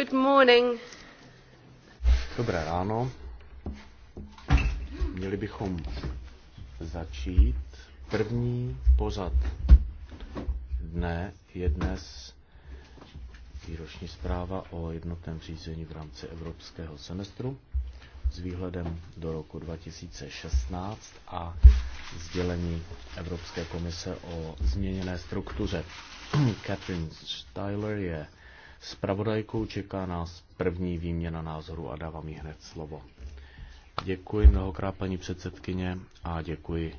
Good morning. Dobré ráno. Měli bychom začít. První pozad dne je dnes výroční zpráva o jednotném řízení v rámci evropského semestru s výhledem do roku 2016 a sdělení Evropské komise o změněné struktuře. Catherine Styler je Spravodajkou čeká nás první výměna názoru a dávám jí hned slovo. Děkuji mnohokrát paní předsedkyně a děkuji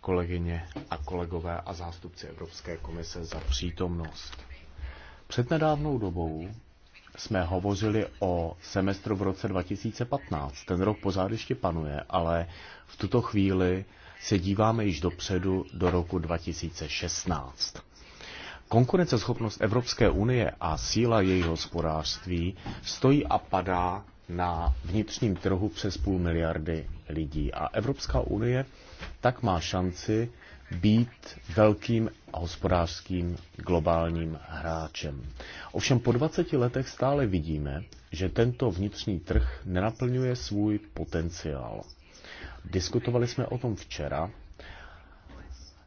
kolegyně a kolegové a zástupci Evropské komise za přítomnost. Před nedávnou dobou jsme hovořili o semestru v roce 2015. Ten rok pořád ještě panuje, ale v tuto chvíli se díváme již dopředu do roku 2016. Konkurenceschopnost Evropské unie a síla jejího hospodářství stojí a padá na vnitřním trhu přes půl miliardy lidí. A Evropská unie tak má šanci být velkým hospodářským globálním hráčem. Ovšem po 20 letech stále vidíme, že tento vnitřní trh nenaplňuje svůj potenciál. Diskutovali jsme o tom včera.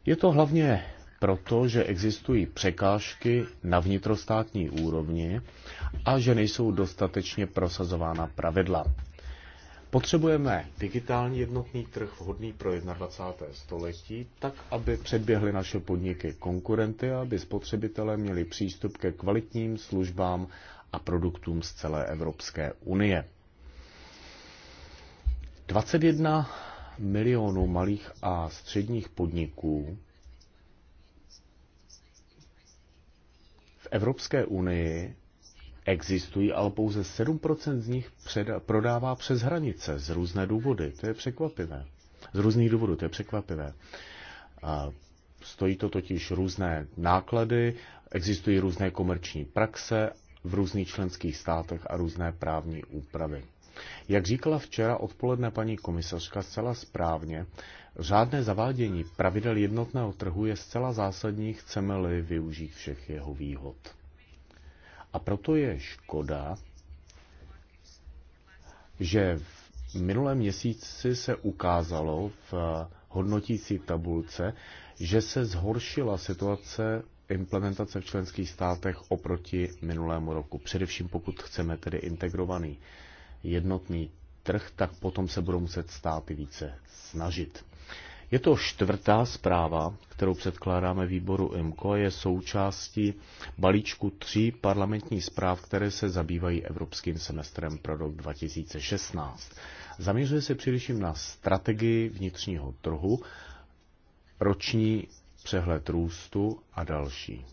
Je to hlavně proto, že existují překážky na vnitrostátní úrovni a že nejsou dostatečně prosazována pravidla. Potřebujeme digitální jednotný trh vhodný pro 21. století, tak aby předběhly naše podniky konkurenty a aby spotřebitelé měli přístup ke kvalitním službám a produktům z celé Evropské unie. 21 milionů malých a středních podniků Evropské unii existují, ale pouze 7% z nich předa- prodává přes hranice z různé důvody. To je překvapivé. Z různých důvodů, to je překvapivé. A stojí to totiž různé náklady, existují různé komerční praxe v různých členských státech a různé právní úpravy. Jak říkala včera odpoledne paní komisařka zcela správně, Řádné zavádění pravidel jednotného trhu je zcela zásadní, chceme-li využít všech jeho výhod. A proto je škoda, že v minulém měsíci se ukázalo v hodnotící tabulce, že se zhoršila situace implementace v členských státech oproti minulému roku. Především pokud chceme tedy integrovaný jednotný trh, tak potom se budou muset státy více snažit. Je to čtvrtá zpráva, kterou předkládáme výboru IMCO, je součástí balíčku tří parlamentních zpráv, které se zabývají evropským semestrem pro rok 2016. Zaměřuje se především na strategii vnitřního trhu, roční přehled růstu a další.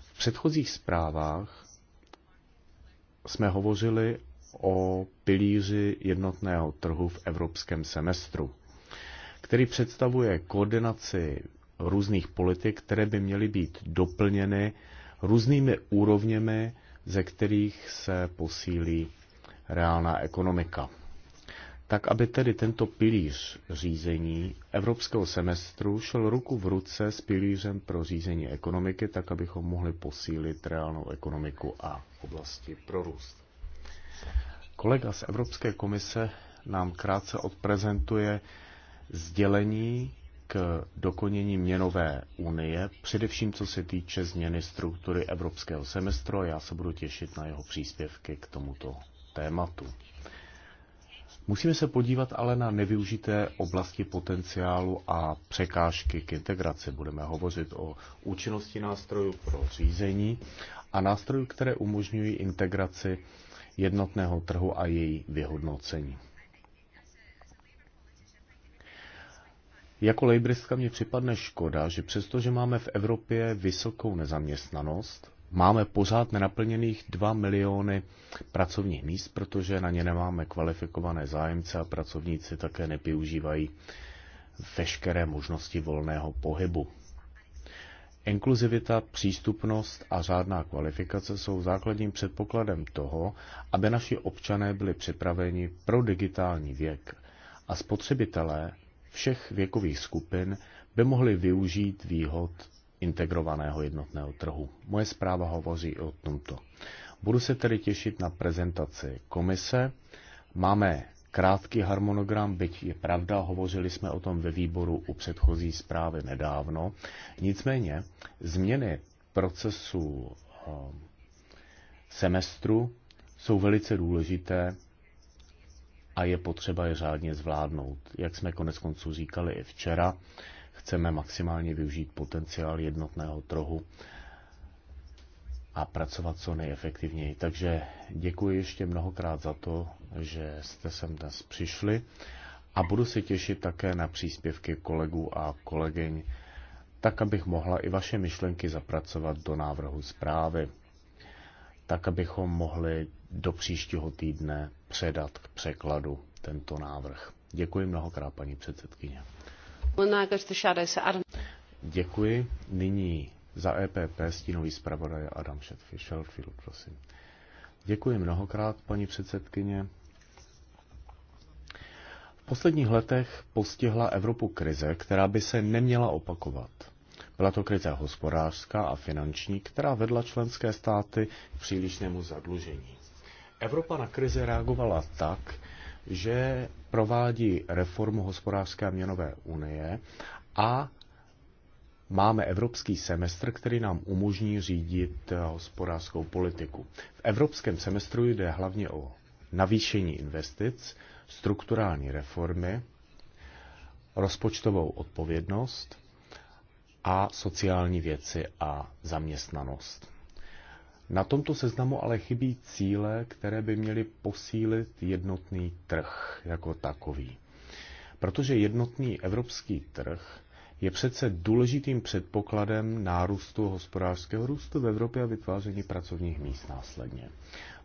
V předchozích zprávách jsme hovořili o pilíři jednotného trhu v evropském semestru který představuje koordinaci různých politik, které by měly být doplněny různými úrovněmi, ze kterých se posílí reálná ekonomika. Tak, aby tedy tento pilíř řízení evropského semestru šel ruku v ruce s pilířem pro řízení ekonomiky, tak abychom mohli posílit reálnou ekonomiku a oblasti pro růst. Kolega z Evropské komise nám krátce odprezentuje sdělení k dokonění měnové unie, především co se týče změny struktury evropského semestru. Já se budu těšit na jeho příspěvky k tomuto tématu. Musíme se podívat ale na nevyužité oblasti potenciálu a překážky k integraci. Budeme hovořit o účinnosti nástrojů pro řízení a nástrojů, které umožňují integraci jednotného trhu a její vyhodnocení. Jako lejbristka mě připadne škoda, že přestože máme v Evropě vysokou nezaměstnanost, máme pořád nenaplněných 2 miliony pracovních míst, protože na ně nemáme kvalifikované zájemce a pracovníci také nepoužívají veškeré možnosti volného pohybu. Inkluzivita, přístupnost a řádná kvalifikace jsou základním předpokladem toho, aby naši občané byli připraveni pro digitální věk a spotřebitelé všech věkových skupin by mohli využít výhod integrovaného jednotného trhu. Moje zpráva hovoří o tomto. Budu se tedy těšit na prezentaci komise. Máme krátký harmonogram, byť je pravda, hovořili jsme o tom ve výboru u předchozí zprávy nedávno. Nicméně změny procesu eh, semestru jsou velice důležité a je potřeba je řádně zvládnout. Jak jsme konec konců říkali i včera, chceme maximálně využít potenciál jednotného trhu a pracovat co nejefektivněji. Takže děkuji ještě mnohokrát za to, že jste sem dnes přišli a budu se těšit také na příspěvky kolegů a kolegyň, tak abych mohla i vaše myšlenky zapracovat do návrhu zprávy tak abychom mohli do příštího týdne předat k překladu tento návrh. Děkuji mnohokrát, paní předsedkyně. Děkuji. Nyní za EPP stínový zpravodaj Adam Shelfield, prosím. Děkuji mnohokrát, paní předsedkyně. V posledních letech postihla Evropu krize, která by se neměla opakovat. Byla to krize hospodářská a finanční, která vedla členské státy k přílišnému zadlužení. Evropa na krizi reagovala tak, že provádí reformu hospodářské a měnové unie a máme evropský semestr, který nám umožní řídit hospodářskou politiku. V evropském semestru jde hlavně o navýšení investic, strukturální reformy, rozpočtovou odpovědnost a sociální věci a zaměstnanost. Na tomto seznamu ale chybí cíle, které by měly posílit jednotný trh jako takový. Protože jednotný evropský trh je přece důležitým předpokladem nárůstu hospodářského růstu v Evropě a vytváření pracovních míst následně.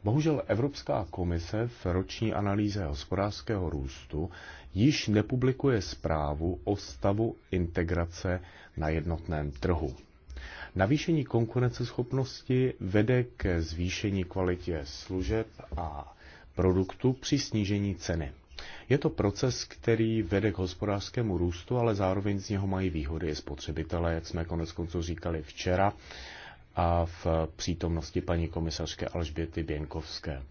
Bohužel Evropská komise v roční analýze hospodářského růstu již nepublikuje zprávu o stavu integrace na jednotném trhu. Navýšení konkurenceschopnosti vede ke zvýšení kvalitě služeb a produktu při snížení ceny. Je to proces, který vede k hospodářskému růstu, ale zároveň z něho mají výhody i spotřebitelé, jak jsme konec konců říkali včera a v přítomnosti paní komisařské Alžběty Běnkovské.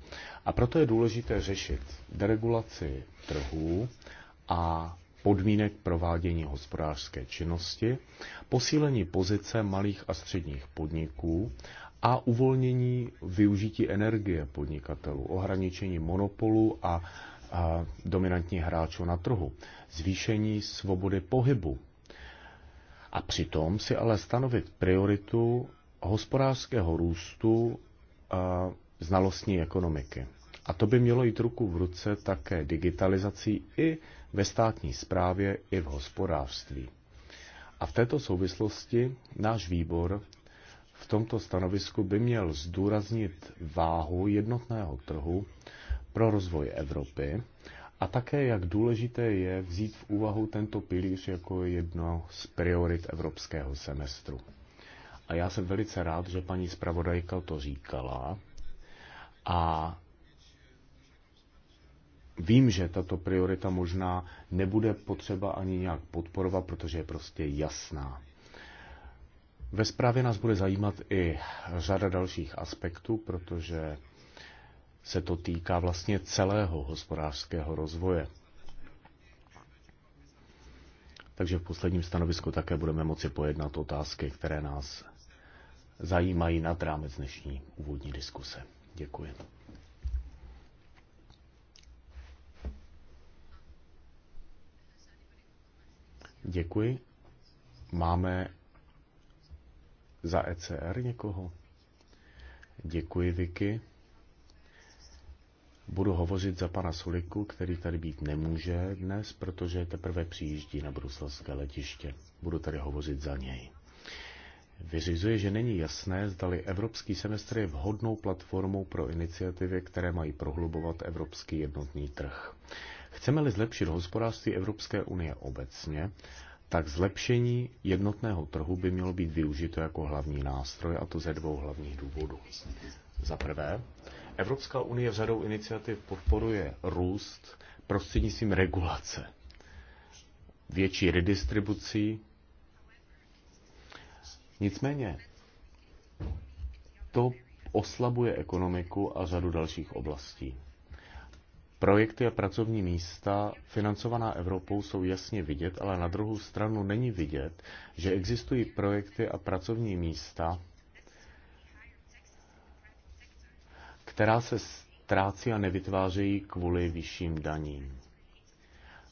A proto je důležité řešit deregulaci trhů a podmínek provádění hospodářské činnosti, posílení pozice malých a středních podniků a uvolnění využití energie podnikatelů, ohraničení monopolu a dominantních hráčů na trhu, zvýšení svobody pohybu a přitom si ale stanovit prioritu hospodářského růstu znalostní ekonomiky. A to by mělo jít ruku v ruce také digitalizací i ve státní správě, i v hospodářství. A v této souvislosti náš výbor v tomto stanovisku by měl zdůraznit váhu jednotného trhu pro rozvoj Evropy a také, jak důležité je vzít v úvahu tento pilíř jako jedno z priorit evropského semestru. A já jsem velice rád, že paní zpravodajka to říkala. A vím, že tato priorita možná nebude potřeba ani nějak podporovat, protože je prostě jasná. Ve zprávě nás bude zajímat i řada dalších aspektů, protože se to týká vlastně celého hospodářského rozvoje. Takže v posledním stanovisku také budeme moci pojednat otázky, které nás zajímají nad rámec dnešní úvodní diskuse. Děkuji. Děkuji. Máme za ECR někoho? Děkuji, Vicky. Budu hovořit za pana Suliku, který tady být nemůže dnes, protože teprve přijíždí na bruselské letiště. Budu tady hovořit za něj. Vyřizuje, že není jasné, zdali evropský semestr je vhodnou platformou pro iniciativy, které mají prohlubovat evropský jednotný trh. Chceme-li zlepšit hospodářství Evropské unie obecně, tak zlepšení jednotného trhu by mělo být využito jako hlavní nástroj, a to ze dvou hlavních důvodů. Za prvé, Evropská unie v řadou iniciativ podporuje růst prostřednictvím regulace, větší redistribucí. Nicméně to oslabuje ekonomiku a řadu dalších oblastí. Projekty a pracovní místa financovaná Evropou jsou jasně vidět, ale na druhou stranu není vidět, že existují projekty a pracovní místa, která se ztrácí a nevytvářejí kvůli vyšším daním.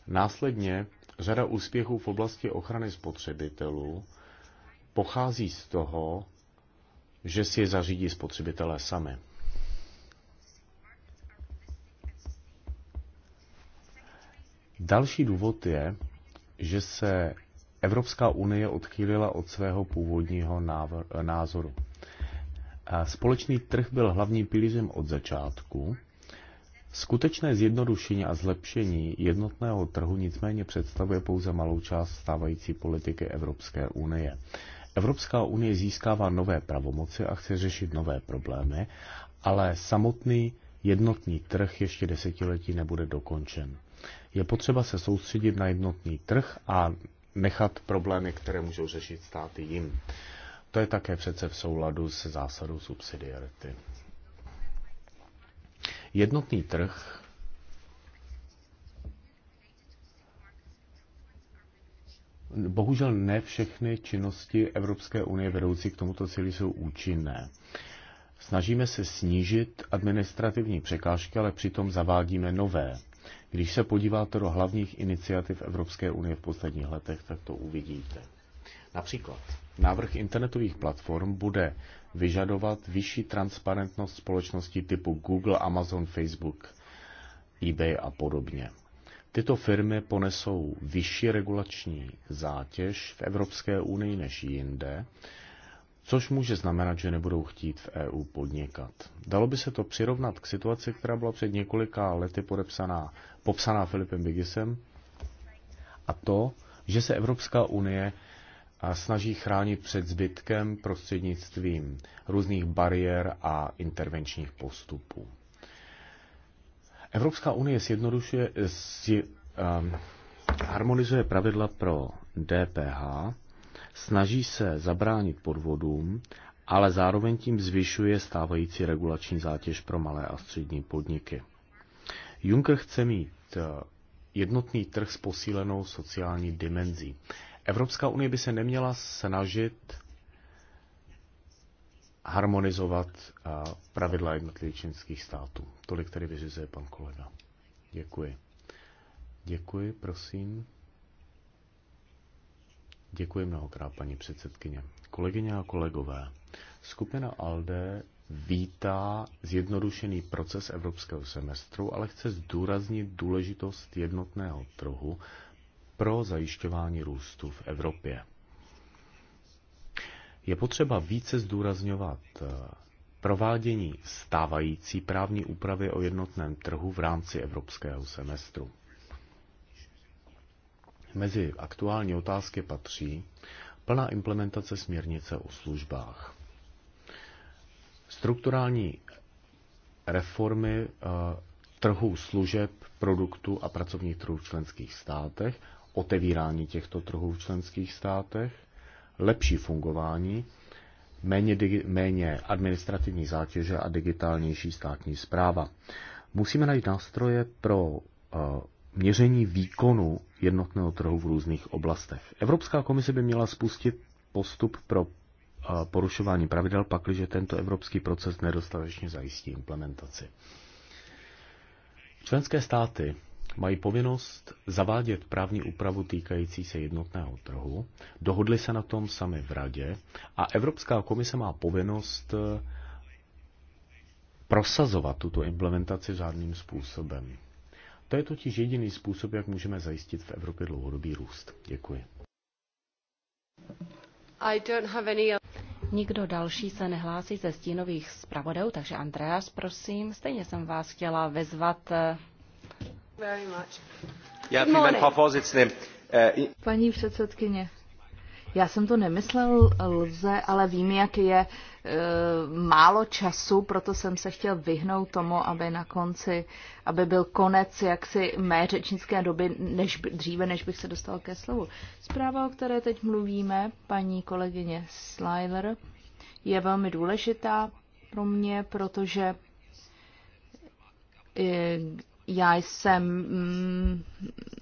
Následně řada úspěchů v oblasti ochrany spotřebitelů pochází z toho, že si je zařídí spotřebitelé sami. Další důvod je, že se Evropská unie odchýlila od svého původního názoru. Společný trh byl hlavním pilířem od začátku. Skutečné zjednodušení a zlepšení jednotného trhu nicméně představuje pouze malou část stávající politiky Evropské unie. Evropská unie získává nové pravomoci a chce řešit nové problémy, ale samotný jednotný trh ještě desetiletí nebude dokončen. Je potřeba se soustředit na jednotný trh a nechat problémy, které můžou řešit státy jim. To je také přece v souladu se zásadou subsidiarity. Jednotný trh Bohužel ne všechny činnosti Evropské unie vedoucí k tomuto cíli jsou účinné. Snažíme se snížit administrativní překážky, ale přitom zavádíme nové. Když se podíváte do hlavních iniciativ Evropské unie v posledních letech, tak to uvidíte. Například návrh internetových platform bude vyžadovat vyšší transparentnost společností typu Google, Amazon, Facebook, eBay a podobně. Tyto firmy ponesou vyšší regulační zátěž v Evropské unii než jinde, což může znamenat, že nebudou chtít v EU podnikat. Dalo by se to přirovnat k situaci, která byla před několika lety podepsaná, popsaná Filipem Bigisem, a to, že se Evropská unie snaží chránit před zbytkem prostřednictvím různých bariér a intervenčních postupů. Evropská unie sjednodušuje, si, um, harmonizuje pravidla pro DPH, snaží se zabránit podvodům, ale zároveň tím zvyšuje stávající regulační zátěž pro malé a střední podniky. Juncker chce mít uh, jednotný trh s posílenou sociální dimenzí. Evropská unie by se neměla snažit harmonizovat eh, pravidla jednotlivých členských států. Tolik tady vyřizuje pan kolega. Děkuji. Děkuji, prosím. Děkuji mnohokrát, paní předsedkyně. Kolegyně a kolegové, skupina ALDE vítá zjednodušený proces evropského semestru, ale chce zdůraznit důležitost jednotného trhu pro zajišťování růstu v Evropě. Je potřeba více zdůrazňovat eh, provádění stávající právní úpravy o jednotném trhu v rámci evropského semestru. Mezi aktuální otázky patří plná implementace směrnice o službách. Strukturální reformy eh, trhu služeb, produktů a pracovních trhů v členských státech otevírání těchto trhů v členských státech, lepší fungování, méně, digi- méně administrativní zátěže a digitálnější státní zpráva. Musíme najít nástroje pro uh, měření výkonu jednotného trhu v různých oblastech. Evropská komise by měla spustit postup pro uh, porušování pravidel, pakliže tento evropský proces nedostatečně zajistí implementaci. Členské státy mají povinnost zavádět právní úpravu týkající se jednotného trhu. Dohodli se na tom sami v radě a Evropská komise má povinnost eh, prosazovat tuto implementaci řádným způsobem. To je totiž jediný způsob, jak můžeme zajistit v Evropě dlouhodobý růst. Děkuji. I don't have any... Nikdo další se nehlásí ze stínových zpravodajů, takže Andreas, prosím, stejně jsem vás chtěla vyzvat eh, Eh, paní předsedkyně, já jsem to nemyslel lze, ale vím, jak je e, málo času, proto jsem se chtěl vyhnout tomu, aby na konci, aby byl konec jaksi mé řečnické doby, než, dříve, než bych se dostal ke slovu. Zpráva, o které teď mluvíme, paní kolegyně Slyler, je velmi důležitá pro mě, protože eh, já jsem mm,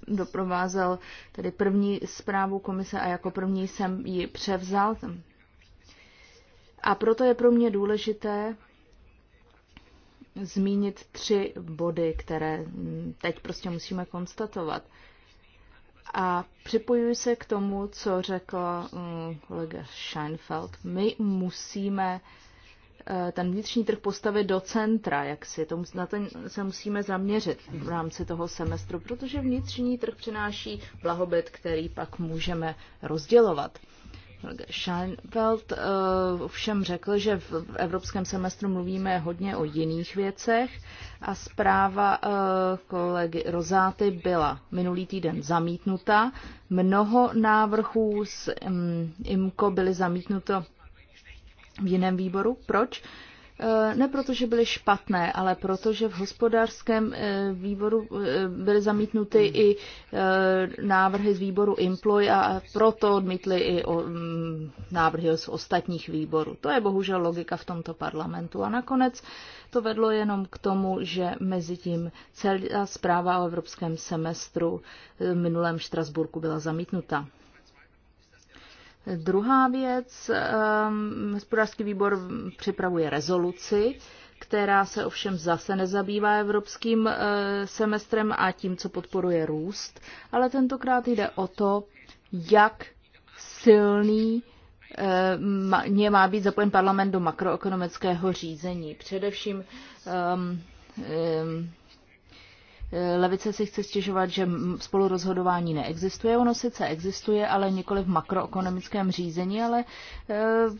doprovázel tedy první zprávu komise a jako první jsem ji převzal. A proto je pro mě důležité zmínit tři body, které teď prostě musíme konstatovat. A připojuji se k tomu, co řekl mm, kolega Scheinfeld. My musíme uh, Eh, ten vnitřní trh postavit do centra, jak si to, na ten se musíme zaměřit v rámci toho semestru, protože vnitřní trh přináší blahobyt, který pak můžeme rozdělovat. Scheinfeld eh, všem řekl, že v evropském semestru mluvíme hodně o jiných věcech a zpráva eh, kolegy Rozáty byla minulý týden zamítnuta. Mnoho návrhů z mm, IMCO byly zamítnuto v jiném výboru. Proč? Eh, ne proto, že byly špatné, ale proto, že v hospodářském eh, výboru eh, byly zamítnuty i návrhy z výboru Imploy a proto odmítly i mm, návrhy z ostatních výborů. To je bohužel logika v tomto parlamentu. A nakonec to vedlo jenom k tomu, že mezi tím celá zpráva o evropském semestru v minulém Štrasburku byla zamítnuta. Druhá věc, ehm, hospodářský výbor připravuje rezoluci, která se ovšem zase nezabývá evropským eh, semestrem a tím, co podporuje růst, ale tentokrát jde o to, jak silný mě ehm, má být zapojen parlament do makroekonomického řízení. Především um, um, Levice si chce stěžovat, že spolurozhodování neexistuje. Ono sice existuje, ale nikoli v makroekonomickém řízení, ale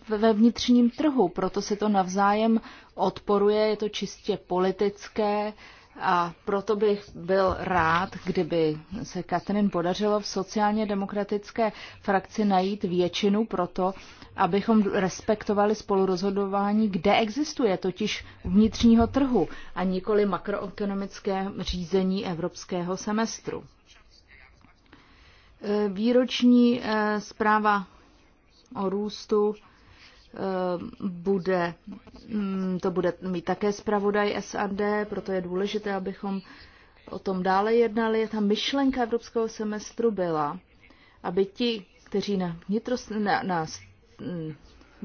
e, ve vnitřním trhu. Proto se to navzájem odporuje, je to čistě politické a proto bych byl rád, kdyby se Katrin podařilo v sociálně demokratické frakci najít většinu pro to, abychom respektovali spolurozhodování, kde existuje, totiž vnitřního trhu a nikoli makroekonomické řízení evropského semestru. E, výroční e, zpráva o růstu Eh, bude, mm, to bude mít také zpravodaj SAD, proto je důležité, abychom o tom dále jednali. Ta myšlenka evropského semestru byla, aby ti, kteří na, vnitro, na, na mm,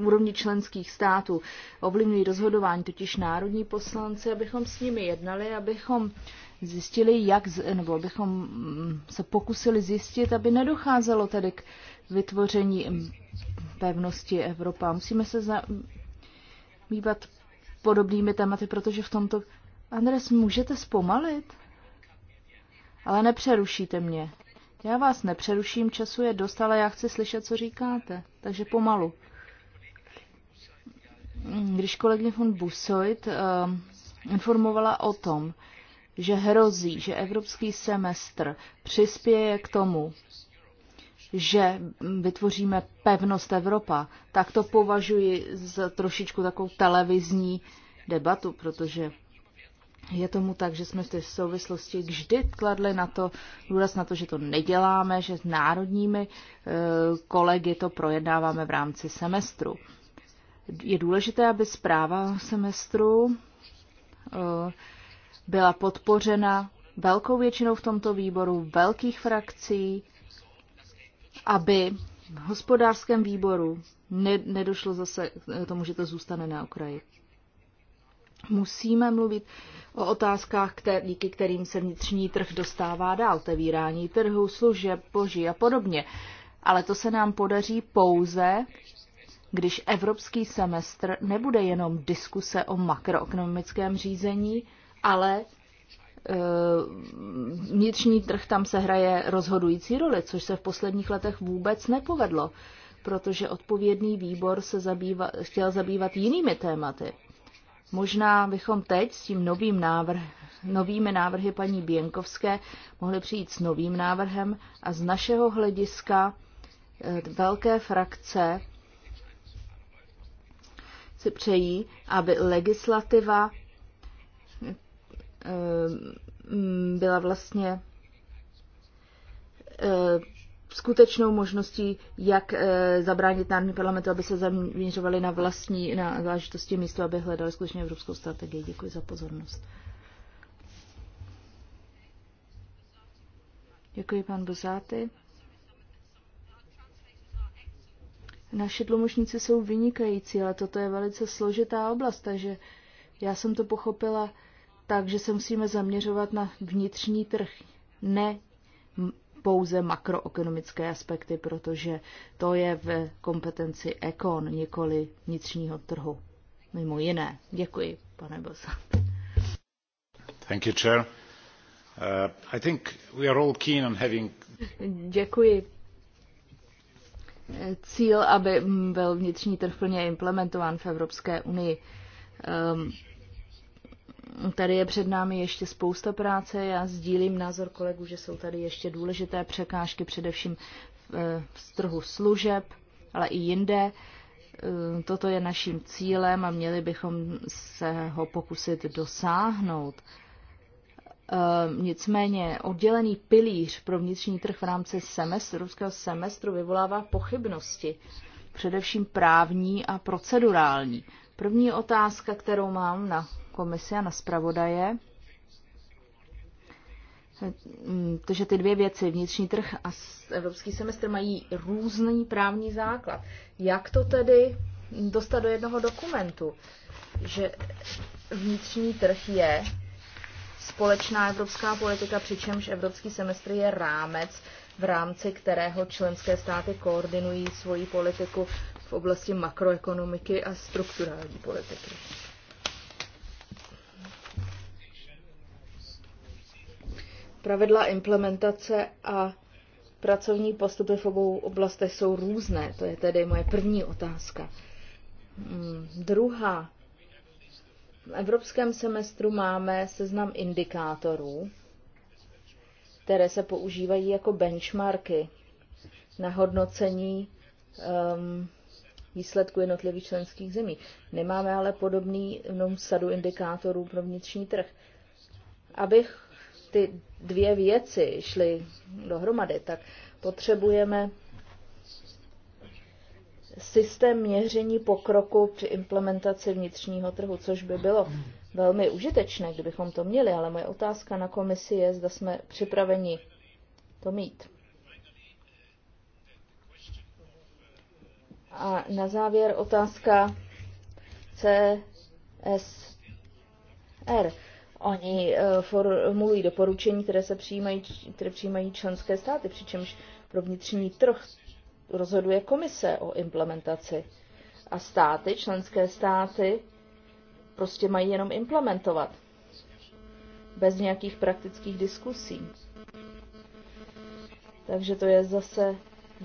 úrovni členských států ovlivňují rozhodování, totiž národní poslanci, abychom s nimi jednali, abychom zjistili, jak, nebo abychom mm, se pokusili zjistit, aby nedocházelo tedy k vytvoření pevnosti Evropa. Musíme se zabývat podobnými tématy, protože v tomto... Andres, můžete zpomalit? Ale nepřerušíte mě. Já vás nepřeruším, času je dost, ale já chci slyšet, co říkáte. Takže pomalu. Když kolegyně von Busoit uh, eh, informovala o tom, že hrozí, že evropský semestr přispěje k tomu, že vytvoříme pevnost Evropa, tak to považuji za trošičku takovou televizní debatu, protože je tomu tak, že jsme v té souvislosti vždy kladli na to, důraz na to, že to neděláme, že s národními eh, kolegy to projednáváme v rámci semestru. Je důležité, aby zpráva semestru eh, byla podpořena velkou většinou v tomto výboru, velkých frakcí, aby v hospodářském výboru ne, nedošlo zase k tomu, že to zůstane na okraji. Musíme mluvit o otázkách, které, díky kterým se vnitřní trh dostává dál, otevírání trhu, služeb, boží a podobně. Ale to se nám podaří pouze, když evropský semestr nebude jenom diskuse o makroekonomickém řízení, ale Eh, vnitřní trh tam se hraje rozhodující roli, což se v posledních letech vůbec nepovedlo, protože odpovědný výbor se zabýva, chtěl zabývat jinými tématy. Možná bychom teď s tím novým návrh, novými návrhy paní Běnkovské mohli přijít s novým návrhem a z našeho hlediska eh, velké frakce si přejí, aby legislativa Eh, mm, byla vlastně eh, skutečnou možností, jak eh, zabránit národní parlamentu, aby se zaměřovali na vlastní na záležitosti místo, aby hledali skutečně evropskou strategii. Děkuji za pozornost. Děkuji, pan Bozáty. Naši tlumočníci jsou vynikající, ale toto je velice složitá oblast, takže já jsem to pochopila takže se musíme zaměřovat na vnitřní trh, ne pouze makroekonomické aspekty, protože to je v kompetenci ekon, nikoli vnitřního trhu. Mimo jiné. Děkuji, pane Bosa. Thank you, Chair. Uh, I think we are all keen on having... Děkuji. Cíl, aby byl vnitřní trh plně implementován v Evropské unii. Um, Tady je před námi ještě spousta práce. Já sdílím názor kolegů, že jsou tady ještě důležité překážky, především v eh, trhu služeb, ale i jinde. Eh, toto je naším cílem a měli bychom se ho pokusit dosáhnout. Eh, nicméně oddělený pilíř pro vnitřní trh v rámci semestru, ruského semestru vyvolává pochybnosti, především právní a procedurální. První otázka, kterou mám na komisi a na zpravodaje, protože ty dvě věci, vnitřní trh a evropský semestr, mají různý právní základ. Jak to tedy dostat do jednoho dokumentu, že vnitřní trh je společná evropská politika, přičemž evropský semestr je rámec, v rámci kterého členské státy koordinují svoji politiku v oblasti makroekonomiky a strukturální politiky. Pravidla implementace a pracovní postupy v obou oblastech jsou různé. To je tedy moje první otázka. Hmm, druhá. V evropském semestru máme seznam indikátorů, které se používají jako benchmarky na hodnocení um, výsledku jednotlivých členských zemí. Nemáme ale podobný sadu indikátorů pro vnitřní trh. Abych ty dvě věci šly dohromady, tak potřebujeme systém měření pokroku při implementaci vnitřního trhu, což by bylo velmi užitečné, kdybychom to měli, ale moje otázka na komisi je, zda jsme připraveni to mít. A na závěr otázka CSR. Oni eh, formulují doporučení, které se přijímají, které přijímají členské státy, přičemž pro vnitřní trh rozhoduje komise o implementaci. A státy, členské státy, prostě mají jenom implementovat. Bez nějakých praktických diskusí. Takže to je zase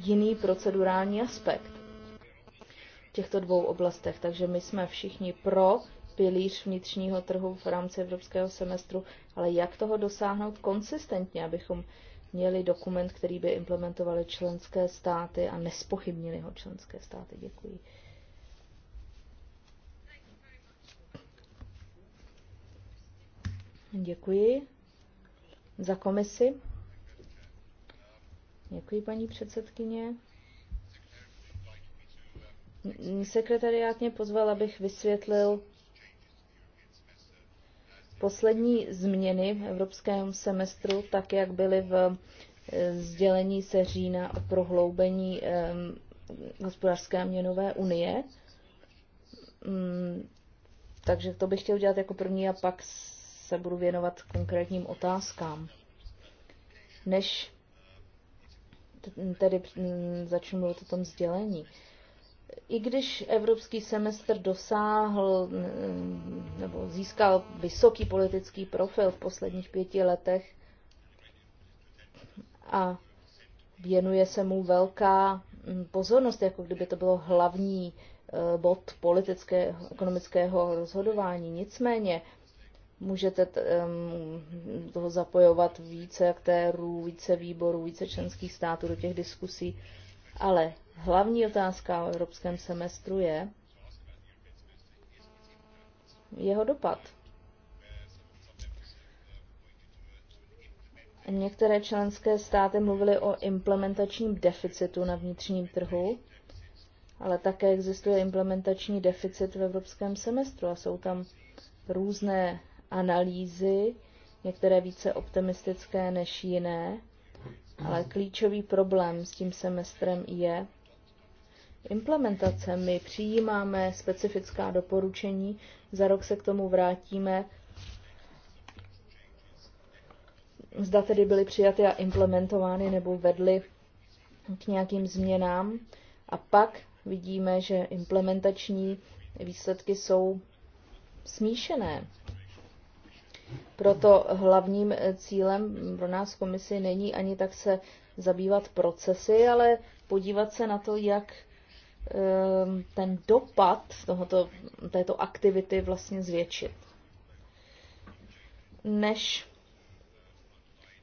jiný procedurální aspekt těchto dvou oblastech. Takže my jsme všichni pro pilíř vnitřního trhu v rámci evropského semestru, ale jak toho dosáhnout konsistentně, abychom měli dokument, který by implementovaly členské státy a nespochybnili ho členské státy. Děkuji. Děkuji za komisi. Děkuji, paní předsedkyně. Sekretariát mě pozval, abych vysvětlil poslední změny v evropském semestru, tak jak byly v eh, sdělení se října o prohloubení eh, hospodářské a měnové unie. Mm, takže to bych chtěl dělat jako první a pak se budu věnovat konkrétním otázkám. Než tedy mm, začnu mluvit o tom sdělení i když evropský semestr dosáhl mm, nebo získal vysoký politický profil v posledních pěti letech a věnuje se mu velká mm, pozornost, jako kdyby to bylo hlavní eh, bod politického, ekonomického rozhodování. Nicméně můžete toho zapojovat více aktérů, více výborů, více členských států do těch diskusí ale hlavní otázka o evropském semestru je jeho dopad. Některé členské státy mluvily o implementačním deficitu na vnitřním trhu, ale také existuje implementační deficit v evropském semestru a jsou tam různé analýzy, některé více optimistické než jiné. Ale klíčový problém s tím semestrem je implementace. My přijímáme specifická doporučení, za rok se k tomu vrátíme. Zda tedy byly přijaty a implementovány nebo vedly k nějakým změnám. A pak vidíme, že implementační výsledky jsou smíšené. Proto hlavním eh, cílem pro nás komisi není ani tak se zabývat procesy, ale podívat se na to, jak ehm, ten dopad tohoto, této aktivity vlastně zvětšit. Než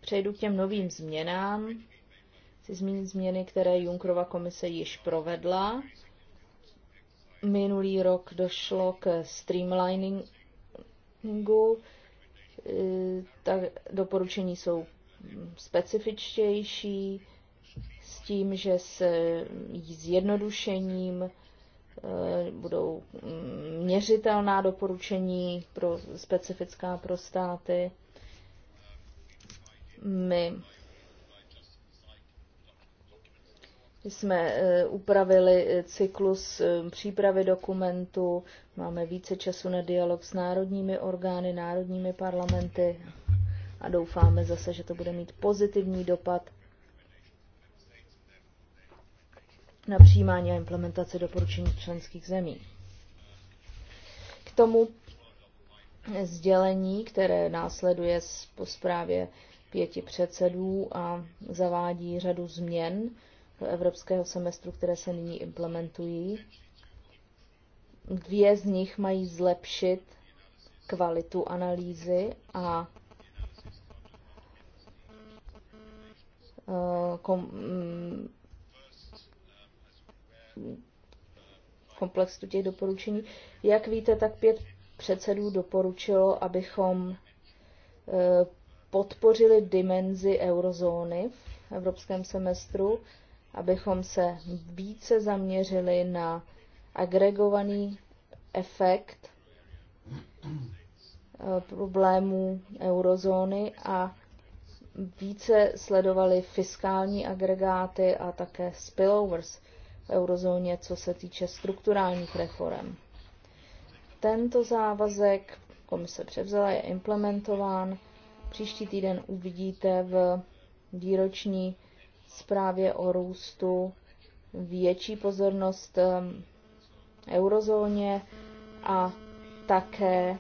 přejdu k těm novým změnám, chci zmínit změny, které Junkrova komise již provedla. Minulý rok došlo k streamliningu, ta doporučení jsou specifičtější s tím, že se zjednodušením eh, budou mm, měřitelná doporučení pro specifická pro státy. My jsme e, upravili e, cyklus e, přípravy dokumentu, máme více času na dialog s národními orgány, národními parlamenty a doufáme zase, že to bude mít pozitivní dopad na přijímání a implementaci doporučení členských zemí. K tomu sdělení, které následuje po zprávě pěti předsedů a zavádí řadu změn do evropského semestru, které se nyní implementují. Dvě z nich mají zlepšit kvalitu analýzy a eh, kom, mm, komplexu těch doporučení. Jak víte, tak pět předsedů doporučilo, abychom eh, podpořili dimenzi eurozóny v evropském semestru abychom se více zaměřili na agregovaný efekt eh, problémů eurozóny a více sledovali fiskální agregáty a také spillovers v eurozóně, co se týče strukturálních reform. Tento závazek komise převzala, je implementován. Příští týden uvidíte v výroční zprávě o růstu větší pozornost um, eurozóně a také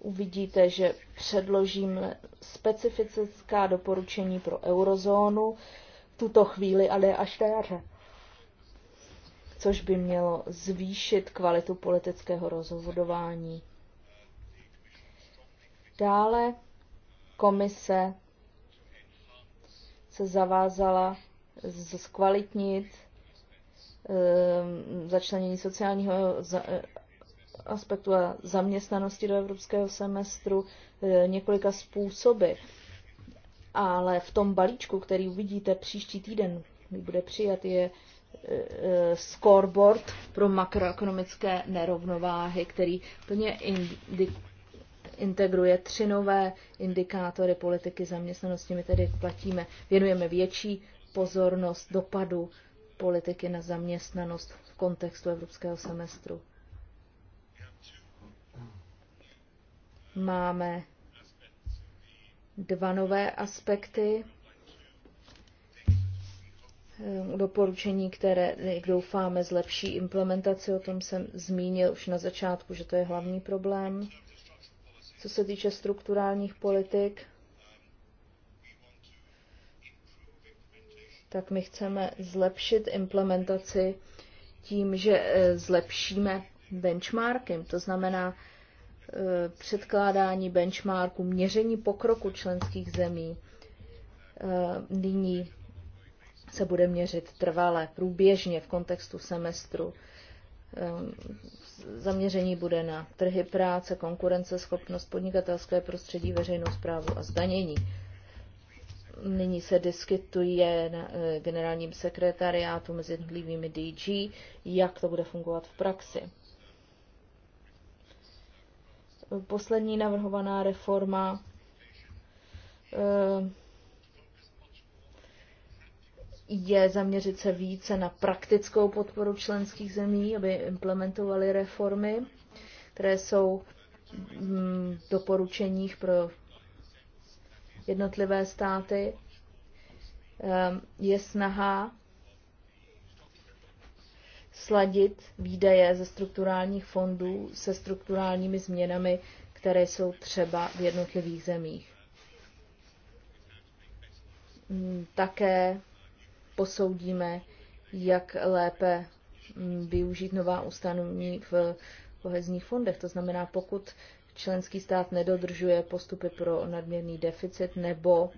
uvidíte, že předložím specifická doporučení pro eurozónu v tuto chvíli, ale až na jaře, což by mělo zvýšit kvalitu politického rozhodování. Dále komise se zavázala zkvalitnit ehm, začlenění sociálního e, aspektu a zaměstnanosti do evropského semestru e, několika způsoby. Ale v tom balíčku, který uvidíte příští týden, kdy bude přijat, je e, scoreboard pro makroekonomické nerovnováhy, který plně integruje tři nové indikátory politiky zaměstnanosti. My tedy platíme, věnujeme větší pozornost dopadu politiky na zaměstnanost v kontextu evropského semestru. Máme dva nové aspekty eh, doporučení, které, jak doufáme, zlepší implementaci. O tom jsem zmínil už na začátku, že to je hlavní problém co se týče strukturálních politik, tak my chceme zlepšit implementaci tím, že e, zlepšíme benchmarky. To znamená e, předkládání benchmarku, měření pokroku členských zemí. E, nyní se bude měřit trvale, průběžně v kontextu semestru Ehm, zaměření bude na trhy práce, konkurenceschopnost, podnikatelské prostředí, veřejnou zprávu a zdanění. Nyní se diskutuje na eh, generálním sekretariátu mezi jednotlivými DG, jak to bude fungovat v praxi. Poslední navrhovaná reforma eh, je zaměřit se více na praktickou podporu členských zemí, aby implementovali reformy, které jsou v doporučeních pro jednotlivé státy. Ehm, je snaha sladit výdaje ze strukturálních fondů se strukturálními změnami, které jsou třeba v jednotlivých zemích. Hm, také posoudíme, jak lépe mm, využít nová ustanovení v kohezních fondech. To znamená, pokud členský stát nedodržuje postupy pro nadměrný deficit nebo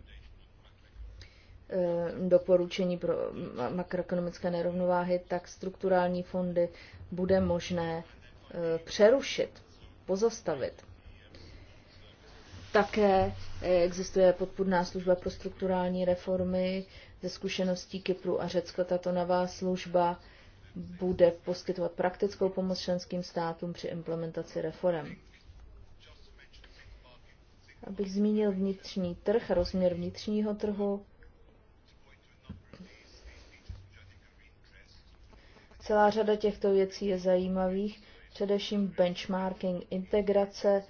eh, doporučení pro mm, makroekonomické nerovnováhy, tak strukturální fondy bude možné eh, přerušit, pozastavit. Také eh, existuje podpůrná služba pro strukturální reformy, ze zkušeností Kypru a Řecka tato nová služba bude poskytovat praktickou pomoc členským státům při implementaci reform. Abych zmínil vnitřní trh, rozměr vnitřního trhu, Celá řada těchto věcí je zajímavých, především benchmarking integrace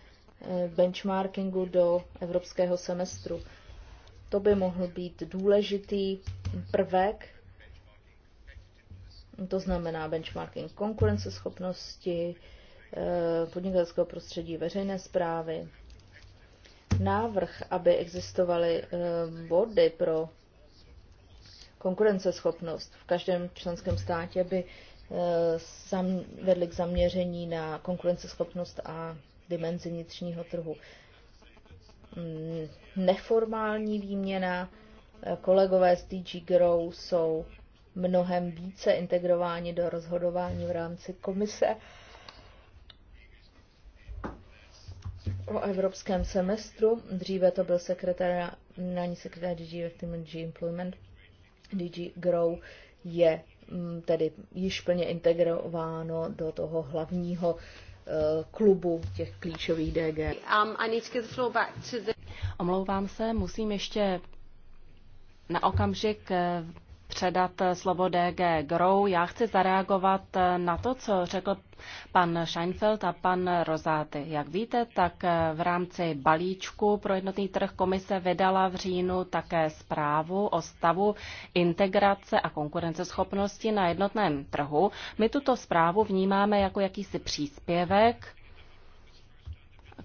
eh, benchmarkingu do evropského semestru. To by mohl být důležitý prvek, to znamená benchmarking konkurenceschopnosti, eh, podnikatelského prostředí, veřejné zprávy. Návrh, aby existovaly eh, body pro konkurenceschopnost v každém členském státě, by eh, vedly k zaměření na konkurenceschopnost a dimenzi vnitřního trhu. Mm, neformální výměna. Eh, kolegové z DG Grow jsou mnohem více integrováni do rozhodování v rámci komise o evropském semestru. Dříve to byl sekretář, na sekretář DG Active DG Employment. DG Grow je mm, tedy již plně integrováno do toho hlavního Eh, klubu těch klíčových DG. Um, Omlouvám se, musím ještě na okamžik eh, předat slovo DG Grow. Já chci zareagovat na to, co řekl pan Scheinfeld a pan Rozáty. Jak víte, tak v rámci balíčku pro jednotný trh komise vydala v říjnu také zprávu o stavu integrace a konkurenceschopnosti na jednotném trhu. My tuto zprávu vnímáme jako jakýsi příspěvek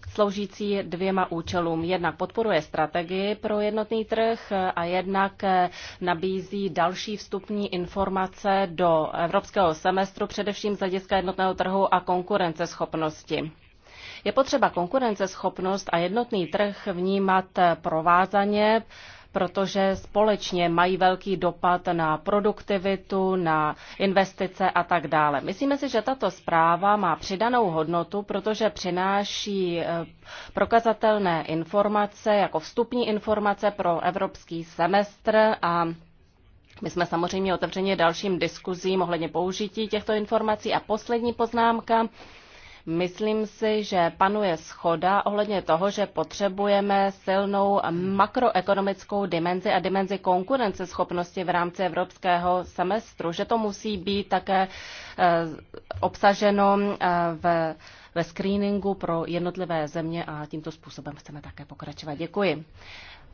sloužící dvěma účelům. Jednak podporuje strategii pro jednotný trh a jednak nabízí další vstupní informace do evropského semestru, především z hlediska jednotného trhu a konkurenceschopnosti. Je potřeba konkurenceschopnost a jednotný trh vnímat provázaně, protože společně mají velký dopad na produktivitu, na investice a tak dále. Myslíme si, že tato zpráva má přidanou hodnotu, protože přináší eh, prokazatelné informace jako vstupní informace pro evropský semestr a my jsme samozřejmě otevřeni dalším diskuzím ohledně použití těchto informací. A poslední poznámka. Myslím si, že panuje schoda ohledně toho, že potřebujeme silnou makroekonomickou dimenzi a dimenzi konkurenceschopnosti v rámci evropského semestru, že to musí být také eh, obsaženo eh, v ve screeningu pro jednotlivé země a tímto způsobem chceme také pokračovat. Děkuji.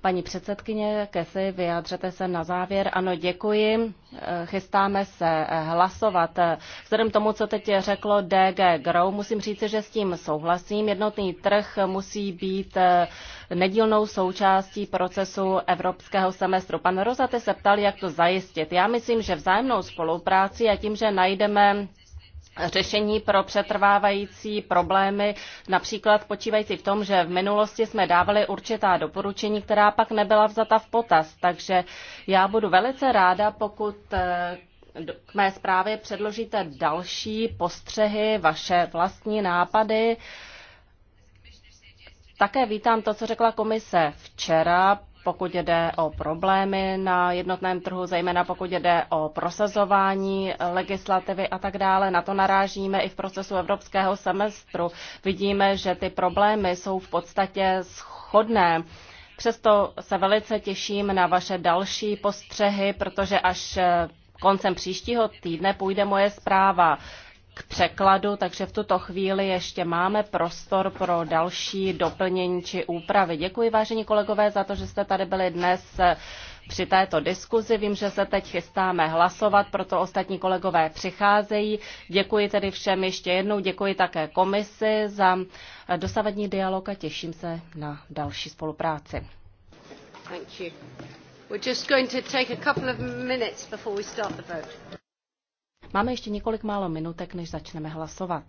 Paní předsedkyně, Kesy, vyjádřete se na závěr. Ano, děkuji. Eh, chystáme se eh, hlasovat. Eh, vzhledem tomu, co teď řeklo DG Grow, musím říct, že s tím souhlasím. Jednotný trh musí být nedílnou součástí procesu evropského semestru. Pan Rozate se ptal, jak to zajistit. Já myslím, že vzájemnou spolupráci a tím, že najdeme řešení pro přetrvávající problémy, například počívající v tom, že v minulosti jsme dávali určitá doporučení, která pak nebyla vzata v potaz. Takže já budu velice ráda, pokud eh, k mé zprávě předložíte další postřehy, vaše vlastní nápady. Také vítám to, co řekla komise včera, pokud jde o problémy na jednotném trhu, zejména pokud jde o prosazování legislativy a tak dále. Na to narážíme i v procesu evropského semestru. Vidíme, že ty problémy jsou v podstatě schodné. Přesto se velice těším na vaše další postřehy, protože až koncem příštího týdne půjde moje zpráva k překladu, takže v tuto chvíli ještě máme prostor pro další doplnění či úpravy. Děkuji, vážení kolegové, za to, že jste tady byli dnes eh, při této diskuzi. Vím, že se teď chystáme hlasovat, proto ostatní kolegové přicházejí. Děkuji tedy všem ještě jednou, děkuji také komisi za eh, dosavadní dialog a těším se na další spolupráci. Thank you. We're just going to take a couple of minutes before we start the vote. Máme ještě několik málo minutek, než začneme hlasovat.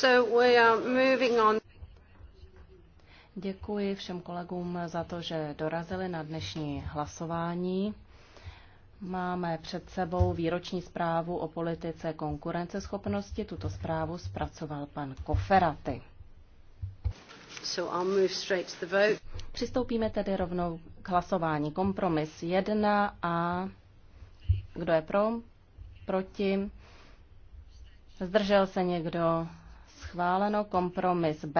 So we are moving on. Děkuji všem kolegům za to, že dorazili na dnešní hlasování. Máme před sebou výroční zprávu o politice konkurenceschopnosti. Tuto zprávu zpracoval pan Koferaty. So I'll move straight to the vote. Přistoupíme tedy rovnou k hlasování. Kompromis 1 a kdo je pro? Proti? Zdržel se někdo? schváleno. Kompromis B.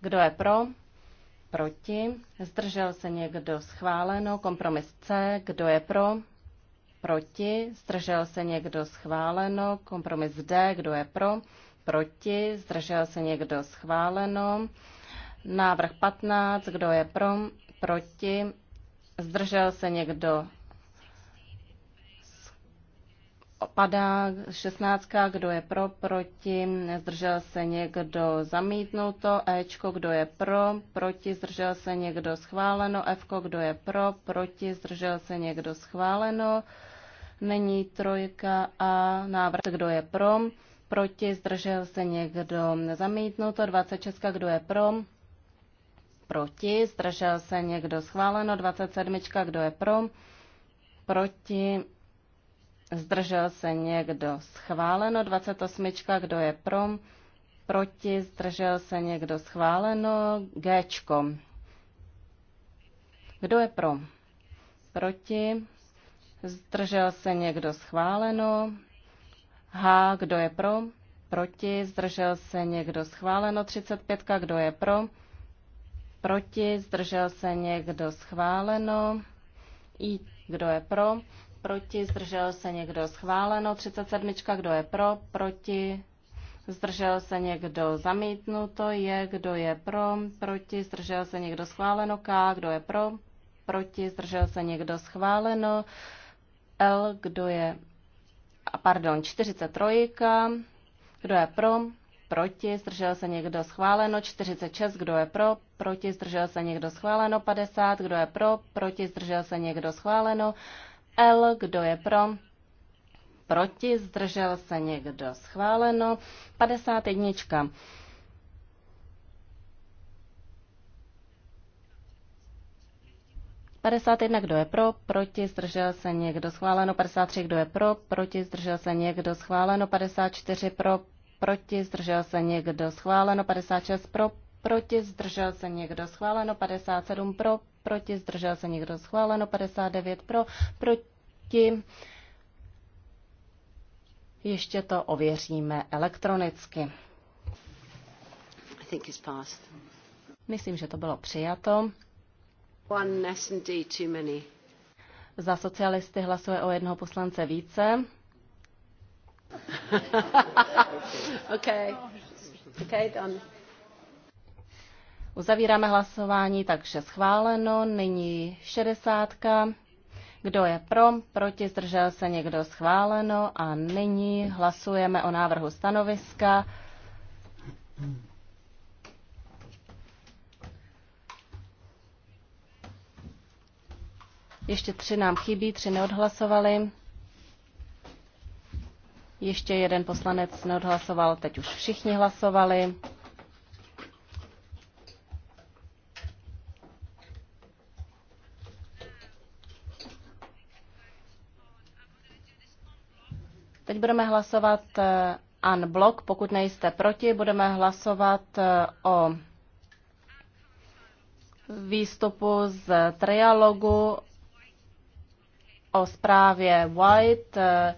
Kdo je pro? Proti. Zdržel se někdo? Schváleno. Kompromis C. Kdo je pro? Proti. Zdržel se někdo? Schváleno. Kompromis D. Kdo je pro? Proti. Zdržel se někdo? Schváleno. Návrh 15. Kdo je pro? Proti. Zdržel se někdo? padá 16, kdo je pro, proti, zdržel se někdo zamítnuto, Ečko, kdo je pro, proti, zdržel se někdo schváleno, Fko, kdo je pro, proti, zdržel se někdo schváleno, není trojka a návrh, kdo je pro, proti, zdržel se někdo zamítnuto, 26, kdo je pro, proti, zdržel se někdo schváleno, 27, kdo je pro, proti, zdržel se někdo schváleno, 28, kdo je pro, proti, zdržel se někdo schváleno, G. Kdo je pro? Proti, zdržel se někdo schváleno, H. Kdo je pro? Proti, zdržel se někdo schváleno, 35, kdo je pro? Proti, zdržel se někdo schváleno, I. Kdo je pro? proti, zdržel se někdo schváleno, 37, kdo je pro, proti, zdržel se někdo zamítnuto, je, kdo je pro, proti, zdržel se někdo schváleno, K, kdo je pro, proti, zdržel se někdo schváleno, L, kdo je, pardon, 43, kdo je pro, proti, zdržel se někdo schváleno, 46, kdo je pro, proti, zdržel se někdo schváleno, 50, kdo je pro, proti, zdržel se někdo schváleno, L, kdo je pro, proti, zdržel se někdo, schváleno. 51. jedna, kdo je pro, proti, zdržel se někdo, schváleno. 53, kdo je pro, proti, zdržel se někdo, schváleno. 54, pro, proti, zdržel se někdo, schváleno. 56, pro, proti, zdržel se někdo, schváleno. 57, pro, proti, zdržel se někdo schváleno, 59 pro, proti. Ještě to ověříme elektronicky. I think it's passed. Myslím, že to bylo přijato. One S&D too many. Za socialisty hlasuje o jednoho poslance více. okay. Okay, done. Uzavíráme hlasování, takže schváleno. Nyní 60. Kdo je pro, proti, zdržel se někdo schváleno a nyní hlasujeme o návrhu stanoviska. Ještě tři nám chybí, tři neodhlasovali. Ještě jeden poslanec neodhlasoval, teď už všichni hlasovali. Teď budeme hlasovat An eh, blok, pokud nejste proti, budeme hlasovat eh, o výstupu z trialogu o zprávě White, eh,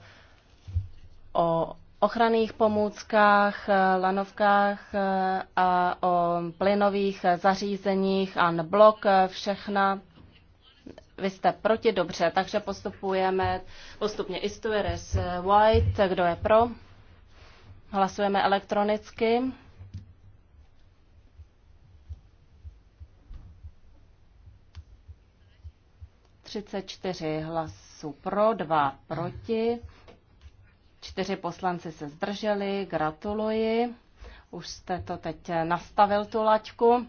o ochranných pomůckách, lanovkách a o plynových zařízeních a blok všechna vy jste proti, dobře, takže postupujeme postupně Istueres White, kdo je pro. Hlasujeme elektronicky. Třicet čtyři hlasů pro, dva proti. Čtyři poslanci se zdrželi, gratuluji. Už jste to teď nastavil, tu laťku.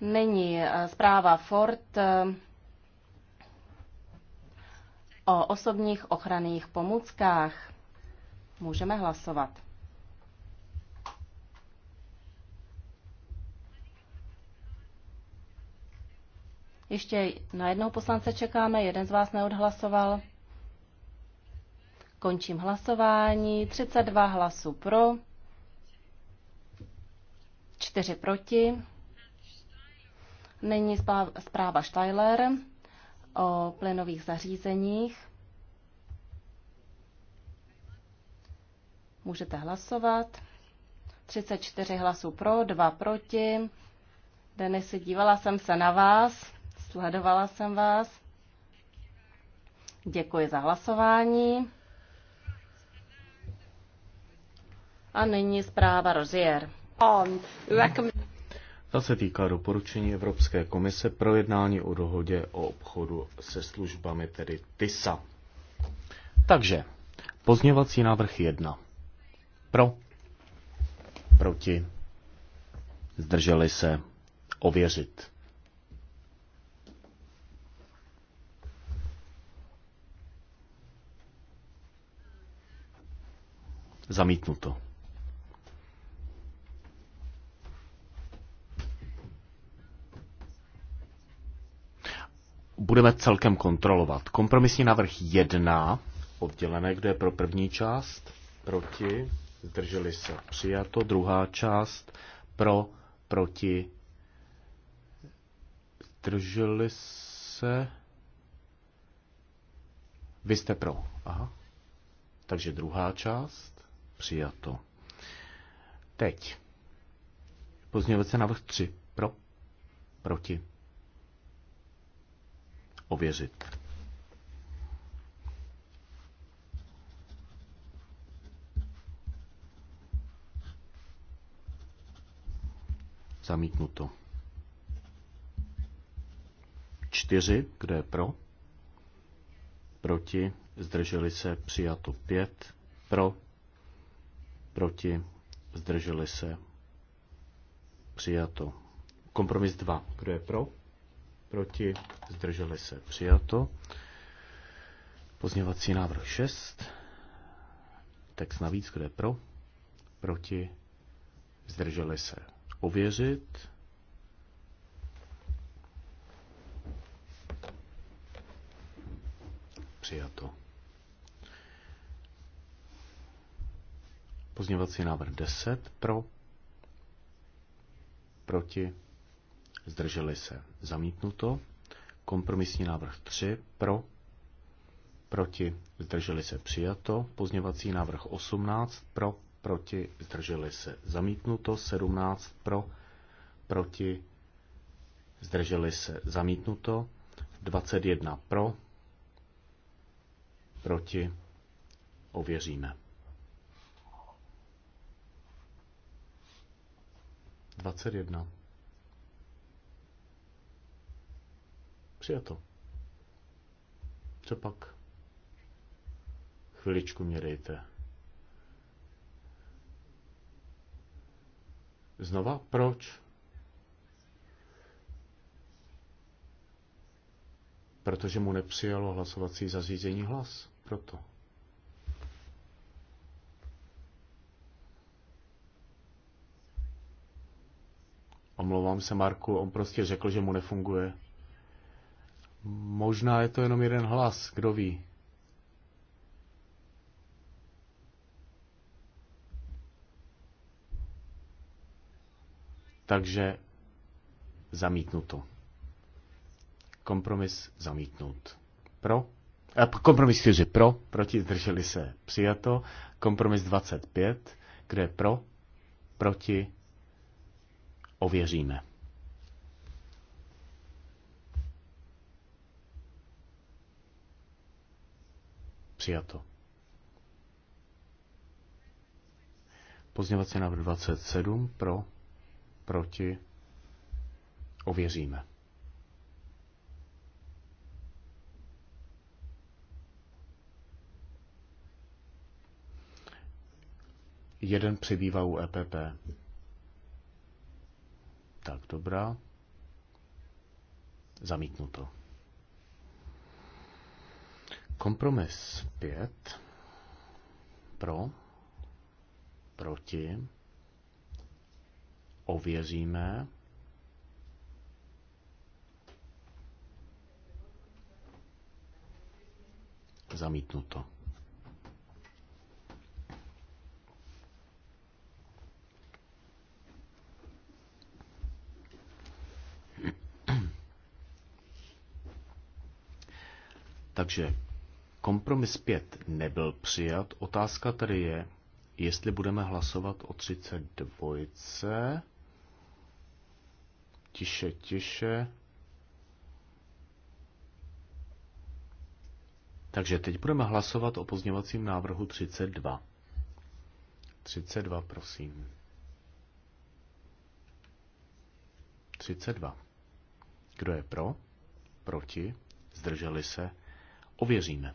Nyní eh, zpráva Ford. Eh, o osobních ochranných pomůckách. Můžeme hlasovat. Ještě na jednoho poslance čekáme, jeden z vás neodhlasoval. Končím hlasování. 32 hlasů pro, 4 proti. Není zpráva Steiler o plynových zařízeních. Můžete hlasovat. 34 hlasů pro, 2 proti. Denisy, dívala jsem se na vás, sledovala jsem vás. Děkuji za hlasování. A nyní zpráva Rozier. Um, ta se týká doporučení Evropské komise pro jednání o dohodě o obchodu se službami, tedy TISA. Takže, pozněvací návrh 1. Pro. Proti. Zdrželi se. Ověřit. Zamítnuto. budeme celkem kontrolovat. Kompromisní návrh 1, oddělené, kde je pro první část, proti, zdrželi se, přijato, druhá část, pro, proti, zdrželi se, vy jste pro, aha. Takže druhá část, přijato. Teď, se návrh 3, pro, proti, ověřit. Zamítnuto. Čtyři, kdo je pro? Proti, zdrželi se, přijato pět, pro, proti, zdrželi se, přijato. Kompromis dva. Kdo je pro? proti, zdrželi se, přijato. Pozněvací návrh 6, text navíc, kde pro, proti, zdrželi se, ověřit. Přijato. Pozněvací návrh 10 pro, proti, zdrželi se, zamítnuto. Kompromisní návrh 3, pro, proti, zdrželi se, přijato. Pozněvací návrh 18, pro, proti, zdrželi se, zamítnuto. 17, pro, proti, zdrželi se, zamítnuto. 21 pro, proti, ověříme. 21. Přijato. Co pak? Chviličku mě dejte. Znova? Proč? Protože mu nepřijalo hlasovací zařízení hlas. Proto. Omlouvám se Marku, on prostě řekl, že mu nefunguje Možná je to jenom jeden hlas, kdo ví. Takže zamítnuto. Kompromis zamítnut. Pro? A kompromis 4 pro, proti zdrželi se přijato. Kompromis 25, kde je pro, proti ověříme. Přijato. Pozněvací návrh 27 pro, proti, ověříme. Jeden přibývá u EPP. Tak, dobrá. Zamítnuto. Kompromis 5. Pro. Proti. Ověříme. Zamítnuto. Takže Kompromis 5 nebyl přijat. Otázka tedy je, jestli budeme hlasovat o 32. Tiše, tiše. Takže teď budeme hlasovat o pozněvacím návrhu 32. 32, prosím. 32. Kdo je pro? Proti? Zdrželi se? Ověříme.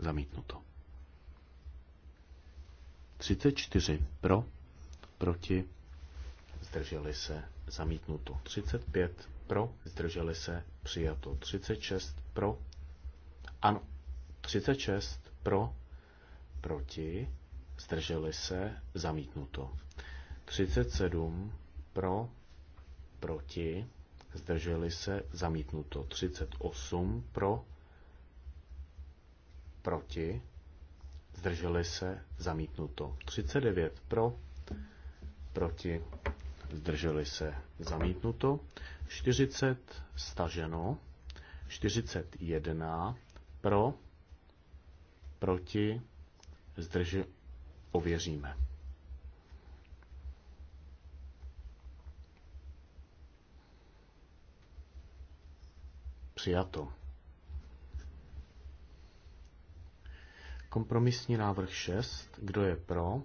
Zamítnuto. 34 pro, proti, zdrželi se, zamítnuto. 35 pro, zdrželi se, přijato. 36 pro, ano, 36 pro, proti, zdrželi se, zamítnuto. 37 pro, proti, zdrželi se, zamítnuto. 38 pro, proti, zdrželi se, zamítnuto. 39 pro, proti, zdrželi se, zamítnuto. 40 staženo, 41 pro, proti, zdrži, ověříme. Přijato. Kompromisní návrh 6. Kdo je pro?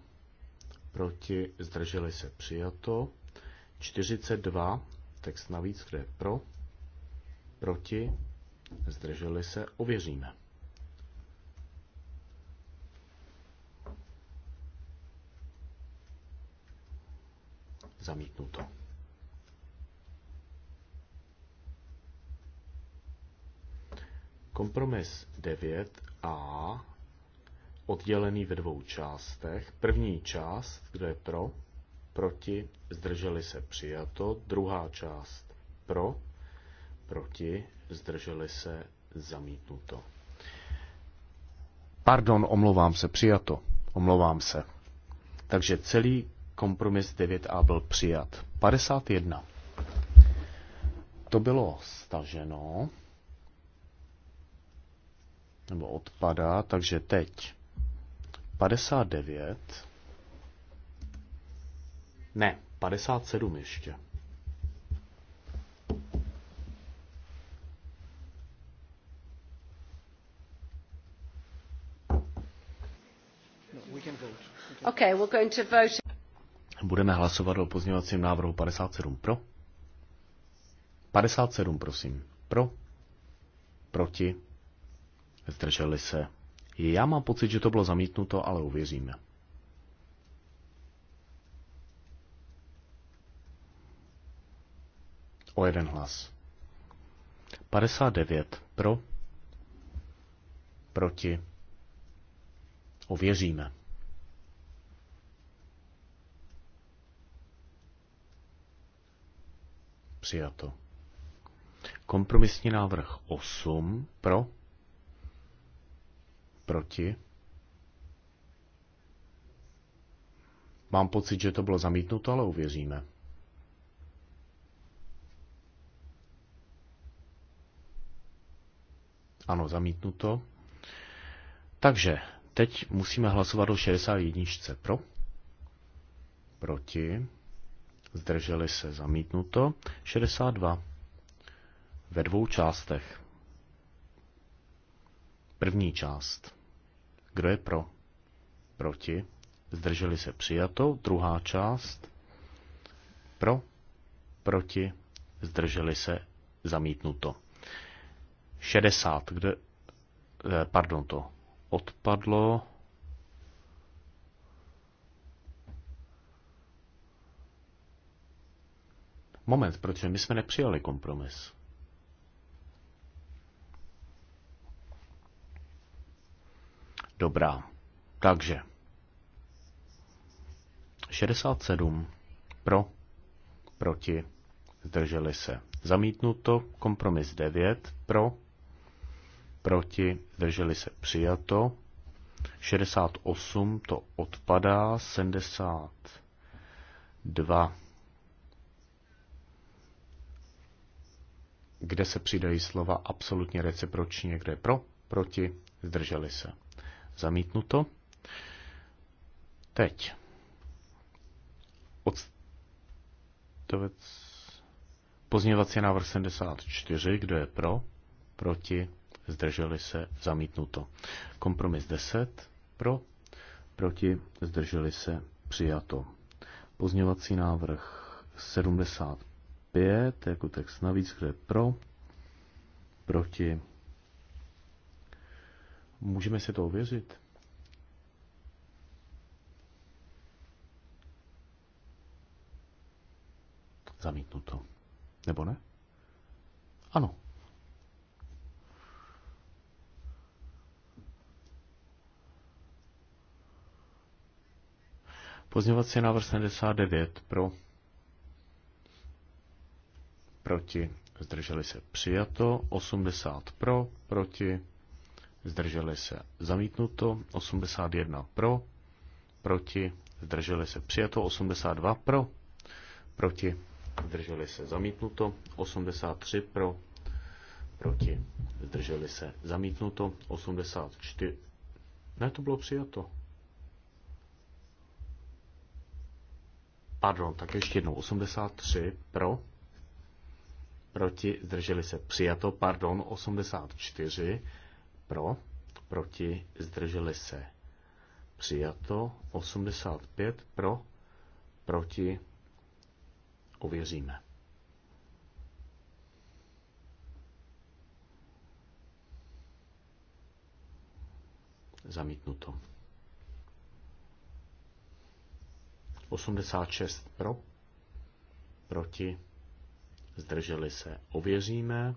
Proti? Zdrželi se? Přijato. 42. Text navíc. Kdo je pro? Proti? Zdrželi se? Ověříme. Zamítnuto. Kompromis 9a oddělený ve dvou částech. První část, kde je pro, proti, zdrželi se přijato. Druhá část pro, proti, zdrželi se zamítnuto. Pardon, omlouvám se, přijato. Omlouvám se. Takže celý kompromis 9a byl přijat. 51. To bylo staženo nebo odpadá, takže teď 59. Ne, 57 ještě. Okay, we're going to vote. Budeme hlasovat o pozměňovacím návrhu 57 pro. 57, prosím. Pro. Proti. Zdrželi se. Já mám pocit, že to bylo zamítnuto, ale uvěříme. O jeden hlas. 59 pro, proti, ověříme. Přijato. Kompromisní návrh 8 pro, Proti? Mám pocit, že to bylo zamítnuto, ale uvěříme. Ano, zamítnuto. Takže teď musíme hlasovat o 61. Pro? Proti? Zdrželi se zamítnuto. 62. Ve dvou částech. První část. Kdo je pro? Proti? Zdrželi se přijato. Druhá část. Pro? Proti? Zdrželi se zamítnuto. 60. Kde, eh, pardon, to odpadlo. Moment, protože my jsme nepřijali kompromis. Dobrá. Takže. 67 pro, proti, zdrželi se. Zamítnuto, kompromis 9 pro, proti, zdrželi se přijato. 68 to odpadá, 72 kde se přidají slova absolutně recipročně, kde pro, proti, zdrželi se. Zamítnuto. Teď. Odstavec. Pozměňovací návrh 74. Kdo je pro? Proti? Zdrželi se? Zamítnuto. Kompromis 10. Pro? Proti? Zdrželi se? Přijato. Pozměňovací návrh 75 jako text navíc, je pro, proti, Můžeme se to ověřit? Zamítnuto. Nebo ne? Ano. Pozměňovací návrh 79 pro proti, zdrželi se přijato, 80 pro, proti, zdrželi se. Zamítnuto 81 pro, proti, zdrželi se. Přijato 82 pro, proti, zdrželi se. Zamítnuto 83 pro, proti, zdrželi se. Zamítnuto 84. Ne, to bylo přijato. Pardon, tak ještě jednou. 83 pro, proti, zdrželi se. Přijato, pardon, 84 pro, proti, zdrželi se. Přijato 85 pro, proti, ověříme. Zamítnuto. 86 pro, proti, zdrželi se, ověříme.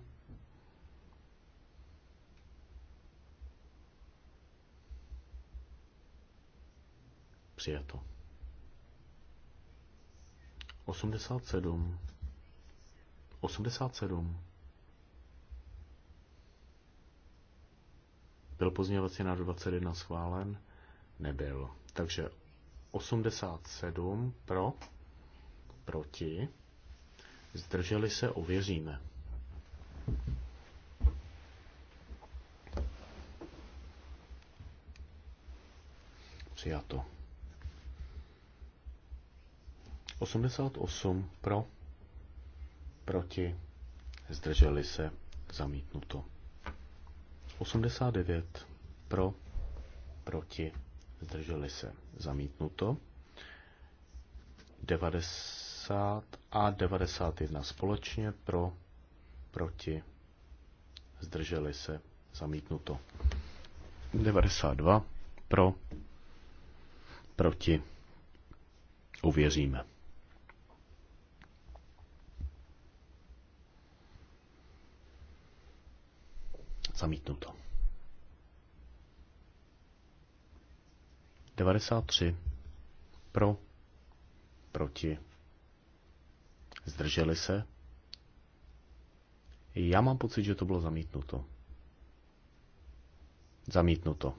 Přijato. 87. 87. Byl pozměňovací návrh 21 schválen? Nebyl. Takže 87 pro, proti, zdrželi se, ověříme. Přijato. 88 pro, proti, zdrželi se, zamítnuto. 89 pro, proti, zdrželi se, zamítnuto. 90 a 91 společně pro, proti, zdrželi se, zamítnuto. 92 pro, proti, uvěříme. Zamítnuto. 93. Pro. Proti. Zdrželi se. Já mám pocit, že to bylo zamítnuto. Zamítnuto.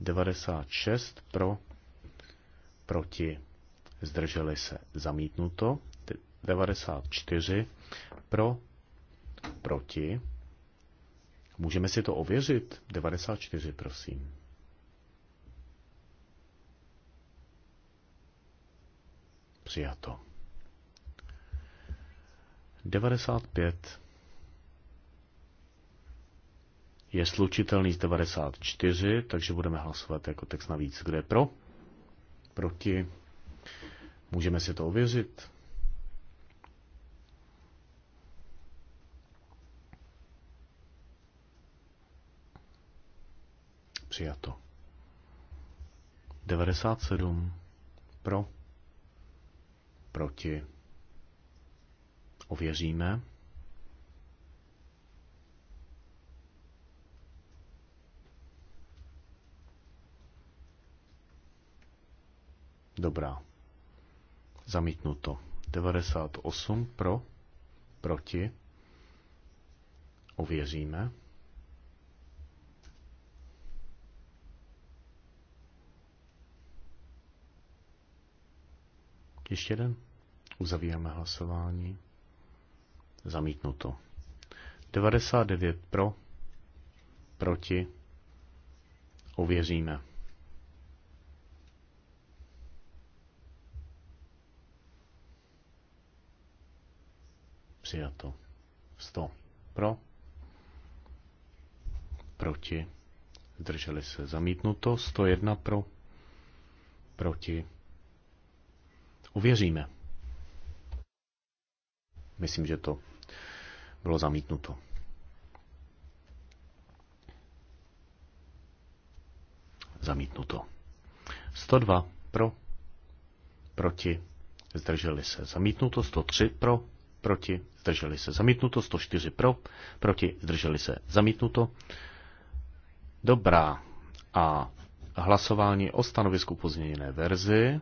96 pro, proti, zdrželi se, zamítnuto. 94 pro, proti, Můžeme si to ověřit? 94, prosím. Přijato. 95 je slučitelný z 94, takže budeme hlasovat jako text navíc. Kdo je pro? Proti? Můžeme si to ověřit? Přijato. 97 pro, proti, ověříme. Dobrá. Zamítnuto. 98 pro, proti, ověříme. Ještě jeden. Uzavíráme hlasování. Zamítnuto. 99 pro, proti, ověříme. Přijato. 100 pro, proti, zdrželi se. Zamítnuto. 101 pro, proti, Uvěříme. Myslím, že to bylo zamítnuto. Zamítnuto. 102 pro, proti, zdrželi se. Zamítnuto 103 pro, proti, zdrželi se. Zamítnuto 104 pro, proti, zdrželi se. Zamítnuto. Dobrá. A hlasování o stanovisku pozměněné verzi.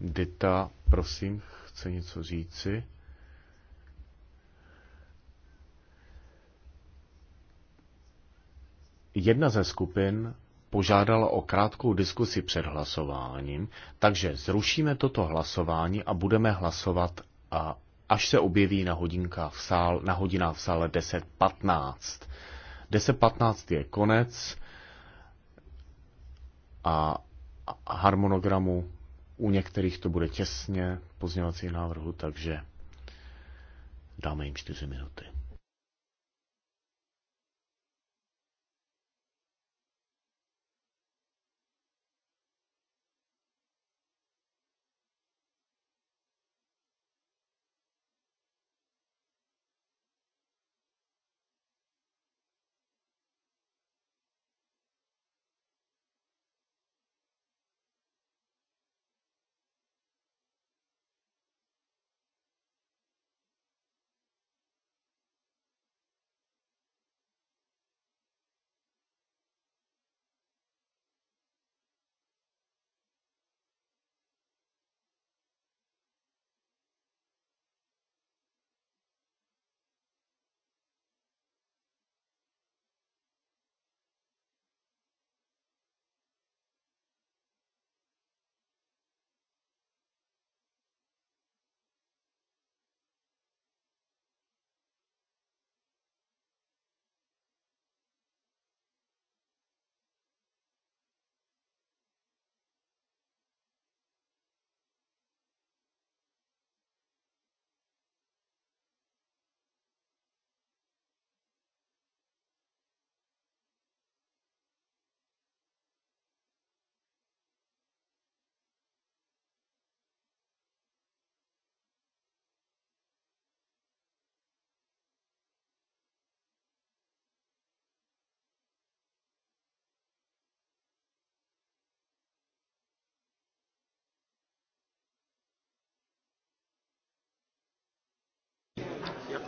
Dita, prosím, chce něco říci. Jedna ze skupin požádala o krátkou diskusi před hlasováním, takže zrušíme toto hlasování a budeme hlasovat, a až se objeví na, hodinkách v sál, na hodinách v sále 10.15. 10.15 je konec a harmonogramu u některých to bude těsně pozněvací návrhu, takže dáme jim čtyři minuty.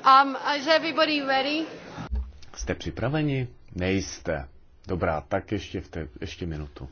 Um, is everybody ready? Jste připraveni? Nejste. Dobrá, tak ještě, v té, ještě minutu.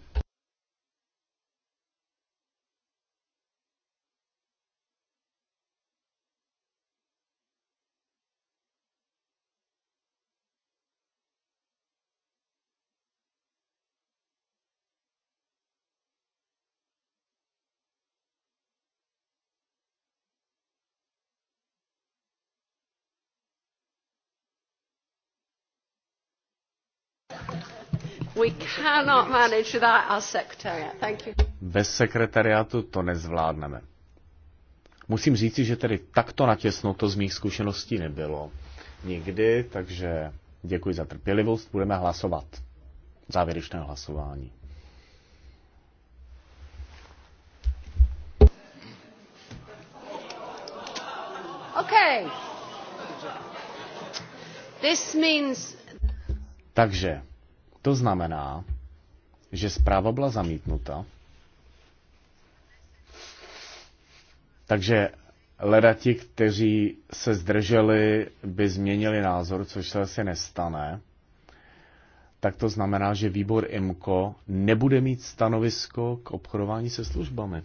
we cannot manage without our secretariat. Thank you. Bez sekretariátu to nezvládneme. Musím říci, že tedy takto natěsno to z mých zkušeností nebylo nikdy, takže děkuji za trpělivost. Budeme hlasovat. Závěrečné hlasování. Okay. This means... Takže to znamená, že zpráva byla zamítnuta, takže leda ti, kteří se zdrželi, by změnili názor, což se asi nestane, tak to znamená, že výbor IMCO nebude mít stanovisko k obchodování se službami.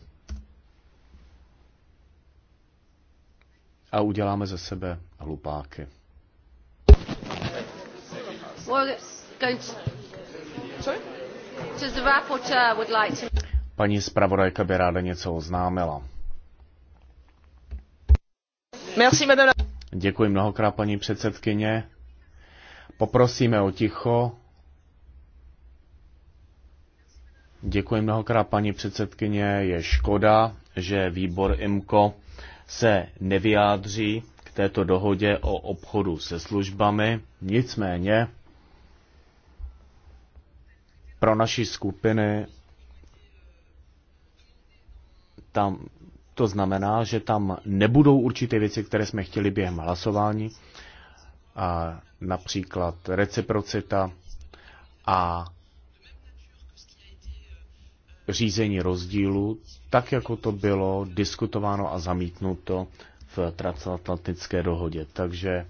A uděláme ze sebe hlupáky. Well, Paní zpravodajka by ráda něco oznámila. Děkuji mnohokrát, paní předsedkyně. Poprosíme o ticho. Děkuji mnohokrát, paní předsedkyně. Je škoda, že výbor IMKO se nevyjádří k této dohodě o obchodu se službami. Nicméně pro naší skupiny tam to znamená, že tam nebudou určité věci, které jsme chtěli během hlasování, a například reciprocita a řízení rozdílu, tak jako to bylo diskutováno a zamítnuto v transatlantické dohodě. Takže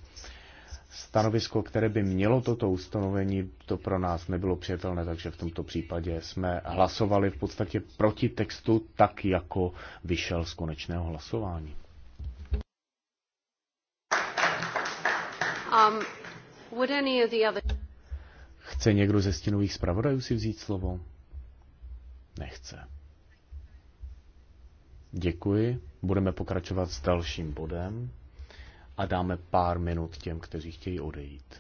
stanovisko, které by mělo toto ustanovení, to pro nás nebylo přijatelné, takže v tomto případě jsme hlasovali v podstatě proti textu tak, jako vyšel z konečného hlasování. Um, would any of the other... Chce někdo ze stěnových zpravodajů si vzít slovo? Nechce. Děkuji. Budeme pokračovat s dalším bodem a dáme pár minut těm, kteří chtějí odejít.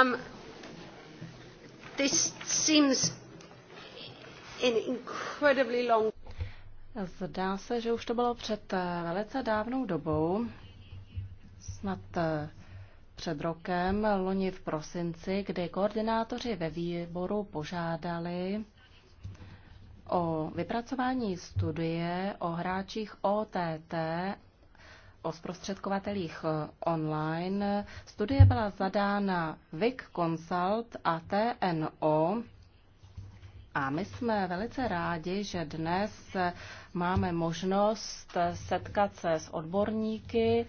Um, this seems an incredibly long... Zdá se, že už to bylo před eh, velice dávnou dobou, snad eh, před rokem, loni v prosinci, kdy koordinátoři ve výboru požádali o vypracování studie o hráčích OTT o zprostředkovatelích eh, online. Studie byla zadána VIC Consult a TNO. A my jsme velice rádi, že dnes eh, máme možnost eh, setkat se s odborníky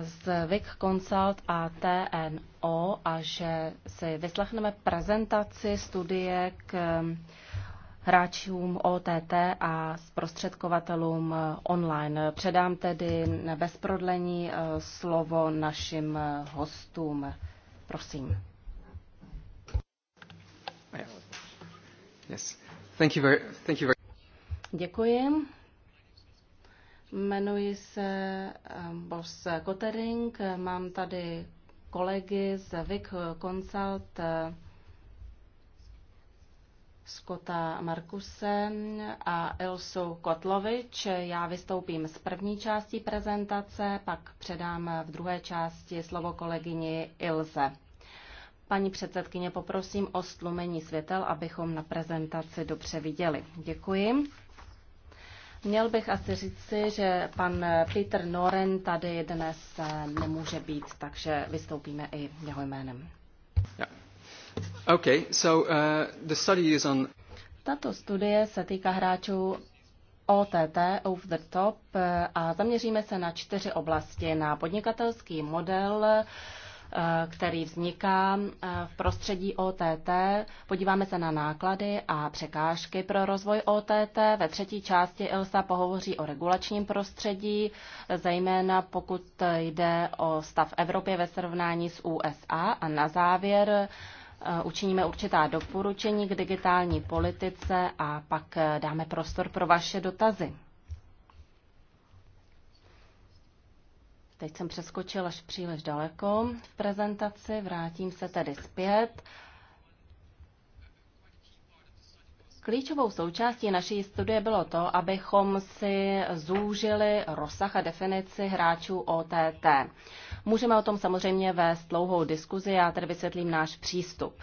z VIC Consult a TNO a že si vyslechneme prezentaci studie k hráčům OTT a zprostředkovatelům online. Předám tedy bez prodlení eh, slovo našim eh, hostům. Prosím. Yes. Thank you very, thank you very... Děkuji. Jmenuji se eh, Bos Kotering, mám tady kolegy z Vic Consult Skota Markusen a Ilsu Kotlovič. Já vystoupím z první části prezentace, pak předám v druhé části slovo kolegyni Ilze. Paní předsedkyně, poprosím o stlumení světel, abychom na prezentaci dobře viděli. Děkuji. Měl bych asi říci, že pan Peter Noren tady dnes nemůže být, takže vystoupíme i jeho jménem. Ja. Okay, so, uh, the study is on... Tato studie se týká hráčů OTT, over the top, a zaměříme se na čtyři oblasti. Na podnikatelský model, uh, který vzniká uh, v prostředí OTT. Podíváme se na náklady a překážky pro rozvoj OTT. Ve třetí části Ilsa pohovoří o regulačním prostředí, zejména pokud jde o stav Evropy ve srovnání s USA. A na závěr Eh, učiníme určitá doporučení k digitální politice a pak eh, dáme prostor pro vaše dotazy. Teď jsem přeskočil až příliš daleko v prezentaci, vrátím se tedy zpět. Klíčovou součástí naší studie bylo to, abychom si zúžili rozsah a definici hráčů OTT. Můžeme o tom samozřejmě vést dlouhou diskuzi, já tedy vysvětlím náš přístup.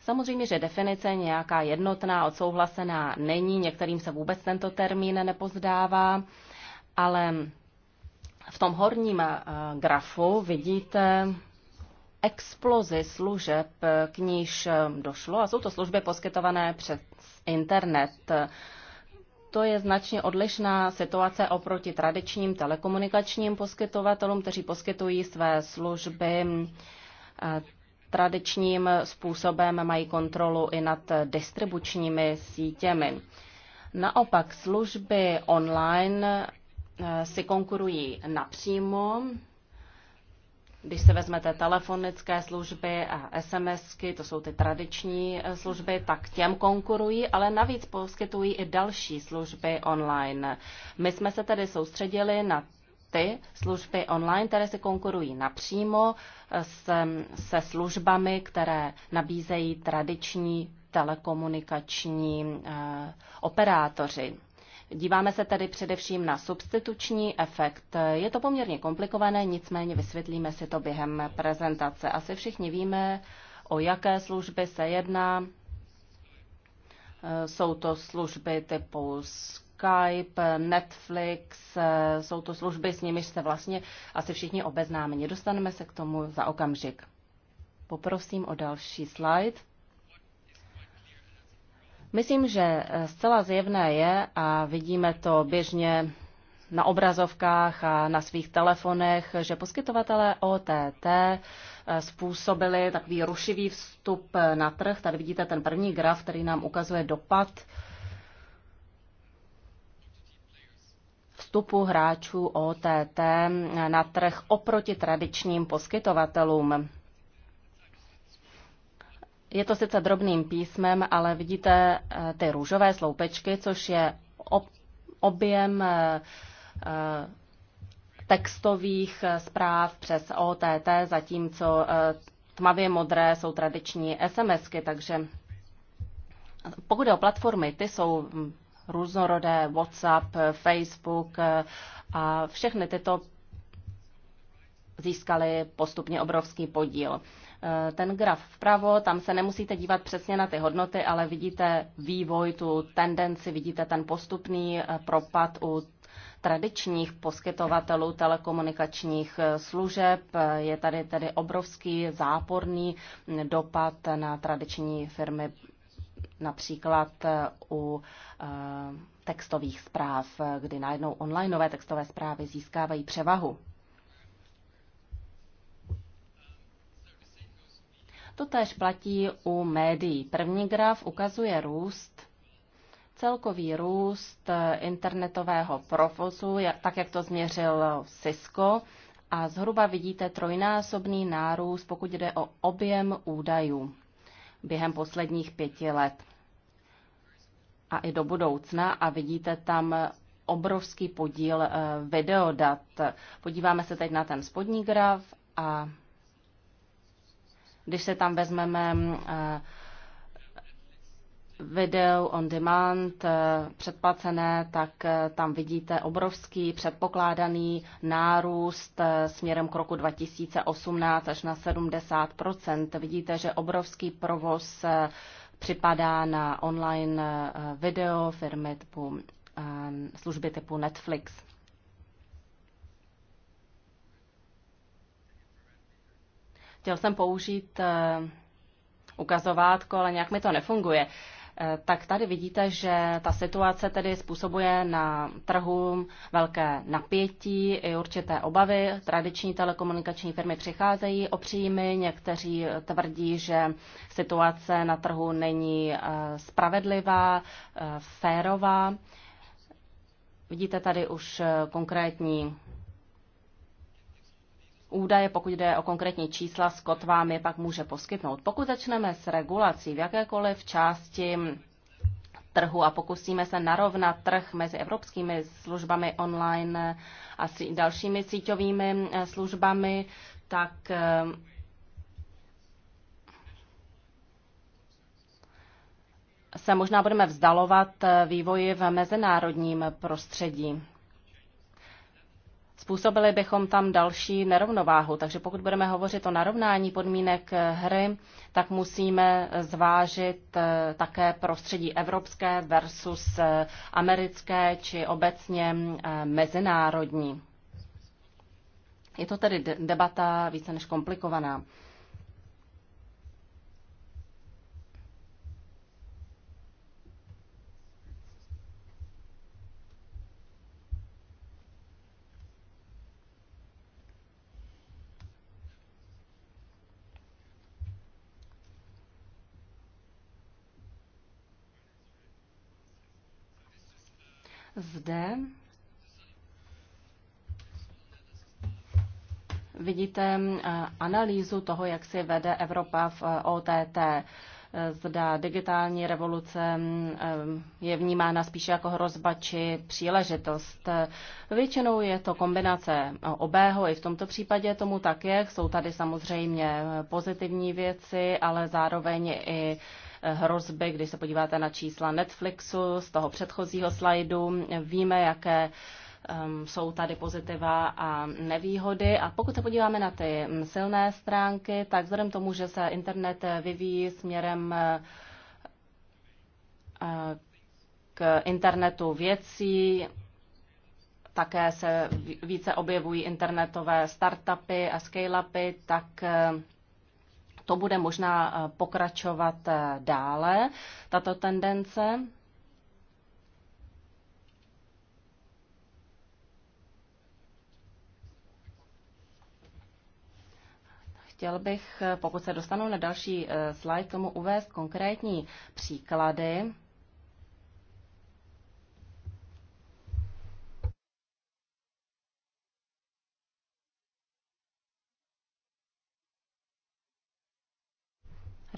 Samozřejmě, že definice nějaká jednotná, odsouhlasená není, některým se vůbec tento termín nepozdává, ale v tom horním eh, grafu vidíte explozi služeb, k níž eh, došlo, a jsou to služby poskytované přes internet. To je značně odlišná situace oproti tradičním telekomunikačním poskytovatelům, kteří poskytují své služby eh, tradičním způsobem, mají kontrolu i nad distribučními sítěmi. Naopak služby online eh, si konkurují napřímo když se vezmete telefonické služby a SMSky, to jsou ty tradiční eh, služby, tak těm konkurují, ale navíc poskytují i další služby online. My jsme se tedy soustředili na ty služby online, které se konkurují napřímo eh, se, se službami, které nabízejí tradiční telekomunikační eh, operátoři. Díváme se tedy především na substituční efekt. Je to poměrně komplikované, nicméně vysvětlíme si to během prezentace. Asi všichni víme, o jaké služby se jedná. Jsou to služby typu Skype, Netflix, jsou to služby, s nimiž se vlastně asi všichni obeznámeni. Dostaneme se k tomu za okamžik. Poprosím o další slide. Myslím, že eh, zcela zjevné je, a vidíme to běžně na obrazovkách a na svých telefonech, že poskytovatelé OTT eh, způsobili takový rušivý vstup eh, na trh. Tady vidíte ten první graf, který nám ukazuje dopad vstupu hráčů OTT na trh oproti tradičním poskytovatelům. Je to sice drobným písmem, ale vidíte eh, ty růžové sloupečky, což je objem eh, eh, textových zpráv přes OTT, zatímco tmavě modré jsou tradiční SMSky, takže pokud je o platformy, ty jsou hm, různorodé, WhatsApp, Facebook a všechny tyto získaly postupně obrovský podíl. Eh, ten graf vpravo, tam se nemusíte dívat přesně na ty hodnoty, ale vidíte vývoj, tu tendenci, vidíte ten postupný eh, propad u tradičních poskytovatelů telekomunikačních eh, služeb. Je tady tedy obrovský záporný mm, dopad na tradiční firmy, například u textových zpráv, kdy najednou onlineové textové zprávy získávají převahu. To též platí u médií. První graf ukazuje růst, celkový růst internetového provozu, tak jak to změřil Cisco, a zhruba vidíte trojnásobný nárůst, pokud jde o objem údajů během posledních pěti let a i do budoucna a vidíte tam obrovský podíl eh, videodat. Podíváme se teď na ten spodní graf a když se tam vezmeme mm, eh, video on demand eh, předplacené, tak eh, tam vidíte obrovský předpokládaný nárůst směrem k roku 2018 až na 70 Vidíte, že obrovský provoz připadá na online video firmy typu služby typu Netflix. Chtěl jsem použít eh, ukazovátko, ale nějak mi to nefunguje. Eh, tak tady vidíte, že ta situace tedy způsobuje na trhu velké napětí i určité obavy. Tradiční telekomunikační firmy přicházejí o příjmy, někteří tvrdí, že situace na trhu není eh, spravedlivá, férová. Vidíte tady už konkrétní údaje, pokud jde o konkrétní čísla, Scott vám je pak může poskytnout. Pokud začneme s regulací v jakékoliv části trhu a pokusíme se narovnat trh mezi evropskými službami online a dalšími síťovými eh, službami, tak eh, se možná budeme vzdalovat eh, vývoji v mezinárodním prostředí. Způsobili bychom tam další nerovnováhu, takže pokud budeme hovořit o narovnání podmínek hry, tak musíme zvážit eh, také prostředí evropské versus eh, americké či obecně eh, mezinárodní. Je to tedy debata více než komplikovaná. zde vidíte eh, analýzu toho, jak si vede Evropa v eh, OTT. Zda digitální revoluce eh, je vnímána spíše jako hrozba či příležitost. Většinou je to kombinace obého, i v tomto případě tomu tak je. Jsou tady samozřejmě pozitivní věci, ale zároveň i hrozby. Když se podíváte na čísla Netflixu z toho předchozího slajdu, víme, jaké um, jsou tady pozitiva a nevýhody. A pokud se podíváme na ty mm, silné stránky, tak vzhledem tomu, že se internet vyvíjí směrem uh, k internetu věcí, také se více objevují internetové startupy a scale-upy, tak uh, to bude možná eh, pokračovat eh, dále, tato tendence. Chtěl bych, eh, pokud se dostanu na další slide, tomu uvést konkrétní příklady.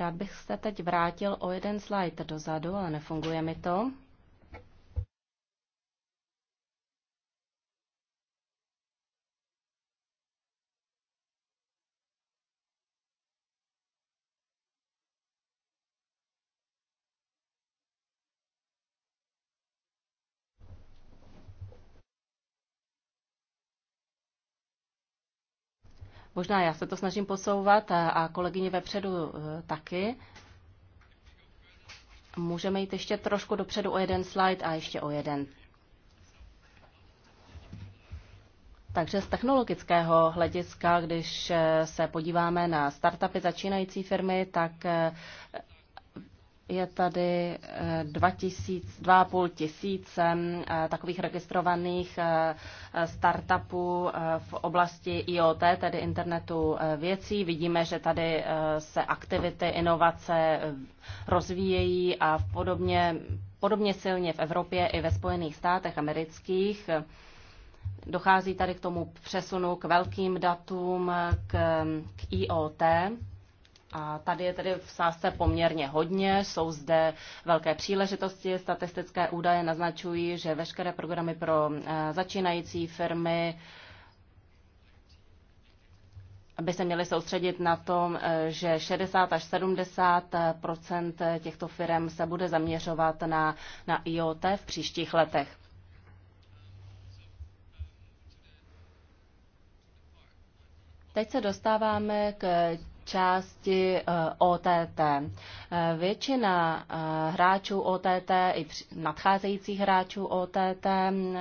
Rád bych se teď vrátil o jeden slide dozadu, ale nefunguje mi to. Možná já se to snažím posouvat a, a kolegyně vepředu e, taky. Můžeme jít ještě trošku dopředu o jeden slide a ještě o jeden. Takže z technologického hlediska, když e, se podíváme na startupy začínající firmy, tak e, je tady 2,5 eh, tisíce eh, takových registrovaných eh, startupů v oblasti IoT, tedy internetu věcí. Vidíme, že tady se aktivity, inovace rozvíjejí a v podobně, podobně silně v Evropě i ve Spojených státech amerických. Dochází tady k tomu přesunu k velkým datům, k, k IoT. A tady je tedy v sázce poměrně hodně, jsou zde velké příležitosti. Statistické údaje naznačují, že veškeré programy pro eh, začínající firmy aby se měli soustředit na to, eh, že 60 až 70 eh, těchto firm se bude zaměřovat na, na IoT v příštích letech. Teď se dostáváme k části eh, OTT. Eh, většina eh, hráčů OTT i nadcházejících hráčů OTT mm,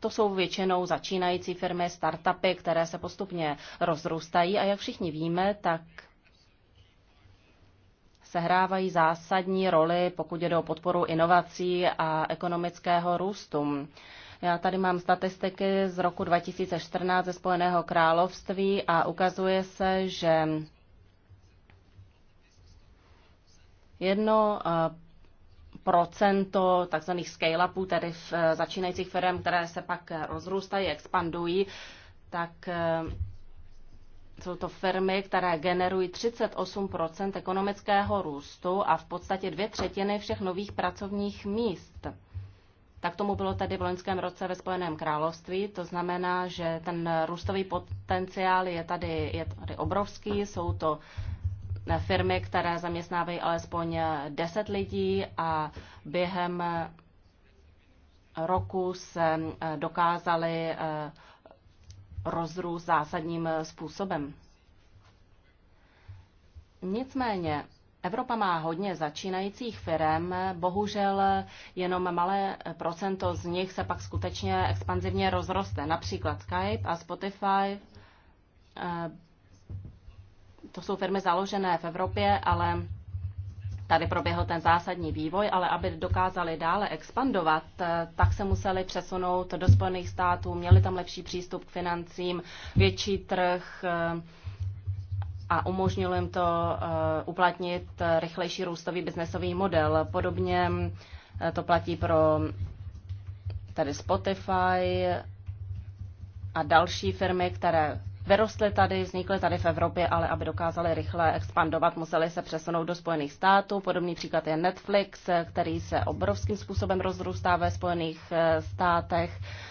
to jsou většinou začínající firmy, startupy, které se postupně rozrůstají a jak všichni víme, tak sehrávají zásadní roli, pokud jde o podporu inovací a ekonomického růstu. Já tady mám statistiky z roku 2014 ze Spojeného království a ukazuje se, že Jedno eh, procento takzvaných scale-upů, tedy v eh, začínajících firm, které se pak eh, rozrůstají, expandují, tak jsou to firmy, které generují 38 ekonomického růstu a v podstatě dvě třetiny všech nových pracovních míst. Tak tomu bylo tedy v loňském roce ve Spojeném království. To znamená, že ten růstový potenciál je tady, je tady obrovský. Jsou to firmy, které zaměstnávají alespoň 10 lidí a během eh, roku se eh, dokázaly eh, rozrůst zásadním způsobem. Nicméně Evropa má hodně začínajících firm, bohužel jenom malé procento z nich se pak skutečně expanzivně rozroste. Například Skype a Spotify to jsou firmy založené v Evropě, ale tady proběhl ten zásadní vývoj, ale aby dokázali dále expandovat, eh, tak se museli přesunout do Spojených států, měli tam lepší přístup k financím, větší trh eh, a umožnilo jim to eh, uplatnit rychlejší růstový biznesový model. Podobně to platí pro tady Spotify a další firmy, které vyrostly tady, vznikly tady v Evropě, ale aby dokázali rychle expandovat, museli se přesunout do Spojených států. Podobný příklad je Netflix, který se obrovským způsobem rozrůstá ve Spojených eh, státech,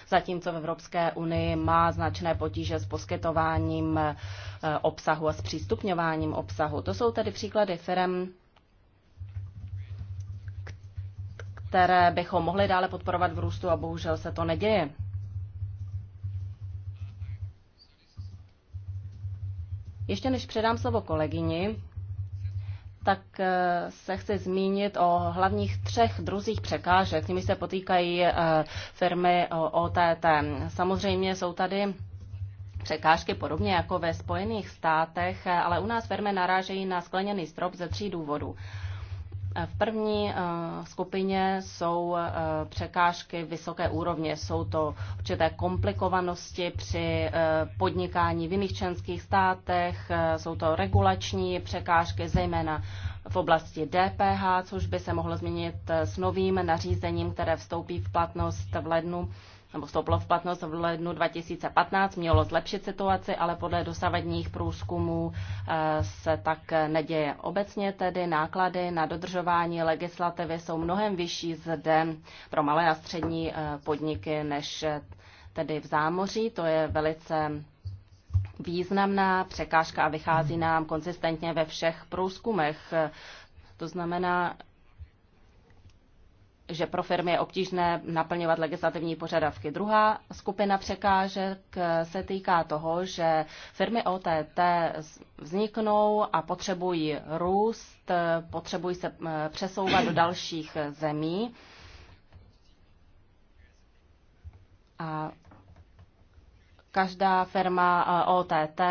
zatímco v Evropské unii má značné potíže s poskytováním eh, obsahu a s přístupňováním obsahu. To jsou tedy příklady firm, které bychom mohli dále podporovat v růstu a bohužel se to neděje. Ještě než předám slovo kolegyni, tak eh, se chci zmínit o hlavních třech druzích překážek, s nimi se potýkají eh, firmy OTT. Samozřejmě jsou tady překážky podobně jako ve Spojených státech, eh, ale u nás firmy narážejí na skleněný strop ze tří důvodů. V první eh, skupině jsou eh, překážky vysoké úrovně. Jsou to určité komplikovanosti při eh, podnikání v jiných členských státech, jsou to regulační překážky, zejména v oblasti DPH, což by se mohlo změnit s novým nařízením, které vstoupí v platnost v lednu nebo vstoupilo v platnost v lednu 2015, mělo zlepšit situaci, ale podle dosavadních průzkumů eh, se tak neděje. Obecně tedy náklady na dodržování legislativy jsou mnohem vyšší zde pro malé a střední eh, podniky než eh, tedy v zámoří. To je velice významná překážka a vychází nám konsistentně ve všech průzkumech. To znamená, že pro firmy je obtížné naplňovat legislativní požadavky. Druhá skupina překážek se týká toho, že firmy OTT vzniknou a potřebují růst, potřebují se eh, přesouvat do dalších zemí. A Každá firma eh, OTT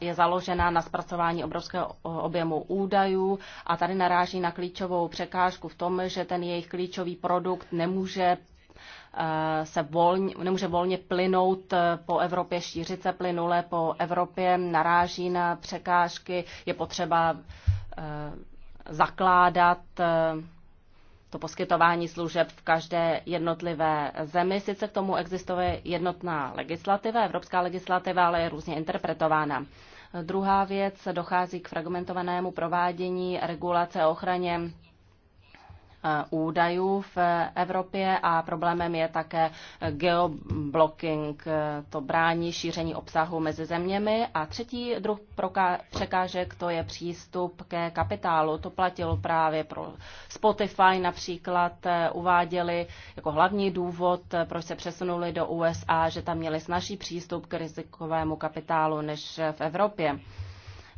je založena na zpracování obrovského eh, objemu údajů a tady naráží na klíčovou překážku v tom, že ten jejich klíčový produkt nemůže eh, se volně, nemůže volně plynout po Evropě, šířit se plynule po Evropě, naráží na překážky, je potřeba zakládat to poskytování služeb v každé jednotlivé zemi. Sice k tomu existuje jednotná legislativa, evropská legislativa, ale je různě interpretována. Druhá věc, dochází k fragmentovanému provádění regulace o ochraně E, údajů v Evropě a problémem je také geoblocking. E, to brání šíření obsahu mezi zeměmi. A třetí druh překážek to je přístup ke kapitálu. To platilo právě pro Spotify například. E, uváděli jako hlavní důvod, proč se přesunuli do USA, že tam měli snažší přístup k rizikovému kapitálu než v Evropě.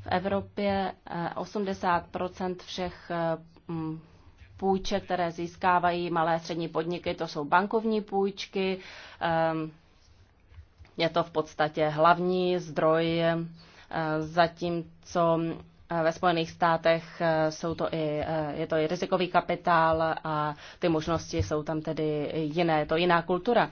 V Evropě 80 všech půjček, které získávají malé a střední podniky, to jsou bankovní půjčky. Ehm, je to v podstatě hlavní zdroj, eh, zatímco eh, ve Spojených státech eh, jsou to i, je to i rizikový kapitál a ty možnosti jsou tam tedy jiné, je to jiná kultura.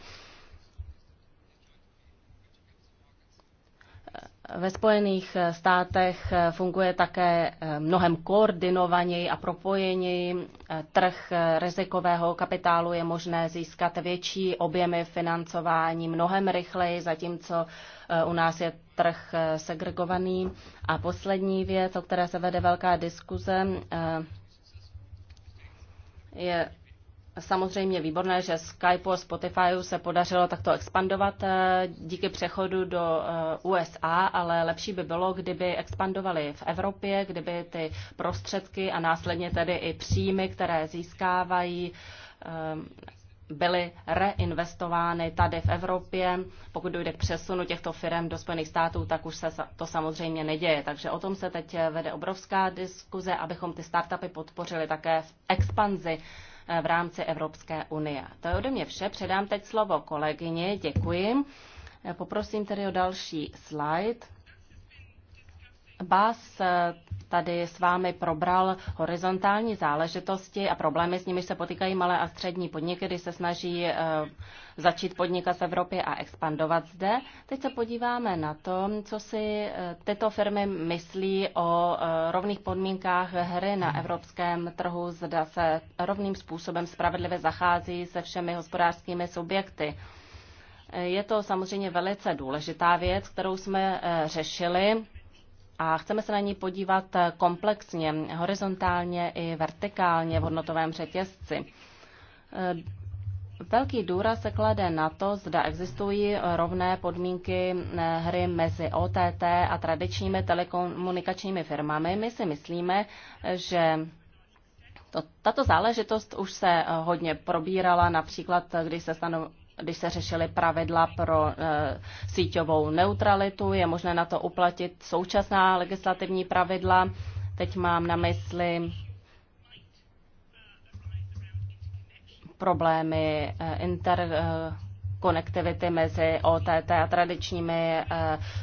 Ve Spojených eh, státech eh, funguje také eh, mnohem koordinovaněji a propojeněji. Trh rizikového kapitálu je možné získat větší objemy financování mnohem rychleji, zatímco u nás je trh segregovaný. A poslední věc, o které se vede velká diskuze, je samozřejmě výborné, že Skype a Spotify se podařilo takto expandovat eh, díky přechodu do eh, USA, ale lepší by bylo, kdyby expandovali v Evropě, kdyby ty prostředky a následně tedy i příjmy, které získávají, eh, byly reinvestovány tady v Evropě. Pokud dojde k přesunu těchto firm do Spojených států, tak už se to samozřejmě neděje. Takže o tom se teď vede obrovská diskuze, abychom ty startupy podpořili také v expanzi Eh, v rámci Evropské unie. To je ode mě vše. Předám teď slovo kolegyně. Děkuji. Eh, poprosím tedy o další slide. Bas eh, tady s vámi probral horizontální záležitosti a problémy, s nimi se potýkají malé a střední podniky, kdy se snaží eh, začít podnikat v Evropě a expandovat zde. Teď se podíváme na to, co si eh, tyto firmy myslí o eh, rovných podmínkách hry na evropském trhu, zda se rovným způsobem spravedlivě zachází se všemi hospodářskými subjekty. Je to samozřejmě velice důležitá věc, kterou jsme řešili a chceme se na ní podívat eh, komplexně, horizontálně i vertikálně v hodnotovém řetězci. Eh, velký důraz se klade na to, zda existují rovné podmínky eh, hry mezi OTT a tradičními telekomunikačními firmami. My si myslíme, že to, tato záležitost už se hodně probírala, například když se stano, když se řešily pravidla pro e, síťovou neutralitu, je možné na to uplatit současná legislativní pravidla. Teď mám na mysli problémy eh, interkonektivity mezi OTT a tradičními eh,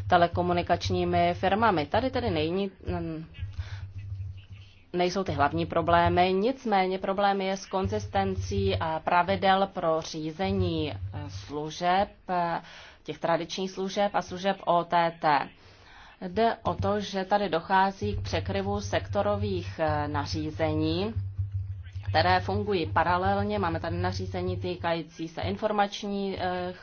telekomunikačními firmami. Tady tedy není mm, nejsou ty hlavní problémy, nicméně problém je s konzistencí pravidel pro řízení eh, služeb, eh, těch tradičních služeb a služeb OTT. Jde o to, že tady dochází k překryvu sektorových eh, nařízení, které fungují paralelně. Máme tady nařízení týkající se informačních eh,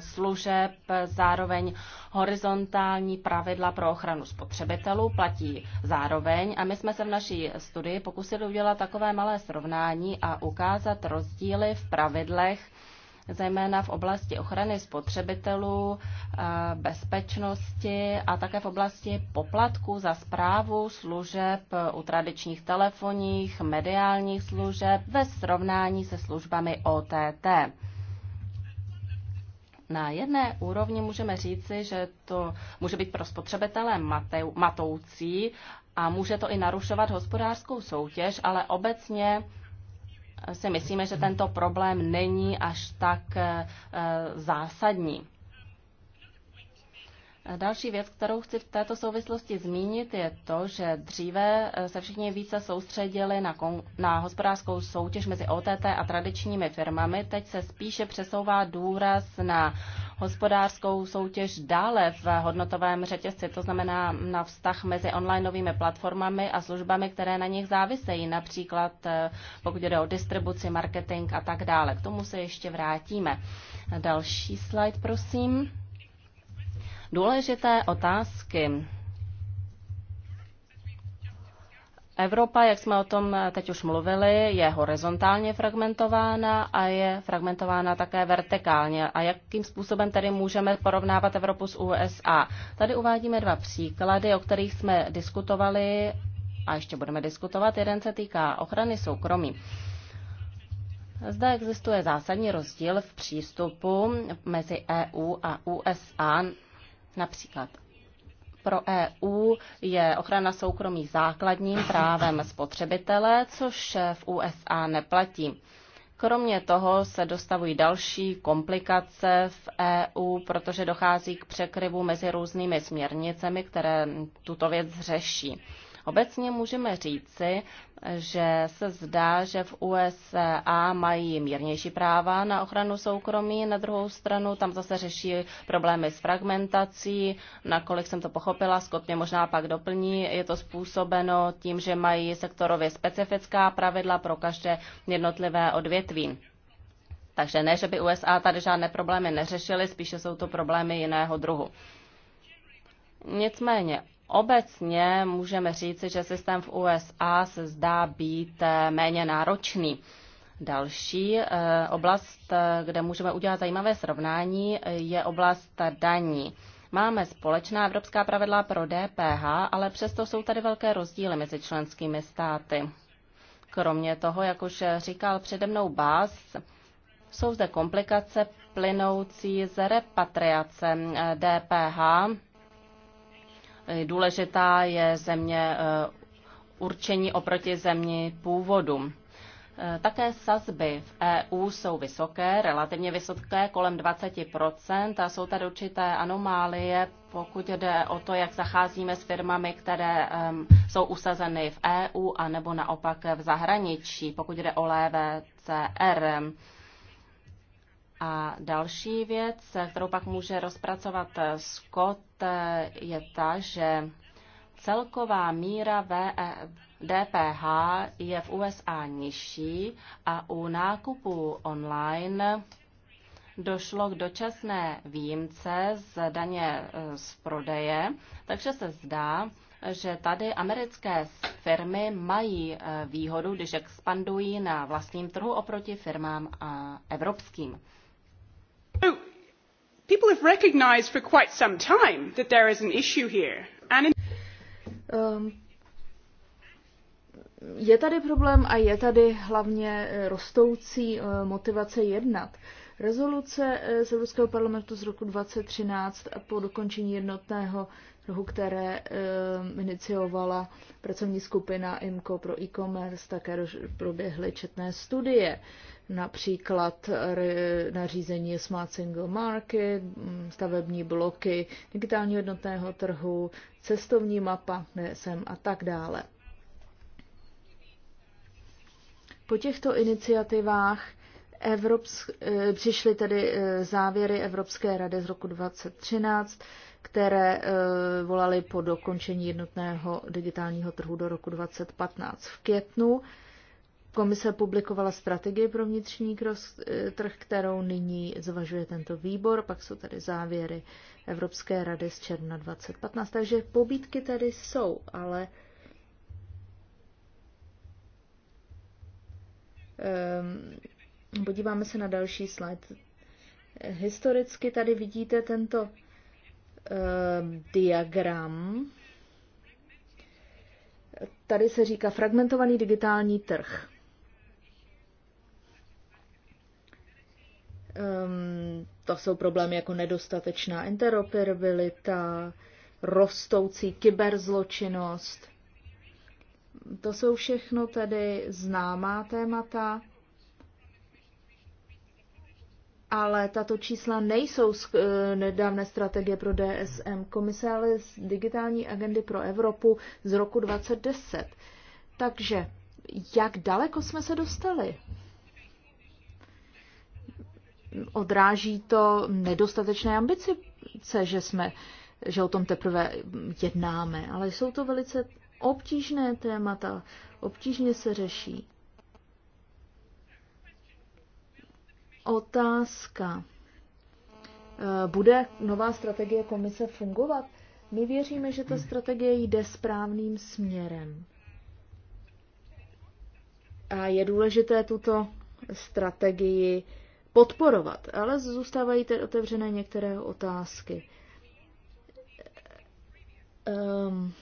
služeb, zároveň horizontální pravidla pro ochranu spotřebitelů platí zároveň a my jsme se v naší studii pokusili udělat takové malé srovnání a ukázat rozdíly v pravidlech zejména v oblasti ochrany spotřebitelů, eh, bezpečnosti a také v oblasti poplatků za zprávu služeb u tradičních telefonních, mediálních služeb ve srovnání se službami OTT. Na jedné úrovni můžeme říci, že to může být pro spotřebitele matoucí a může to i narušovat hospodářskou soutěž, ale obecně si myslíme, že tento problém není až tak eh, eh, zásadní. Další věc, kterou chci v této souvislosti zmínit, je to, že dříve eh, se všichni více soustředili na, kon- na hospodářskou soutěž mezi OTT a tradičními firmami. Teď se spíše přesouvá důraz na hospodářskou soutěž dále v hodnotovém řetězci, to znamená na vztah mezi onlineovými platformami a službami, které na nich závisejí, například eh, pokud jde o distribuci, marketing a tak dále. K tomu se ještě vrátíme. Další slide, prosím důležité otázky. Evropa, jak jsme o tom teď už mluvili, je horizontálně fragmentována a je fragmentována také vertikálně. A jakým způsobem tedy můžeme porovnávat Evropu s USA? Tady uvádíme dva příklady, o kterých jsme diskutovali a ještě budeme diskutovat. Jeden se týká ochrany soukromí. Zde existuje zásadní rozdíl v přístupu mezi EU a USA Například pro EU je ochrana soukromí základním právem spotřebitele, což v USA neplatí. Kromě toho se dostavují další komplikace v EU, protože dochází k překryvu mezi různými směrnicemi, které tuto věc řeší. Obecně můžeme říci, že se zdá, že v USA mají mírnější práva na ochranu soukromí, na druhou stranu tam zase řeší problémy s fragmentací, nakolik jsem to pochopila, Skot mě možná pak doplní, je to způsobeno tím, že mají sektorově specifická pravidla pro každé jednotlivé odvětví. Takže ne, že by USA tady žádné problémy neřešily, spíše jsou to problémy jiného druhu. Nicméně Obecně můžeme říci, že systém v USA se zdá být eh, méně náročný. Další eh, oblast, eh, kde můžeme udělat zajímavé srovnání, je oblast daní. Máme společná evropská pravidla pro DPH, ale přesto jsou tady velké rozdíly mezi členskými státy. Kromě toho, jak už říkal přede mnou Bás, jsou zde komplikace plynoucí z repatriace DPH Eh, důležitá je země eh, určení oproti zemi původu. Eh, také sazby v EU jsou vysoké, relativně vysoké, kolem 20%, a jsou tady určité anomálie, pokud jde o to, jak zacházíme s firmami, které um, jsou usazeny v EU a nebo naopak v zahraničí, pokud jde o LVCR. CR. A další věc, kterou pak může rozpracovat Scott, je ta, že celková míra e, DPH je v USA nižší a u nákupů online došlo k dočasné výjimce z daně e, z prodeje, takže se zdá, že tady americké firmy mají e, výhodu, když expandují na vlastním trhu oproti firmám evropským people have recognised for quite some time that there is an issue here. And in um, je tady problém a je tady hlavně eh, rostoucí eh, motivace jednat. Rezoluce eh, z Evropského parlamentu z roku 2013 a po dokončení jednotného trhu, které ehm, iniciovala pracovní skupina IMCO pro e-commerce, také proběhly četné studie například eh, nařízení Smart Single Market, mm, stavební bloky, digitální jednotného trhu, cestovní mapa, NSM a tak dále. Po těchto iniciativách Evropsk, eh, přišly tedy eh, závěry Evropské rady z roku 2013, které volaly po dokončení jednotného digitálního trhu do roku 2015 v květnu. Komise publikovala strategii pro vnitřní eh, trh, kterou nyní zvažuje tento výbor, pak jsou tady závěry Evropské rady z června 2015, takže pobídky tady jsou, ale ehm, podíváme se na další slide. Historicky tady vidíte tento ehm, diagram. Tady se říká fragmentovaný digitální trh Um, to jsou problémy jako nedostatečná interoperabilita, rostoucí kyberzločinnost. To jsou všechno tedy známá témata, ale tato čísla nejsou z eh, nedávné strategie pro DSM komise, ale z digitální agendy pro Evropu z roku 2010. Takže jak daleko jsme se dostali? odráží to nedostatečné ambice, že jsme, že o tom teprve jednáme, ale jsou to velice obtížné témata, obtížně se řeší. Otázka. Eh, bude nová strategie komise fungovat? My věříme, že ta strategie jde správným směrem. A je důležité tuto strategii podporovat, ale zůstávají teď otevřené některé otázky. Um,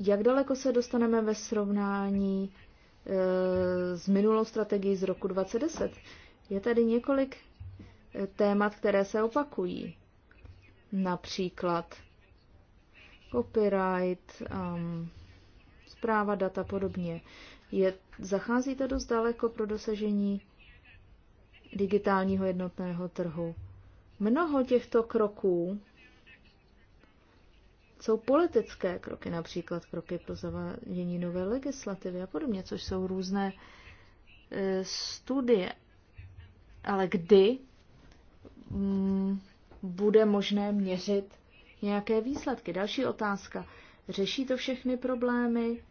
jak daleko se dostaneme ve srovnání e, s minulou strategií z roku 2010? Je tady několik eh, témat, které se opakují. Například copyright, um, zpráva data podobně. Je, zachází to dost daleko pro dosažení digitálního jednotného trhu. Mnoho těchto kroků jsou politické kroky, například kroky pro zavádění nové legislativy a podobně, což jsou různé e, studie. Ale kdy m, mm, bude možné měřit nějaké výsledky? Další otázka. Řeší to všechny problémy?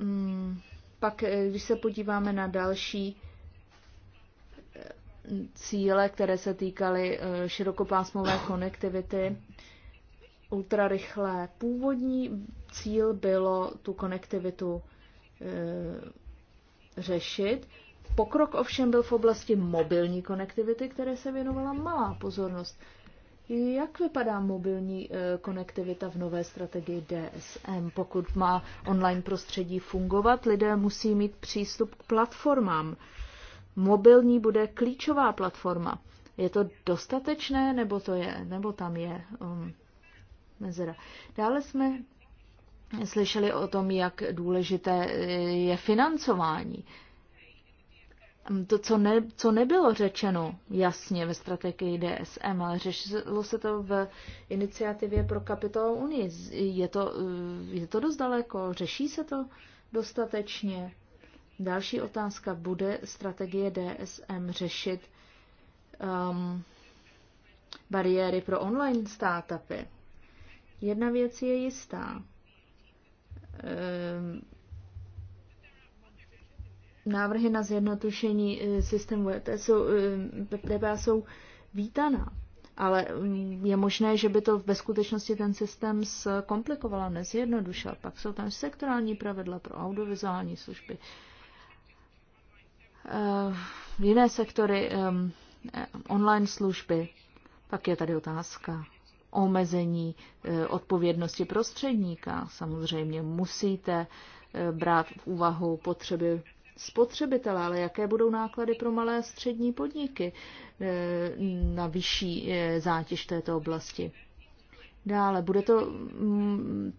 Mm, pak, eh, když se podíváme na další eh, cíle, které se týkaly eh, širokopásmové konektivity, ultrarychlé. Původní cíl bylo tu konektivitu e, řešit. Pokrok ovšem byl v oblasti mobilní konektivity, které se věnovala malá pozornost. Jak vypadá mobilní eh, konektivita v nové strategii DSM? Pokud má online prostředí fungovat, lidé musí mít přístup k platformám. Mobilní bude klíčová platforma. Je to dostatečné, nebo, to je, nebo tam je um, mezera? Dále jsme slyšeli o tom, jak důležité eh, je financování. Hm, to, co, ne, co nebylo řečeno jasně ve strategii DSM, ale řešilo se to v iniciativě pro kapitolu Unii. Je to, eh, je to dost daleko? Řeší se to dostatečně? Další otázka. Bude strategie DSM řešit um, bariéry pro online startupy? Jedna věc je jistá. Um, návrhy na zjednotušení eh, systému e jsou, DPA eh, jsou vítaná, ale mm, je možné, že by to ve skutečnosti ten systém zkomplikovalo, nezjednodušil. Pak jsou tam sektorální pravidla pro audiovizuální služby, eh, jiné sektory, online služby. Pak je tady otázka omezení odpovědnosti prostředníka. Samozřejmě musíte brát v úvahu potřeby spotřebitele, ale jaké budou náklady pro malé a střední podniky eh, na vyšší eh, zátěž této oblasti. Dále, bude to mm,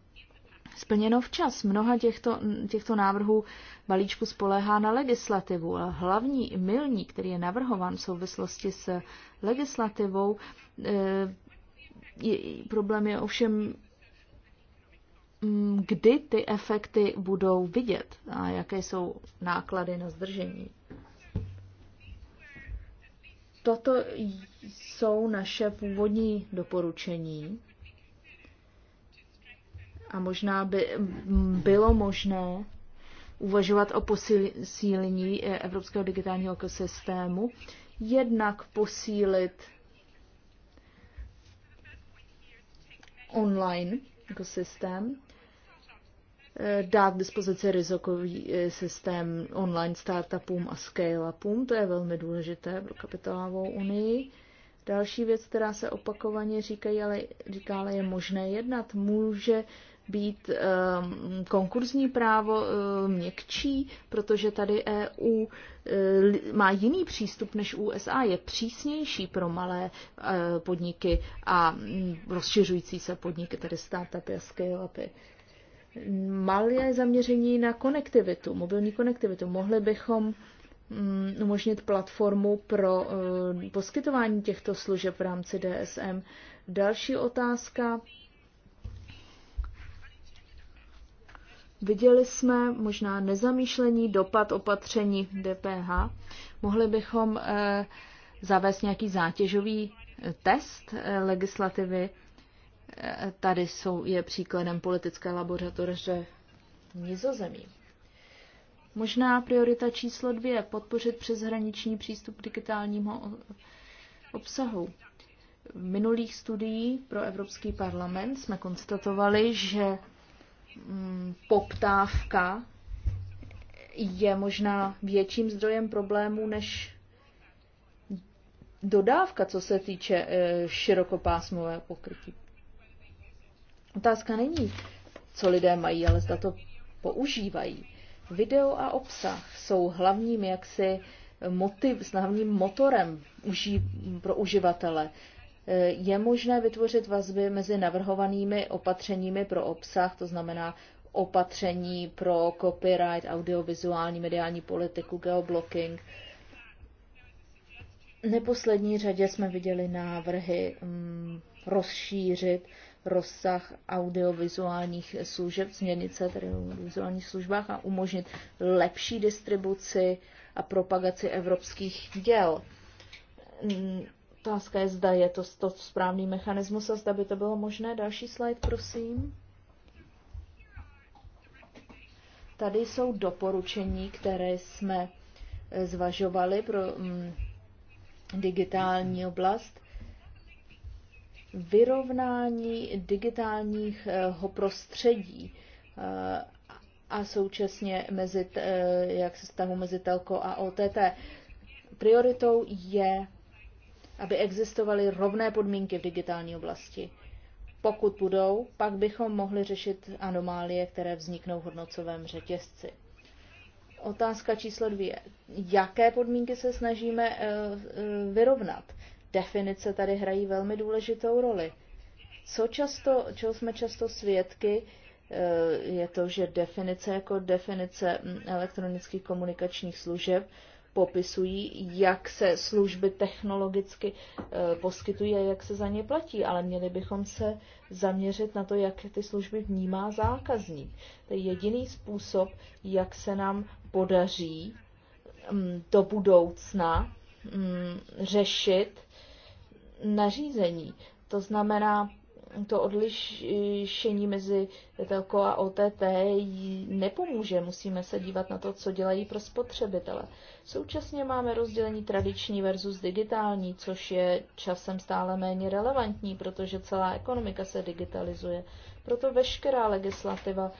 splněno včas. Mnoha těchto, těchto návrhů balíčku spoléhá na legislativu. A hlavní milník, který je navrhován v souvislosti s legislativou, eh, je, problém je ovšem Mm, kdy ty efekty budou vidět a jaké jsou náklady na zdržení. Toto jsou naše původní doporučení a možná by mm, bylo možné uvažovat o posílení evropského digitálního ekosystému, jednak posílit online ekosystém, Eh, dát v dispozici rizikový eh, systém online startupům a scale-upům. To je velmi důležité pro kapitálovou unii. Další věc, která se opakovaně říkají, ale, říká, ale je možné jednat, může být um, konkurzní právo um, měkčí, protože tady EU um, eh, má jiný přístup než USA, je přísnější pro malé uh, podniky a um, rozšiřující se podniky, tedy startupy a scale-upy. Uh, malé zaměření na konektivitu, mobilní konektivitu. Mohli bychom mm, umožnit platformu pro eh, poskytování těchto služeb v rámci DSM. Další otázka. Viděli jsme možná nezamýšlení dopad opatření DPH. Mohli bychom eh, zavést nějaký zátěžový eh, test legislativy Tady jsou, je příkladem politické laboratoře Nizozemí. Možná priorita číslo dvě, podpořit přeshraniční přístup k digitálnímu obsahu. V minulých studií pro Evropský parlament jsme konstatovali, že mm, poptávka je možná větším zdrojem problémů než dodávka, co se týče e, širokopásmové pokrytí. Otázka není, co lidé mají, ale zda to používají. Video a obsah jsou hlavním jaksi motiv, s hlavním motorem uží, pro uživatele. Eh, je možné vytvořit vazby mezi navrhovanými opatřeními pro obsah, to znamená opatření pro copyright, audiovizuální mediální politiku, geoblocking. V neposlední řadě jsme viděli návrhy mm, rozšířit rozsah audiovizuálních služeb, směrnice tedy o audiovizuálních službách a umožnit lepší distribuci a propagaci evropských děl. Mm, otázka je, zda je to, to správný mechanismus a zda by to bylo možné. Další slide, prosím. Tady jsou doporučení, které jsme eh, zvažovali pro mm, digitální oblast vyrovnání digitálních eh, prostředí eh, a současně mezi, eh, jak se stavu mezi telko a OTT. Prioritou je, aby existovaly rovné podmínky v digitální oblasti. Pokud budou, pak bychom mohli řešit anomálie, které vzniknou v hodnocovém řetězci. Otázka číslo dvě. Jaké podmínky se snažíme vyrovnat? definice tady hrají velmi důležitou roli. Co často, čeho jsme často svědky, eh, je to, že definice jako definice hm, elektronických komunikačních služeb popisují, jak se služby technologicky eh, poskytují a jak se za ně platí, ale měli bychom se zaměřit na to, jak ty služby vnímá zákazník. To je jediný způsob, jak se nám podaří hm, do budoucna hm, řešit nařízení. To znamená, to odlišení mezi telko a OTT nepomůže. Musíme se dívat na to, co dělají pro spotřebitele. Současně máme rozdělení tradiční versus digitální, což je časem stále méně relevantní, protože celá ekonomika se digitalizuje. Proto veškerá legislativa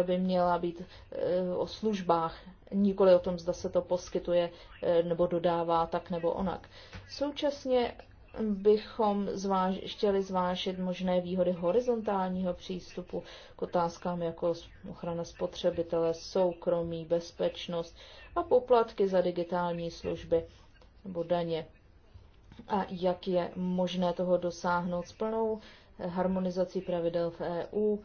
eh, by měla být eh, o službách, nikoli o tom, zda se to poskytuje eh, nebo dodává tak nebo onak. Současně bychom zváž, chtěli zvážit možné výhody horizontálního přístupu k otázkám jako ochrana spotřebitele, soukromí, bezpečnost a poplatky za digitální služby nebo daně. A jak je možné toho dosáhnout s plnou harmonizací pravidel v EU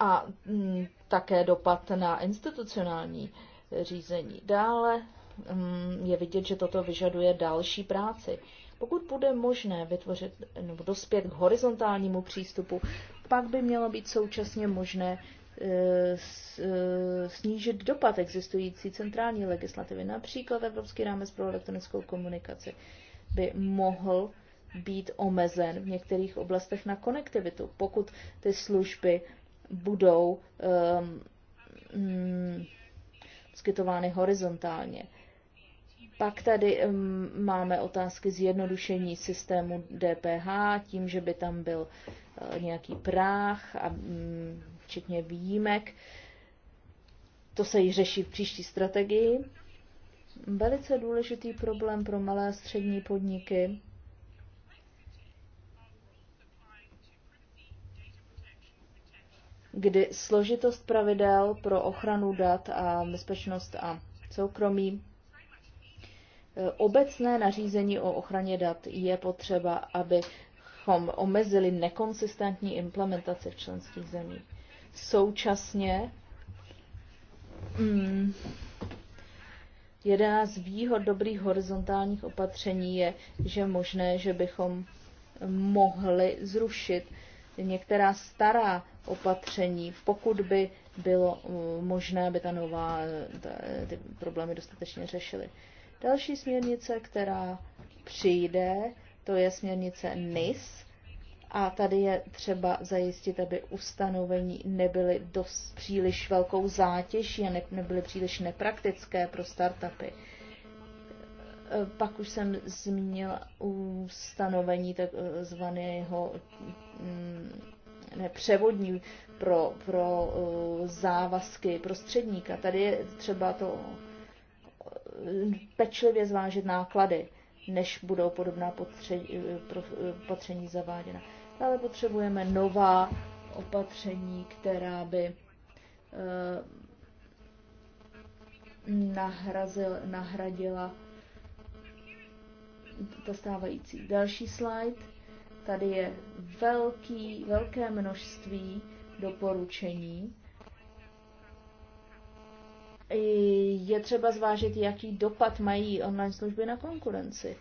a m, mm, také dopad na institucionální řízení. Dále m, mm, je vidět, že toto vyžaduje další práci pokud bude možné vytvořit nebo dospět k horizontálnímu přístupu, pak by mělo být současně možné e, e, snížit dopad existující centrální legislativy. Například Evropský rámec pro elektronickou komunikaci by mohl být omezen v některých oblastech na konektivitu, pokud ty služby budou um, skytovány horizontálně. Pak tady máme otázky zjednodušení systému DPH tím, že by tam byl eh, nějaký práh, a, mm, včetně výjimek. To se již řeší v příští strategii. Velice důležitý problém pro malé a střední podniky kdy složitost pravidel pro ochranu dat a bezpečnost a soukromí Eh, obecné nařízení o ochraně dat je potřeba, abychom omezili nekonsistentní implementace v členských zemích. Současně mm, Jedna z výhod dobrých horizontálních opatření je, že možné, že bychom mohli zrušit některá stará opatření, pokud by bylo mm, možné, aby ta nová eh, ta, eh, ty problémy dostatečně řešily. Další směrnice, která přijde, to je směrnice NIS. A tady je třeba zajistit, aby ustanovení nebyly dost příliš velkou zátěží a ne, nebyly příliš nepraktické pro startupy. E, pak už jsem zmínila ustanovení takzvaného e, mm, převodní pro, pro e, závazky prostředníka. Tady je třeba to pečlivě zvážit náklady, než budou podobná opatření zaváděna. Ale potřebujeme nová opatření, která by eh, nahrazil, nahradila to stávající. Další slide. Tady je velký, velké množství doporučení je třeba zvážit, jaký dopad mají online služby na konkurenci.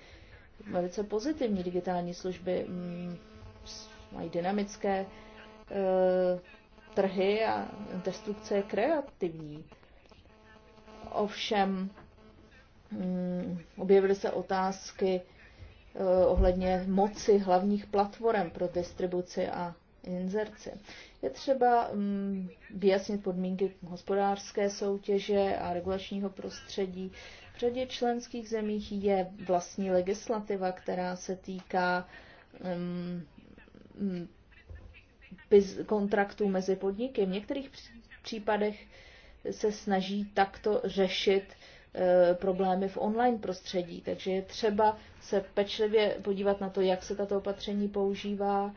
Velice pozitivní digitální služby mm, mají dynamické e, trhy a destrukce je kreativní. Ovšem mm, objevily se otázky e, ohledně moci hlavních platform pro distribuci a inzerci. Je třeba mm, vyjasnit podmínky hospodářské soutěže a regulačního prostředí. V řadě členských zemích je vlastní legislativa, která se týká mm, mm, kontraktů mezi podniky. V některých případech se snaží takto řešit e, problémy v online prostředí. Takže je třeba se pečlivě podívat na to, jak se tato opatření používá,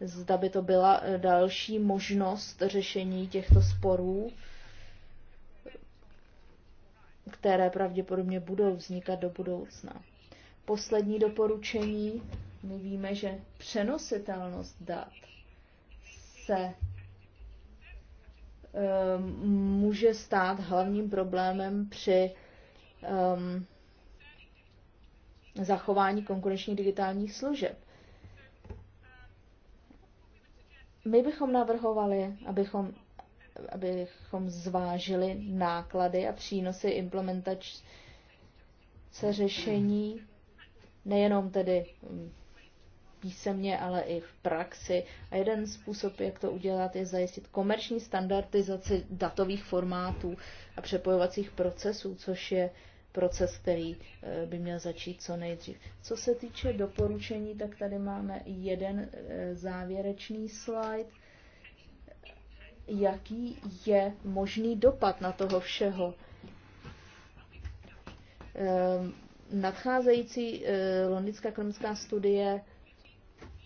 zda by to byla eh, další možnost řešení těchto sporů, které pravděpodobně budou vznikat do budoucna. Poslední doporučení, my víme, že přenositelnost dat se um, může stát hlavním problémem při um, zachování konkurenčních digitálních služeb My bychom navrhovali, abychom, abychom zvážili náklady a přínosy implementace řešení, nejenom tedy písemně, ale i v praxi. A jeden způsob, jak to udělat, je zajistit komerční standardizaci datových formátů a přepojovacích procesů, což je proces, který eh, by měl začít co nejdřív. Co se týče doporučení, tak tady máme jeden eh, závěrečný slide. Jaký je možný dopad na toho všeho? Ehm, nadcházející eh, londýnská klinická studie,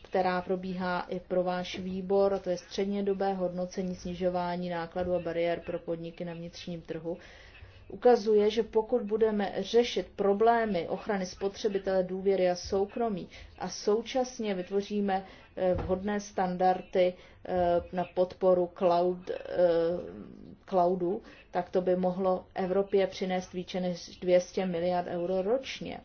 která probíhá i pro váš výbor, a to je střednědobé hodnocení snižování nákladů a bariér pro podniky na vnitřním trhu, ukazuje, že pokud budeme řešit problémy ochrany spotřebitele, důvěry a soukromí a současně vytvoříme eh, vhodné standardy eh, na podporu cloud, eh, cloudu, tak to by mohlo Evropě přinést více než 200 miliard euro ročně.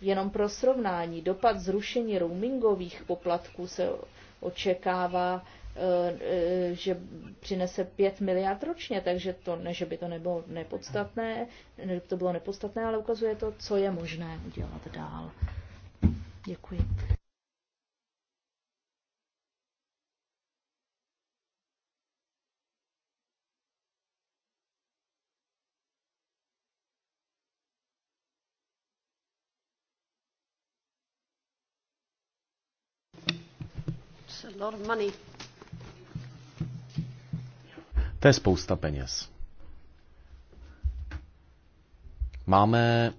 Jenom pro srovnání, dopad zrušení roamingových poplatků se očekává Eh, že přinese 5 miliard ročně, takže to ne, že by to nebylo nepodstatné, ne, to bylo nepodstatné, ale ukazuje to, co je možné udělat dál. Děkuji. a lot of money. To je spousta peněz. Máme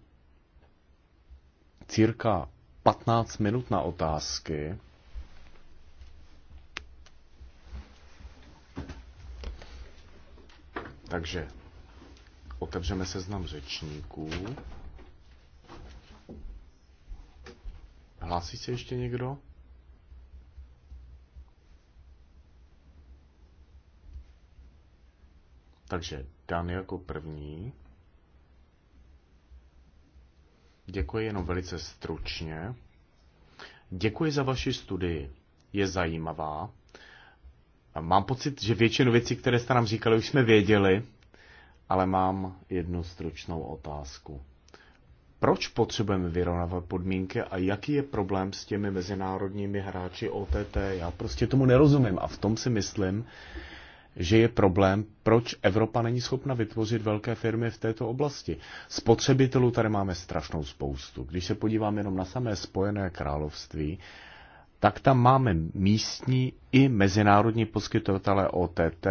cirka 15 minut na otázky. Takže otevřeme seznam řečníků. Hlásí se ještě někdo? Takže Dan jako první. Děkuji jenom velice stručně. Děkuji za vaši studii. Je zajímavá. Mám pocit, že většinu věcí, které jste nám říkali, už jsme věděli, ale mám jednu stručnou otázku. Proč potřebujeme vyrovnávat podmínky a jaký je problém s těmi mezinárodními hráči OTT? Já prostě tomu nerozumím a v tom si myslím, že je problém, proč Evropa není schopna vytvořit velké firmy v této oblasti. Spotřebitelů tady máme strašnou spoustu. Když se podívám jenom na samé Spojené království, tak tam máme místní i mezinárodní poskytovatele OTT,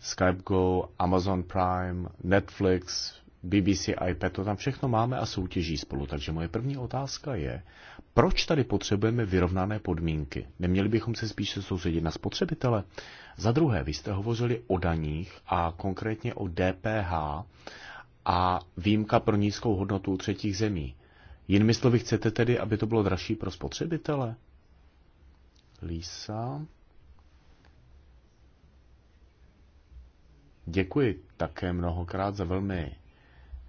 Skype Go, Amazon Prime, Netflix, BBC iPad, to tam všechno máme a soutěží spolu. Takže moje první otázka je, proč tady potřebujeme vyrovnané podmínky? Neměli bychom se spíše soustředit na spotřebitele? Za druhé, vy jste hovořili o daních a konkrétně o DPH a výjimka pro nízkou hodnotu u třetích zemí. Jinými slovy, chcete tedy, aby to bylo dražší pro spotřebitele? Lisa. Děkuji také mnohokrát za velmi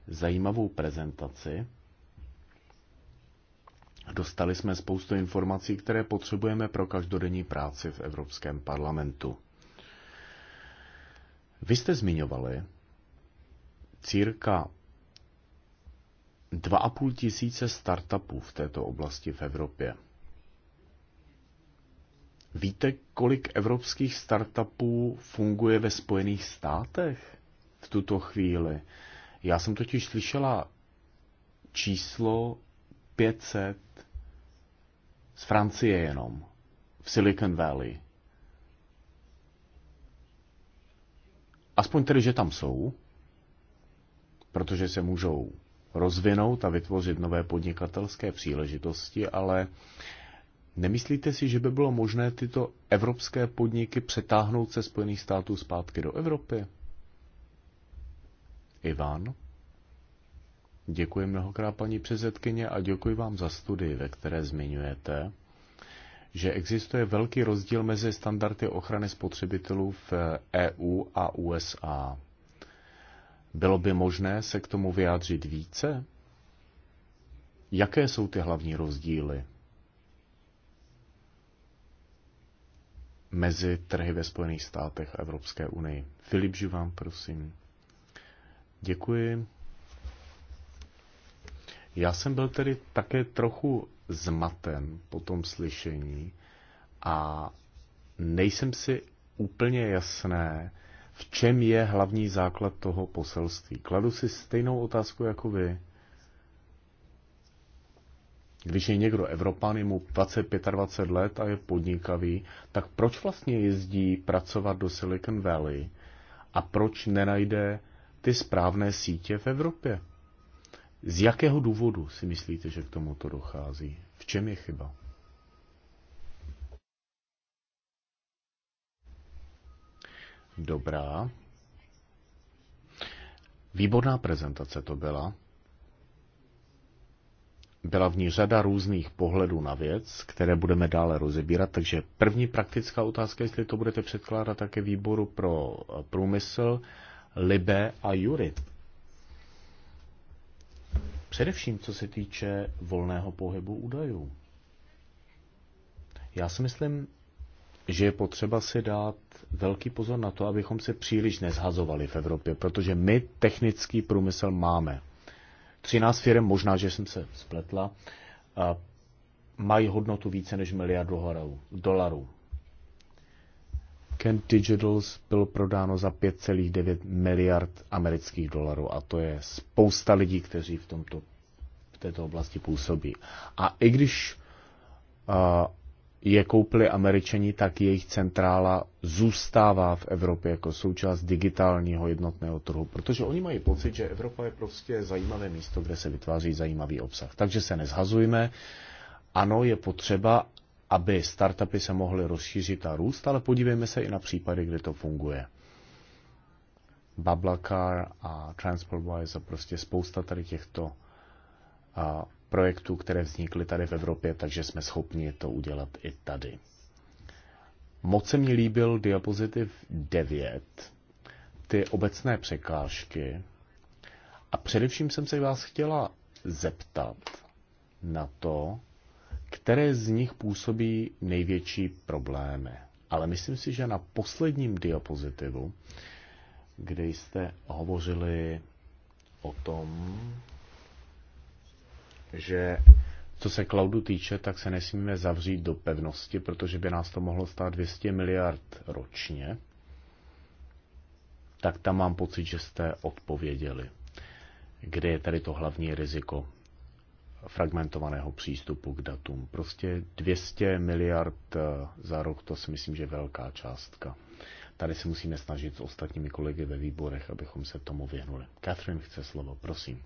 zajímavou prezentaci. Dostali jsme spoustu informací, které potřebujeme pro každodenní práci v Evropském parlamentu. Vy jste zmiňovali círka 2,5 tisíce startupů v této oblasti v Evropě. Víte, kolik evropských startupů funguje ve Spojených státech v tuto chvíli? Já jsem totiž slyšela číslo 500 z Francie jenom, v Silicon Valley. Aspoň tedy, že tam jsou, protože se můžou rozvinout a vytvořit nové podnikatelské příležitosti, ale nemyslíte si, že by bylo možné tyto evropské podniky přetáhnout se Spojených států zpátky do Evropy? Ivan. Děkuji mnohokrát, paní předsedkyně, a děkuji vám za studii, ve které zmiňujete, že existuje velký rozdíl mezi standardy ochrany spotřebitelů v EU a USA. Bylo by možné se k tomu vyjádřit více? Jaké jsou ty hlavní rozdíly mezi trhy ve Spojených státech a Evropské unii? Filip Živán, prosím. Děkuji. Já jsem byl tedy také trochu zmaten po tom slyšení a nejsem si úplně jasné, v čem je hlavní základ toho poselství. Kladu si stejnou otázku jako vy. Když je někdo Evropan, je mu 20-25 let a je podnikavý, tak proč vlastně jezdí pracovat do Silicon Valley a proč nenajde ty správné sítě v Evropě. Z jakého důvodu si myslíte, že k tomu to dochází? V čem je chyba? Dobrá. Výborná prezentace to byla. Byla v ní řada různých pohledů na věc, které budeme dále rozebírat, takže první praktická otázka, jestli to budete předkládat také výboru pro průmysl, Libe a Jury. Především co se týče volného pohybu údajů. Já si myslím, že je potřeba si dát velký pozor na to, abychom se příliš nezhazovali v Evropě, protože my technický průmysl máme. 13 firm, možná, že jsem se spletla, mají hodnotu více než miliardu dolarů. Kent Digitals bylo prodáno za 5,9 miliard amerických dolarů a to je spousta lidí, kteří v, tomto, v této oblasti působí. A i když uh, je koupili američani, tak jejich centrála zůstává v Evropě jako součást digitálního jednotného trhu, protože oni mají pocit, že Evropa je prostě zajímavé místo, kde se vytváří zajímavý obsah. Takže se nezhazujme. Ano, je potřeba, aby startupy se mohly rozšířit a růst, ale podívejme se i na případy, kde to funguje. Bablacar a TransportWise a prostě spousta tady těchto a, projektů, které vznikly tady v Evropě, takže jsme schopni to udělat i tady. Moc se mi líbil diapozitiv 9, ty obecné překážky. A především jsem se vás chtěla zeptat na to, které z nich působí největší problémy. Ale myslím si, že na posledním diapozitivu, kde jste hovořili o tom, že co se cloudu týče, tak se nesmíme zavřít do pevnosti, protože by nás to mohlo stát 200 miliard ročně, tak tam mám pocit, že jste odpověděli. Kde je tady to hlavní riziko? fragmentovaného přístupu k datům. Prostě 200 miliard eh, za rok, to si myslím, že je velká částka. Tady se musíme snažit s ostatními kolegy ve výborech, abychom se tomu vyhnuli. Catherine chce slovo, prosím.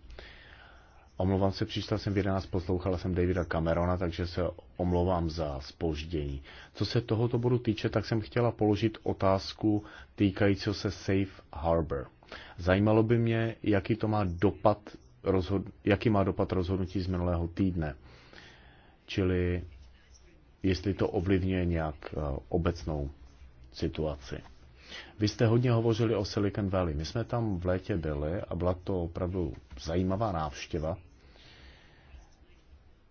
Omlouvám se, přišla jsem v 11, poslouchala jsem Davida Camerona, takže se omlouvám za spoždění. Co se tohoto bodu týče, tak jsem chtěla položit otázku týkající se Safe Harbor. Zajímalo by mě, jaký to má dopad rozhod, jaký má dopad rozhodnutí z minulého týdne. Čili jestli to ovlivňuje nějak eh, obecnou situaci. Vy jste hodně hovořili o Silicon Valley. My jsme tam v létě byli a byla to opravdu zajímavá návštěva.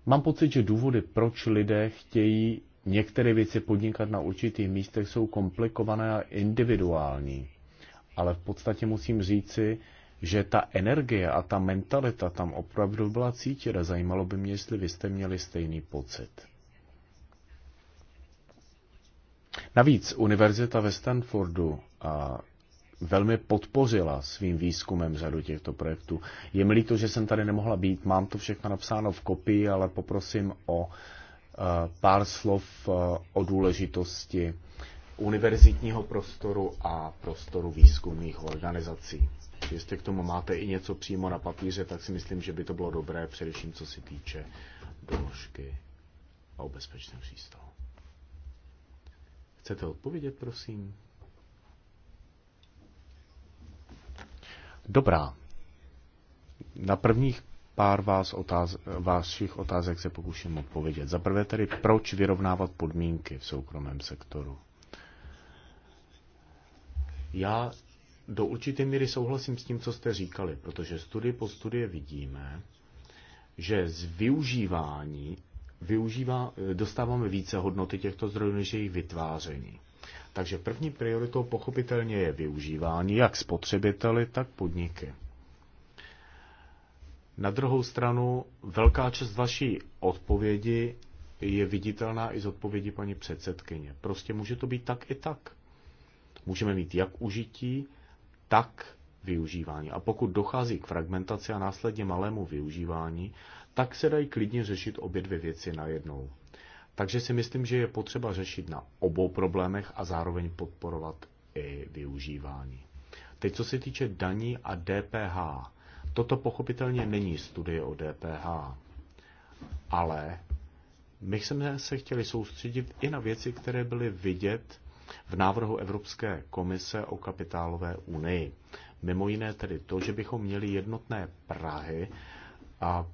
Mám pocit, že důvody, proč lidé chtějí některé věci podnikat na určitých místech, jsou komplikované a individuální. Ale v podstatě musím říci, že ta energie a ta mentalita tam opravdu byla cítit a zajímalo by mě, jestli vy jste měli stejný pocit. Navíc Univerzita ve Stanfordu a velmi podpořila svým výzkumem řadu těchto projektů. Je mi líto, že jsem tady nemohla být, mám to všechno napsáno v kopii, ale poprosím o pár slov o důležitosti univerzitního prostoru a prostoru výzkumných organizací. Jestli k tomu máte i něco přímo na papíře, tak si myslím, že by to bylo dobré, především co se týče doložky a bezpečném přístavu. Chcete odpovědět, prosím? Dobrá. Na prvních pár vás otáz- vašich otázek se pokusím odpovědět. Za prvé tedy, proč vyrovnávat podmínky v soukromém sektoru? Já do určité míry souhlasím s tím, co jste říkali, protože studie po studie vidíme, že z využívání využívá, dostáváme více hodnoty těchto zdrojů, než jejich vytváření. Takže první prioritou pochopitelně je využívání jak spotřebiteli, tak podniky. Na druhou stranu, velká část vaší odpovědi je viditelná i z odpovědi paní předsedkyně. Prostě může to být tak i tak. Můžeme mít jak užití, tak využívání. A pokud dochází k fragmentaci a následně malému využívání, tak se dají klidně řešit obě dvě věci najednou. Takže si myslím, že je potřeba řešit na obou problémech a zároveň podporovat i využívání. Teď co se týče daní a DPH. Toto pochopitelně není studie o DPH, ale my jsme se chtěli soustředit i na věci, které byly vidět v návrhu Evropské komise o kapitálové unii. Mimo jiné tedy to, že bychom měli jednotné Prahy a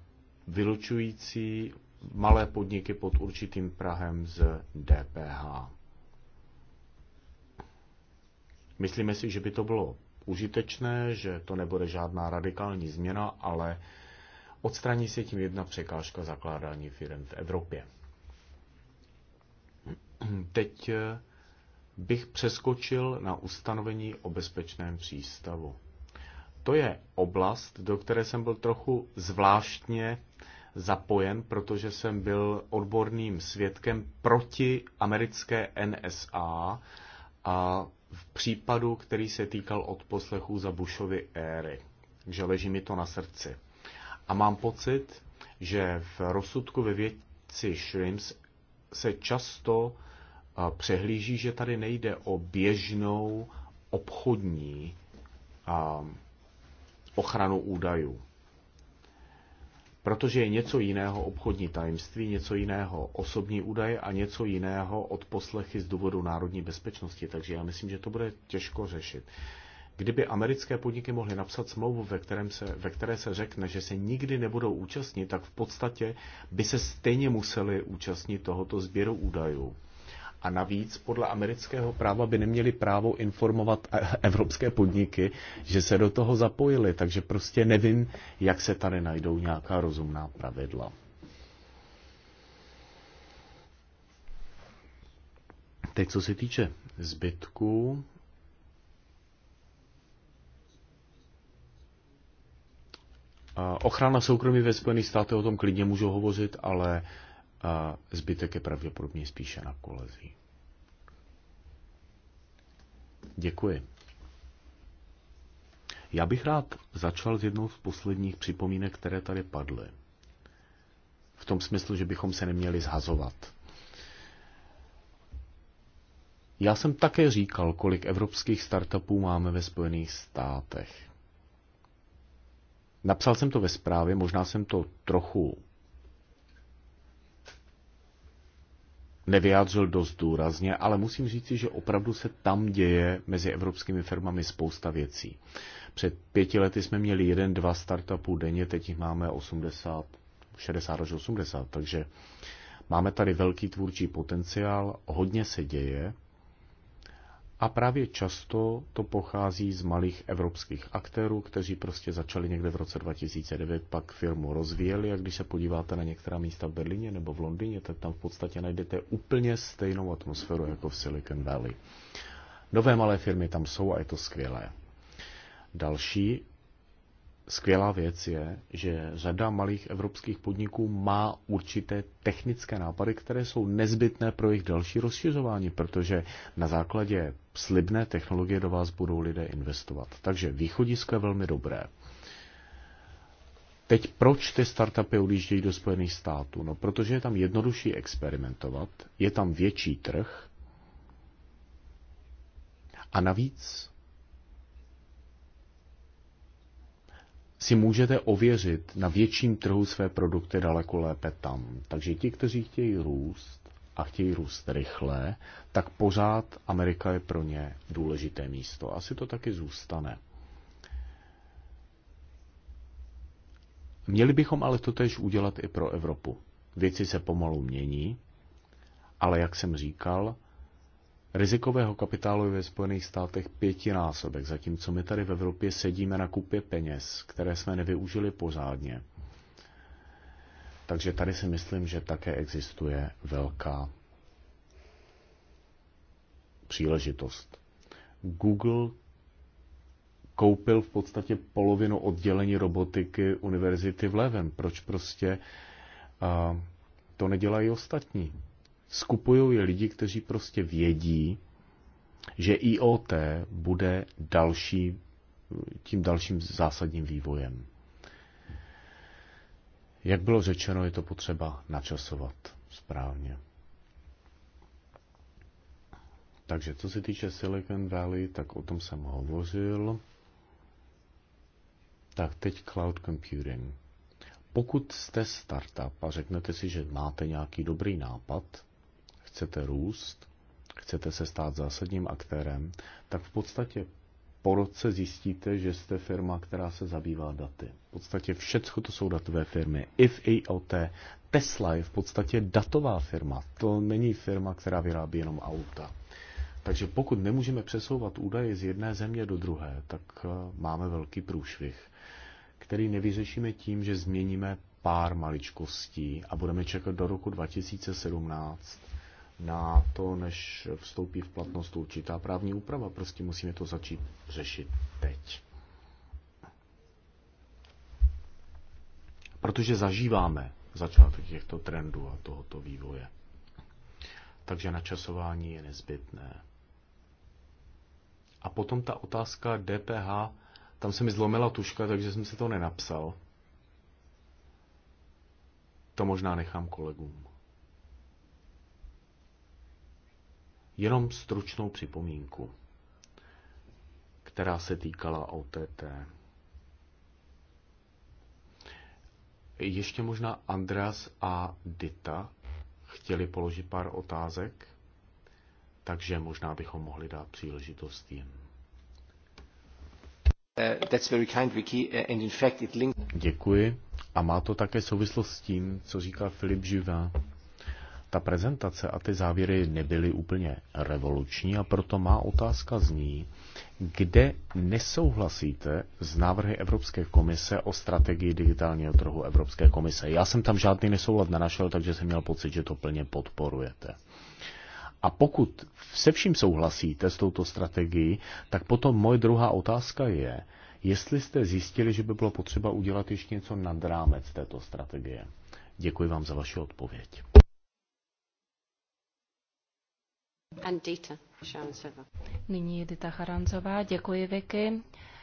vylučující malé podniky pod určitým Prahem z DPH. Myslíme si, že by to bylo užitečné, že to nebude žádná radikální změna, ale odstraní se tím jedna překážka zakládání firm v Evropě. Teď eh, bych přeskočil na ustanovení o bezpečném přístavu. To je oblast, do které jsem byl trochu zvláštně zapojen, protože jsem byl odborným svědkem proti americké NSA a v případu, který se týkal odposlechů za Bushovy éry. Takže leží mi to na srdci. A mám pocit, že v rozsudku ve věci Shrimps se často přehlíží, že tady nejde o běžnou obchodní ochranu údajů. Protože je něco jiného obchodní tajemství, něco jiného osobní údaje a něco jiného od poslechy z důvodu národní bezpečnosti. Takže já myslím, že to bude těžko řešit. Kdyby americké podniky mohly napsat smlouvu, ve, kterém se, ve které se řekne, že se nikdy nebudou účastnit, tak v podstatě by se stejně museli účastnit tohoto sběru údajů. A navíc podle amerického práva by neměli právo informovat e, evropské podniky, že se do toho zapojili. Takže prostě nevím, jak se tady najdou nějaká rozumná pravidla. Teď co se týče zbytku, Ochrana soukromí ve Spojených státech o tom klidně můžu hovořit, ale a zbytek je pravděpodobně spíše na kolezí. Děkuji. Já bych rád začal s jednou z posledních připomínek, které tady padly. V tom smyslu, že bychom se neměli zhazovat. Já jsem také říkal, kolik evropských startupů máme ve Spojených státech. Napsal jsem to ve zprávě, možná jsem to trochu nevyjádřil dost důrazně, ale musím říci, že opravdu se tam děje mezi evropskými firmami spousta věcí. Před pěti lety jsme měli jeden, dva startupů denně, teď jich máme 80, 60 až 80, takže máme tady velký tvůrčí potenciál, hodně se děje, a právě často to pochází z malých evropských aktérů, kteří prostě začali někde v roce 2009, pak firmu rozvíjeli a když se podíváte na některá místa v Berlíně nebo v Londýně, tak tam v podstatě najdete úplně stejnou atmosféru jako v Silicon Valley. Nové malé firmy tam jsou a je to skvělé. Další skvělá věc je, že řada malých evropských podniků má určité technické nápady, které jsou nezbytné pro jejich další rozšiřování, protože na základě slibné technologie do vás budou lidé investovat. Takže východisko je velmi dobré. Teď proč ty startupy odjíždějí do Spojených států? No, protože je tam jednodušší experimentovat, je tam větší trh a navíc si můžete ověřit na větším trhu své produkty daleko lépe tam. Takže ti, kteří chtějí růst a chtějí růst rychle, tak pořád Amerika je pro ně důležité místo. Asi to taky zůstane. Měli bychom ale to tež udělat i pro Evropu. Věci se pomalu mění, ale jak jsem říkal, rizikového kapitálu je ve Spojených státech pětinásobek, zatímco my tady v Evropě sedíme na kupě peněz, které jsme nevyužili pořádně. Takže tady si myslím, že také existuje velká příležitost. Google koupil v podstatě polovinu oddělení robotiky univerzity v Levem. Proč prostě uh, to nedělají ostatní? skupují lidi, kteří prostě vědí, že IoT bude další, tím dalším zásadním vývojem. Jak bylo řečeno, je to potřeba načasovat správně. Takže co se týče Silicon Valley, tak o tom jsem hovořil. Tak teď cloud computing. Pokud jste startup a řeknete si, že máte nějaký dobrý nápad, chcete růst, chcete se stát zásadním aktérem, tak v podstatě po roce zjistíte, že jste firma, která se zabývá daty. V podstatě všechno to jsou datové firmy. If IoT, Tesla je v podstatě datová firma. To není firma, která vyrábí jenom auta. Takže pokud nemůžeme přesouvat údaje z jedné země do druhé, tak eh, máme velký průšvih, který nevyřešíme tím, že změníme pár maličkostí a budeme čekat do roku 2017, na to, než vstoupí v platnost určitá právní úprava. Prostě musíme to začít řešit teď. Protože zažíváme začátek těchto trendů a tohoto vývoje. Takže načasování je nezbytné. A potom ta otázka DPH, tam se mi zlomila tuška, takže jsem si to nenapsal. To možná nechám kolegům. Jenom stručnou připomínku, která se týkala OTT. Ještě možná Andreas a Dita chtěli položit pár otázek, takže možná bychom mohli dát příležitost jim. Děkuji. A má to také souvislost s tím, co říká Filip Živá ta prezentace a ty závěry nebyly úplně revoluční a proto má otázka zní, kde nesouhlasíte s návrhy Evropské komise o strategii digitálního trhu Evropské komise. Já jsem tam žádný nesoulad nenašel, takže jsem měl pocit, že to plně podporujete. A pokud se vším souhlasíte s touto strategií, tak potom moje druhá otázka je, jestli jste zjistili, že by bylo potřeba udělat ještě něco nad rámec této strategie. Děkuji vám za vaši odpověď. And Dita Nyní Dita Charanzová. Děkuji, Vicky.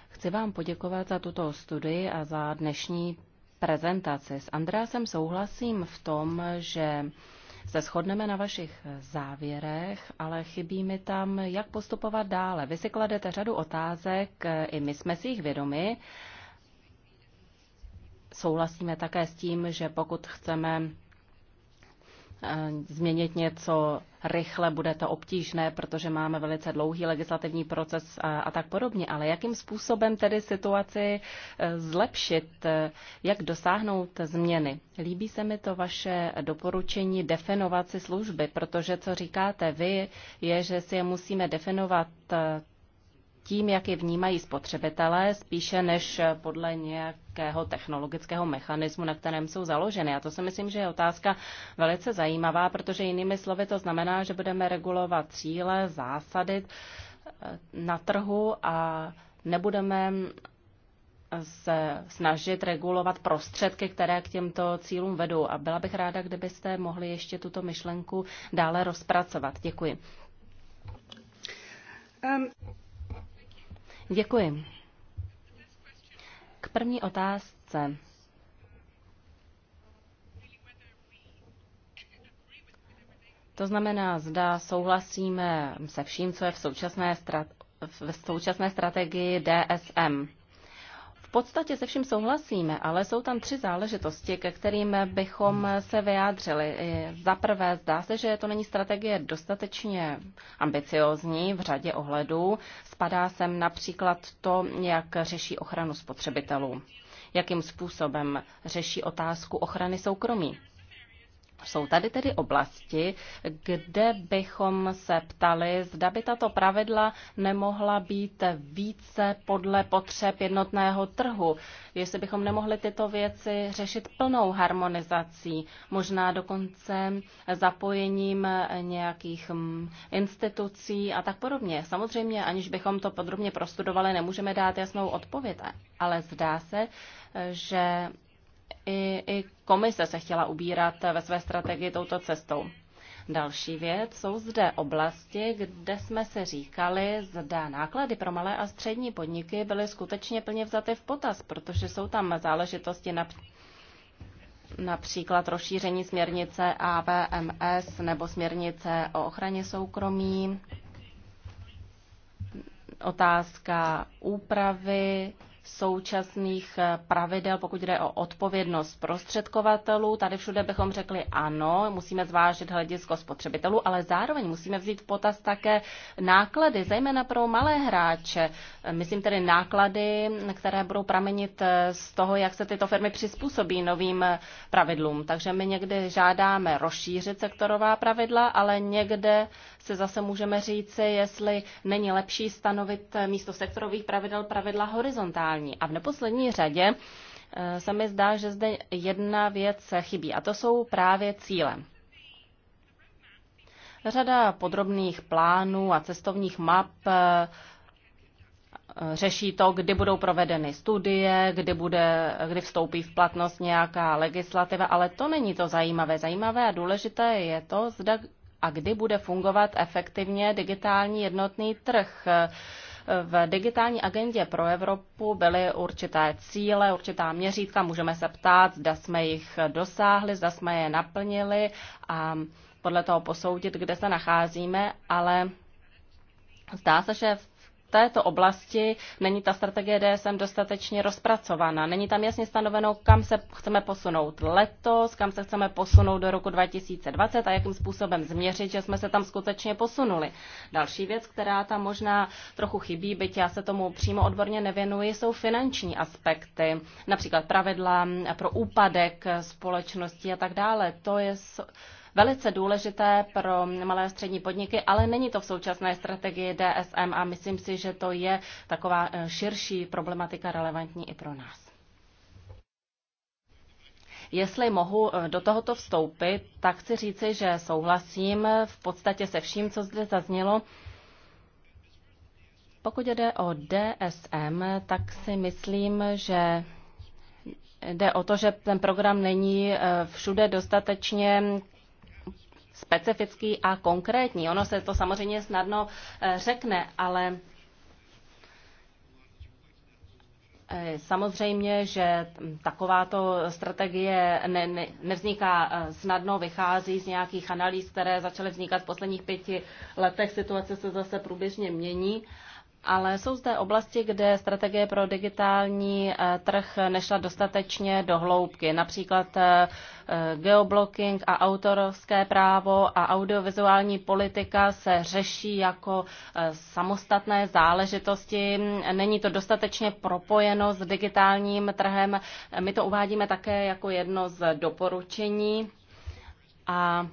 Chci vám poděkovat za tuto studii a za dnešní prezentaci. S Andrásem souhlasím v tom, že se shodneme na vašich závěrech, ale chybí mi tam, jak postupovat dále. Vy si kladete řadu otázek, i my jsme si jich vědomi. Souhlasíme také s tím, že pokud chceme Eh, změnit něco rychle, bude to obtížné, protože máme velice dlouhý legislativní proces a, a tak podobně. Ale jakým způsobem tedy situaci eh, zlepšit, eh, jak dosáhnout změny? Líbí se mi to vaše doporučení definovat si služby, protože co říkáte vy, je, že si je musíme definovat tím, jak je vnímají spotřebitelé, spíše než podle nějakého technologického mechanismu, na kterém jsou založeny. A to si myslím, že je otázka velice zajímavá, protože jinými slovy to znamená, že budeme regulovat cíle, zásady eh, na trhu a nebudeme se snažit regulovat prostředky, které k těmto cílům vedou. A byla bych ráda, kdybyste mohli ještě tuto myšlenku dále rozpracovat. Děkuji. Um. Děkuji. K první otázce. To znamená, zda souhlasíme se vším, co je v současné, strat- v současné strategii DSM podstatě se vším souhlasíme, ale jsou tam tři záležitosti, ke kterým bychom se vyjádřili. Za prvé, zdá se, že to není strategie dostatečně ambiciozní v řadě ohledů. Spadá sem například to, jak řeší ochranu spotřebitelů, jakým způsobem řeší otázku ochrany soukromí. Jsou tady tedy oblasti, kde bychom se ptali, zda by tato pravidla nemohla být více podle potřeb jednotného trhu, jestli bychom nemohli tyto věci řešit plnou harmonizací, možná dokonce zapojením nějakých mm, institucí a tak podobně. Samozřejmě, aniž bychom to podrobně prostudovali, nemůžeme dát jasnou odpověď, ale zdá se, že i, i komise se chtěla ubírat ve své strategii touto cestou. Další věc jsou zde oblasti, kde jsme se říkali, zda náklady pro malé a střední podniky byly skutečně plně vzaty v potaz, protože jsou tam záležitosti na například rozšíření směrnice AVMS nebo směrnice o ochraně soukromí, otázka úpravy současných eh, pravidel, pokud jde o odpovědnost prostředkovatelů. Tady všude bychom řekli ano, musíme zvážit hledisko spotřebitelů, ale zároveň musíme vzít v potaz také náklady, zejména pro malé hráče. Eh, myslím tedy náklady, které budou pramenit eh, z toho, jak se tyto firmy přizpůsobí novým pravidlům. Takže my někdy žádáme rozšířit sektorová pravidla, ale někde si zase můžeme říci, jestli není lepší stanovit místo sektorových pravidel pravidla horizontální. A v neposlední řadě eh, se mi zdá, že zde jedna věc chybí, a to jsou právě cíle. Řada podrobných plánů a cestovních map eh, řeší to, kdy budou provedeny studie, kdy, bude, kdy vstoupí v platnost nějaká legislativa, ale to není to zajímavé. Zajímavé a důležité je to, zda a kdy bude fungovat efektivně digitální jednotný trh. V digitální agendě pro Evropu byly určité cíle, určitá měřítka. Můžeme se ptát, zda jsme jich dosáhli, zda jsme je naplnili a podle toho posoudit, kde se nacházíme, ale zdá se, že v této oblasti není ta strategie DSM dostatečně rozpracovaná. Není tam jasně stanoveno, kam se chceme posunout letos, kam se chceme posunout do roku 2020 a jakým způsobem změřit, že jsme se tam skutečně posunuli. Další věc, která tam možná trochu chybí, byť já se tomu přímo odborně nevěnuji, jsou finanční aspekty, například pravidla pro úpadek společnosti a tak dále. To je velice důležité pro malé a střední podniky, ale není to v současné strategii DSM a myslím si, že to je taková eh, širší problematika relevantní i pro nás jestli mohu eh, do tohoto vstoupit, tak chci říci, že souhlasím v podstatě se vším, co zde zaznělo. Pokud jde o DSM, tak si myslím, že jde o to, že ten program není eh, všude dostatečně specifický a konkrétní. Ono se to samozřejmě snadno eh, řekne, ale eh, Samozřejmě, že takováto strategie ne, ne, nevzniká eh, snadno, vychází z nějakých analýz, které začaly vznikat v posledních pěti letech. Situace se zase průběžně mění ale jsou zde oblasti, kde strategie pro digitální eh, trh nešla dostatečně do hloubky, například eh, eh, geoblocking a autorské právo a audiovizuální politika se řeší jako samostatné záležitosti. Není to dostatečně propojeno s digitálním trhem. My to uvádíme také jako jedno z doporučení. A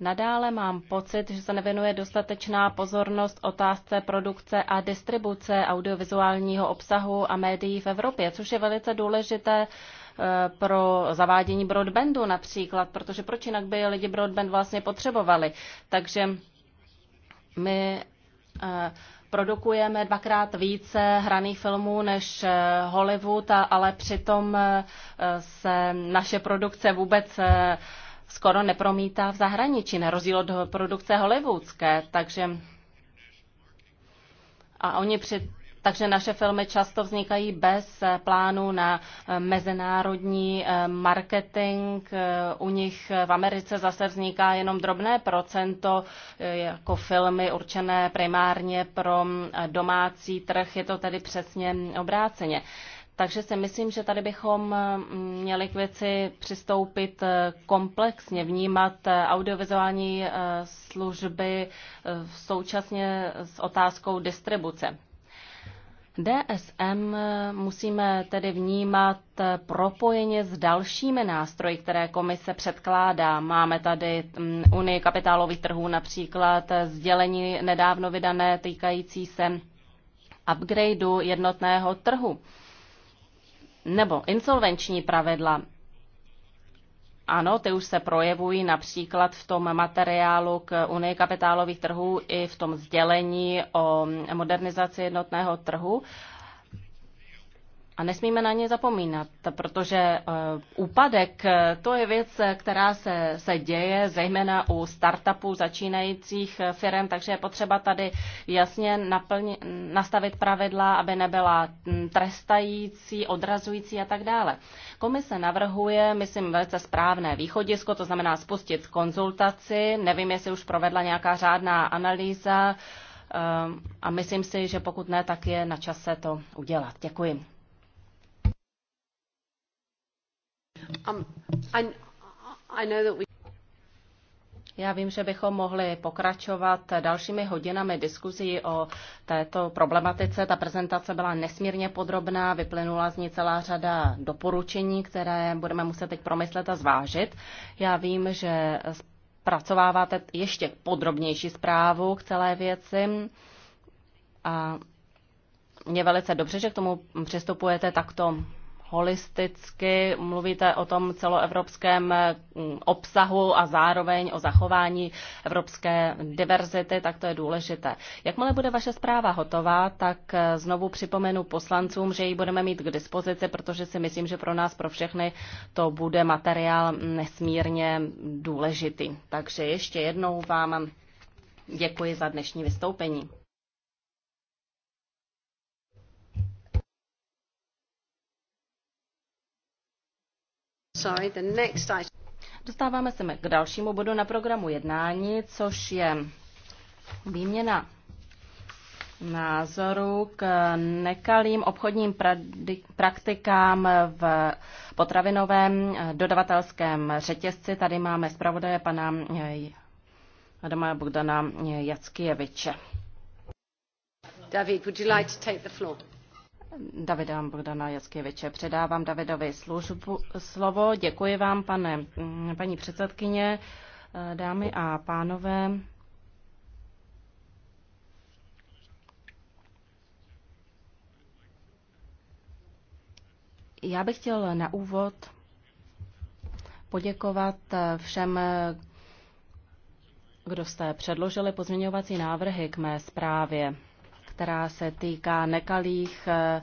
Nadále mám pocit, že se nevěnuje dostatečná pozornost otázce produkce a distribuce audiovizuálního obsahu a médií v Evropě, což je velice důležité eh, pro zavádění broadbandu například, protože proč jinak by lidi broadband vlastně potřebovali. Takže my eh, produkujeme dvakrát více hraných filmů než eh, Hollywood, ale přitom se naše produkce vůbec skoro nepromítá v zahraničí, na rozdíl od produkce hollywoodské, takže a oni při, takže naše filmy často vznikají bez eh, plánu na eh, mezinárodní eh, marketing. U nich v Americe zase vzniká jenom drobné procento jako filmy určené primárně pro domácí trh. Je to tedy přesně obráceně. Takže si myslím, že tady bychom eh, měli k věci přistoupit eh, komplexně, vnímat eh, audiovizuální služby současně s otázkou distribuce. DSM musíme tedy vnímat propojeně s dalšími nástroji, které komise předkládá. Máme tady mm, Unii kapitálových trhů například sdělení nedávno vydané týkající se upgradeu jednotného trhu nebo insolvenční pravidla. Ano, ty už se projevují například v tom materiálu k Unii kapitálových trhů i v tom sdělení o modernizaci jednotného trhu, a nesmíme na ně zapomínat, protože eh, úpadek eh, to je věc, která se, se děje zejména u startupů začínajících eh, firm, takže je potřeba tady jasně naplň, nastavit pravidla, aby nebyla hm, trestající, odrazující a tak dále. Komise navrhuje, myslím, velice správné východisko, to znamená spustit konzultaci. Nevím, jestli už provedla nějaká řádná analýza a myslím si, že pokud ne, tak je na čase to udělat. Děkuji. Um, Já vím, že bychom mohli pokračovat dalšími hodinami diskuzí o této problematice. Ta prezentace byla nesmírně podrobná, vyplynula z ní celá řada doporučení, které budeme muset teď promyslet a zvážit. Já vím, že zpracováváte ještě podrobnější zprávu k celé věci a mě velice dobře, že k tomu přistupujete takto holisticky, mluvíte o tom celoevropském mm, obsahu a zároveň o zachování evropské diverzity, tak to je důležité. Jakmile bude vaše zpráva hotová, tak eh, znovu připomenu poslancům, že ji budeme mít k dispozici, protože si myslím, že pro nás, pro všechny, to bude materiál nesmírně důležitý. Takže ještě jednou vám děkuji za dnešní vystoupení. Sorry, the next item. Dostáváme se k dalšímu bodu na programu jednání, což je výměna názoru k nekalým obchodním praktikám v potravinovém eh, dodavatelském řetězci. Tady máme zpravodaje pana eh, Adama Bogdana Jackijeviče. David, would you like to take the floor? Davida Bogdana Jackeviče. Předávám Davidovi službu, slovo. Děkuji vám, pane, mm, paní předsedkyně, eh, dámy a pánové. Já bych chtěl na úvod poděkovat eh, všem, eh, kdo jste předložili pozměňovací návrhy k mé zprávě která se týká nekalých eh,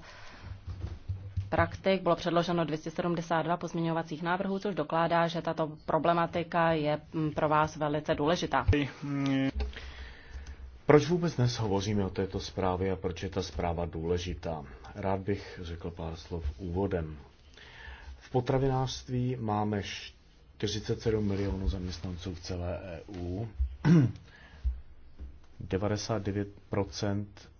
praktik. Bylo předloženo 272 pozměňovacích návrhů, což dokládá, že tato problematika je mm, pro vás velice důležitá. Proč vůbec dnes hovoříme o této zprávě a proč je ta zpráva důležitá? Rád bych řekl pár slov úvodem. V potravinářství máme 47 milionů zaměstnanců v celé EU. 99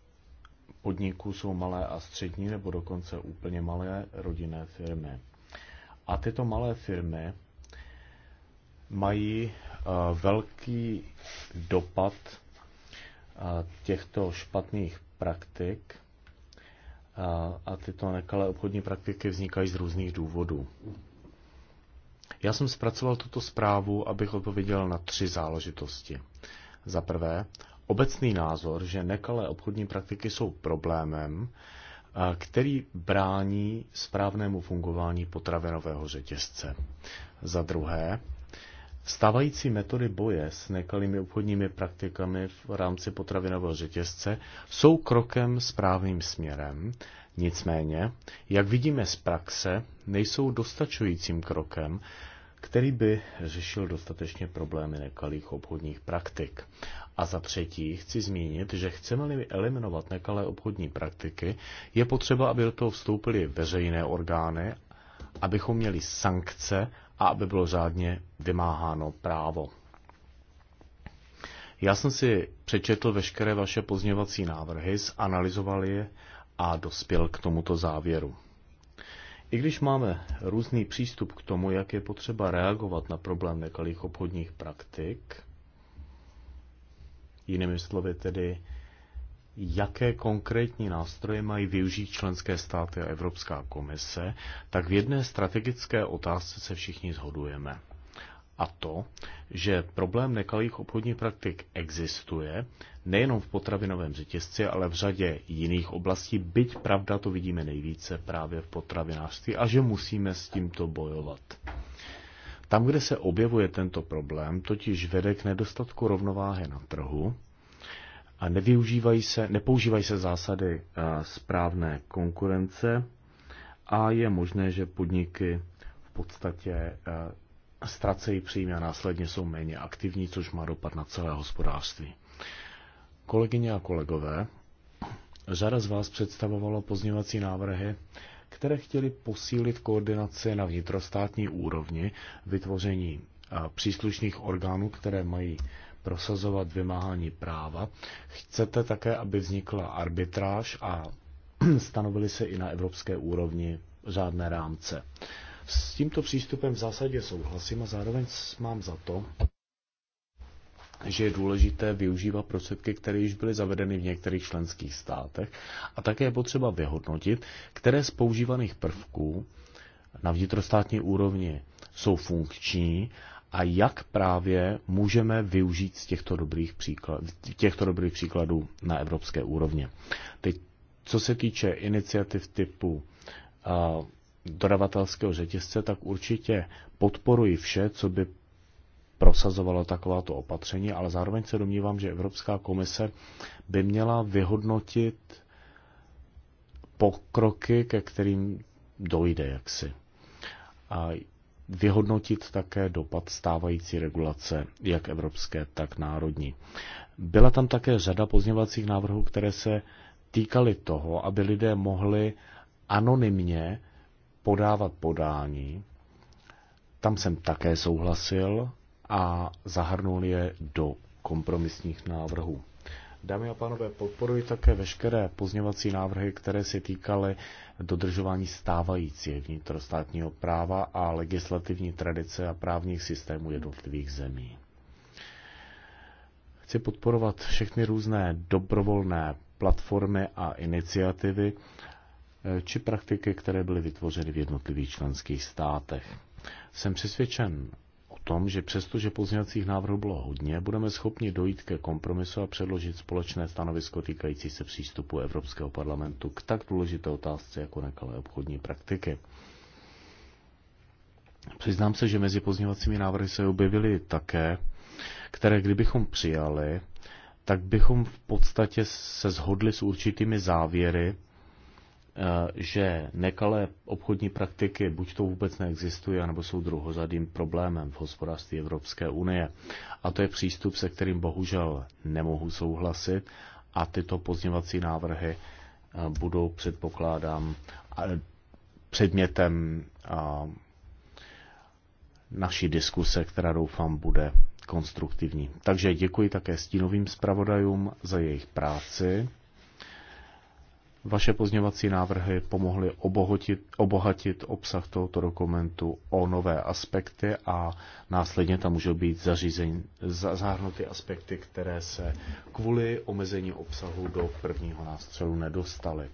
podniků jsou malé a střední nebo dokonce úplně malé rodinné firmy. A tyto malé firmy mají eh, velký dopad eh, těchto špatných praktik eh, a tyto nekalé obchodní praktiky vznikají z různých důvodů. Já jsem zpracoval tuto zprávu, abych odpověděl na tři záležitosti. Za prvé, obecný názor, že nekalé obchodní praktiky jsou problémem, který brání správnému fungování potravinového řetězce. Za druhé, Stávající metody boje s nekalými obchodními praktikami v rámci potravinového řetězce jsou krokem správným směrem, nicméně, jak vidíme z praxe, nejsou dostačujícím krokem, který by řešil dostatečně problémy nekalých obchodních praktik. A za třetí chci zmínit, že chceme-li eliminovat nekalé obchodní praktiky, je potřeba, aby do toho vstoupily veřejné orgány, abychom měli sankce a aby bylo řádně vymáháno právo. Já jsem si přečetl veškeré vaše pozměvací návrhy, zanalizoval je a dospěl k tomuto závěru. I když máme různý přístup k tomu, jak je potřeba reagovat na problém nekalých obchodních praktik, Jinými slovy tedy, jaké konkrétní nástroje mají využít členské státy a Evropská komise, tak v jedné strategické otázce se všichni zhodujeme. A to, že problém nekalých obchodních praktik existuje nejenom v potravinovém řetězci, ale v řadě jiných oblastí, byť pravda to vidíme nejvíce právě v potravinářství a že musíme s tímto bojovat. Tam, kde se objevuje tento problém, totiž vede k nedostatku rovnováhy na trhu a nevyužívají se, nepoužívají se zásady eh, správné konkurence a je možné, že podniky v podstatě eh, ztracejí příjmy a následně jsou méně aktivní, což má dopad na celé hospodářství. Kolegyně a kolegové, řada z vás představovalo pozněvací návrhy, které chtěly posílit koordinaci na vnitrostátní úrovni, vytvoření příslušných orgánů, které mají prosazovat vymáhání práva. Chcete také, aby vznikla arbitráž a stanovili se i na evropské úrovni řádné rámce. S tímto přístupem v zásadě souhlasím a zároveň mám za to, že je důležité využívat prostředky, které již byly zavedeny v některých členských státech a také je potřeba vyhodnotit, které z používaných prvků na vnitrostátní úrovni jsou funkční a jak právě můžeme využít z těchto dobrých, příklad, těchto dobrých příkladů na evropské úrovně. Teď, co se týče iniciativ typu uh, dodavatelského řetězce, tak určitě podporuji vše, co by prosazovalo takováto opatření, ale zároveň se domnívám, že Evropská komise by měla vyhodnotit pokroky, ke kterým dojde jaksi. A vyhodnotit také dopad stávající regulace, jak evropské, tak národní. Byla tam také řada pozněvacích návrhů, které se týkaly toho, aby lidé mohli anonymně podávat podání. Tam jsem také souhlasil, a zahrnul je do kompromisních návrhů. Dámy a pánové, podporuji také veškeré pozněvací návrhy, které se týkaly dodržování stávající vnitrostátního práva a legislativní tradice a právních systémů jednotlivých zemí. Chci podporovat všechny různé dobrovolné platformy a iniciativy eh, či praktiky, které byly vytvořeny v jednotlivých členských státech. Jsem přesvědčen tom, že přestože pozměňovacích návrhů bylo hodně, budeme schopni dojít ke kompromisu a předložit společné stanovisko týkající se přístupu Evropského parlamentu k tak důležité otázce jako nekalé obchodní praktiky. Přiznám se, že mezi pozměňovacími návrhy se objevily také, které kdybychom přijali, tak bychom v podstatě se shodli s určitými závěry, Eh, že nekalé obchodní praktiky buď to vůbec neexistují, anebo jsou druhozadým problémem v hospodářství Evropské unie. A to je přístup, se kterým bohužel nemohu souhlasit a tyto pozněvací návrhy eh, budou, předpokládám, předmětem naší diskuse, která doufám bude konstruktivní. Takže děkuji také stínovým zpravodajům za jejich práci. Vaše pozněvací návrhy pomohly obohotit, obohatit obsah tohoto dokumentu o nové aspekty a následně tam můžou být zařízen, zahrnuty aspekty, které se kvůli omezení obsahu do prvního nástřelu nedostaly.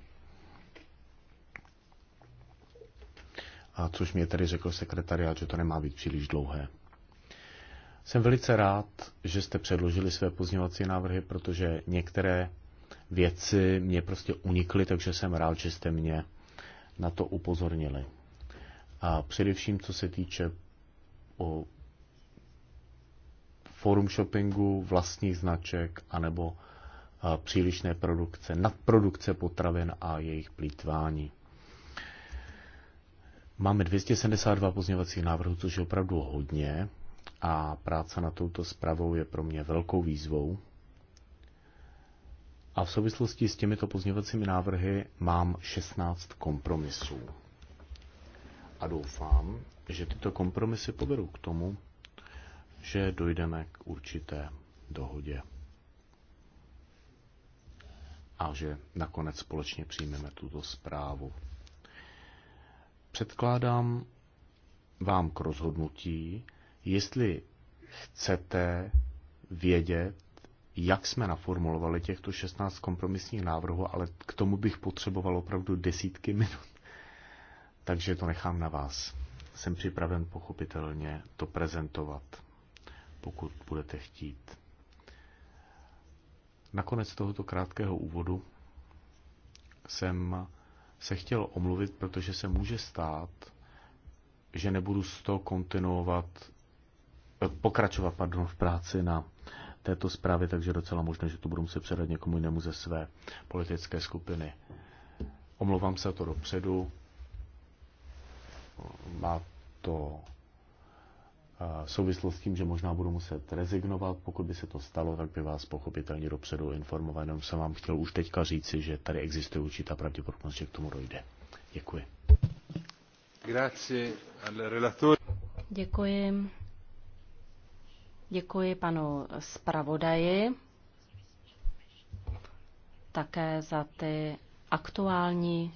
A což mě tedy řekl sekretariát, že to nemá být příliš dlouhé. Jsem velice rád, že jste předložili své pozněvací návrhy, protože některé věci mě prostě unikly, takže jsem rád, že jste mě na to upozornili. A především, co se týče o forum shoppingu, vlastních značek, anebo přílišné produkce, nadprodukce potravin a jejich plítvání. Máme 272 pozměňovacích návrhů, což je opravdu hodně a práce na touto zprávou je pro mě velkou výzvou. A v souvislosti s těmito pozměňovacími návrhy mám 16 kompromisů. A doufám, že tyto kompromisy povedou k tomu, že dojdeme k určité dohodě. A že nakonec společně přijmeme tuto zprávu. Předkládám vám k rozhodnutí, jestli chcete vědět, jak jsme naformulovali těchto 16 kompromisních návrhů, ale k tomu bych potřeboval opravdu desítky minut. Takže to nechám na vás. Jsem připraven pochopitelně to prezentovat, pokud budete chtít. Nakonec tohoto krátkého úvodu jsem se chtěl omluvit, protože se může stát, že nebudu z toho kontinuovat, eh, pokračovat pardon, v práci na této zprávy, takže docela možné, že to budu muset předat někomu jinému ze své politické skupiny. Omlouvám se to dopředu. Má to eh, souvislost s tím, že možná budu muset rezignovat. Pokud by se to stalo, tak by vás pochopitelně dopředu informoval. Jenom jsem vám chtěl už teďka říci, že tady existuje určitá pravděpodobnost, že k tomu dojde. Děkuji. Děkuji Děkuji panu zpravodaji také za ty aktuální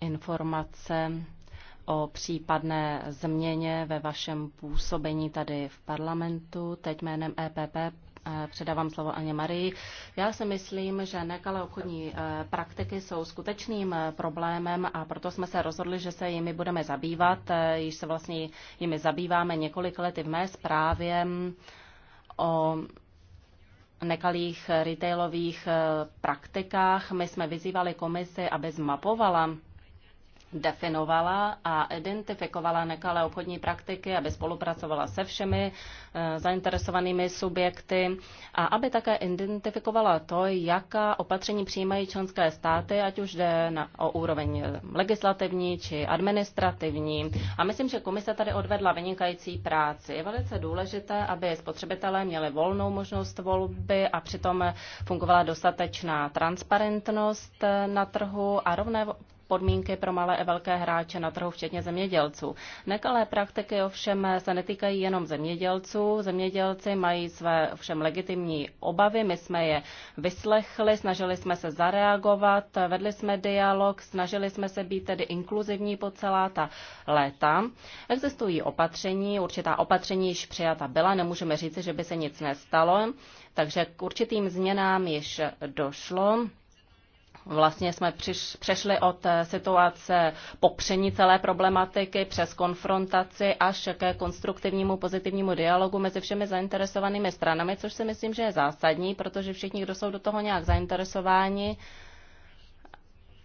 informace o případné změně ve vašem působení tady v parlamentu. Teď jménem EPP eh, předávám slovo Aně Marii. Já si myslím, že nekalé obchodní eh, praktiky jsou skutečným eh, problémem a proto jsme se rozhodli, že se jimi budeme zabývat. Již se vlastně jimi zabýváme několik lety v mé zprávě o nekalých retailových eh, praktikách. My jsme vyzývali komisi, aby zmapovala definovala a identifikovala nekalé obchodní praktiky, aby spolupracovala se všemi eh, zainteresovanými subjekty a aby také identifikovala to, jaká opatření přijímají členské státy, ať už jde na, o úroveň legislativní či administrativní. A myslím, že komise tady odvedla vynikající práci. Je velice důležité, aby spotřebitelé měli volnou možnost volby a přitom fungovala dostatečná transparentnost eh, na trhu a rovné podmínky pro malé a velké hráče na trhu, včetně zemědělců. Nekalé praktiky ovšem se netýkají jenom zemědělců. Zemědělci mají své ovšem legitimní obavy. My jsme je vyslechli, snažili jsme se zareagovat, vedli jsme dialog, snažili jsme se být tedy inkluzivní po celá ta léta. Existují opatření, určitá opatření již přijata byla, nemůžeme říci, že by se nic nestalo, takže k určitým změnám již došlo. Vlastně jsme přiš, přešli od eh, situace popření celé problematiky přes konfrontaci až ke konstruktivnímu pozitivnímu dialogu mezi všemi zainteresovanými stranami, což si myslím, že je zásadní, protože všichni, kdo jsou do toho nějak zainteresováni,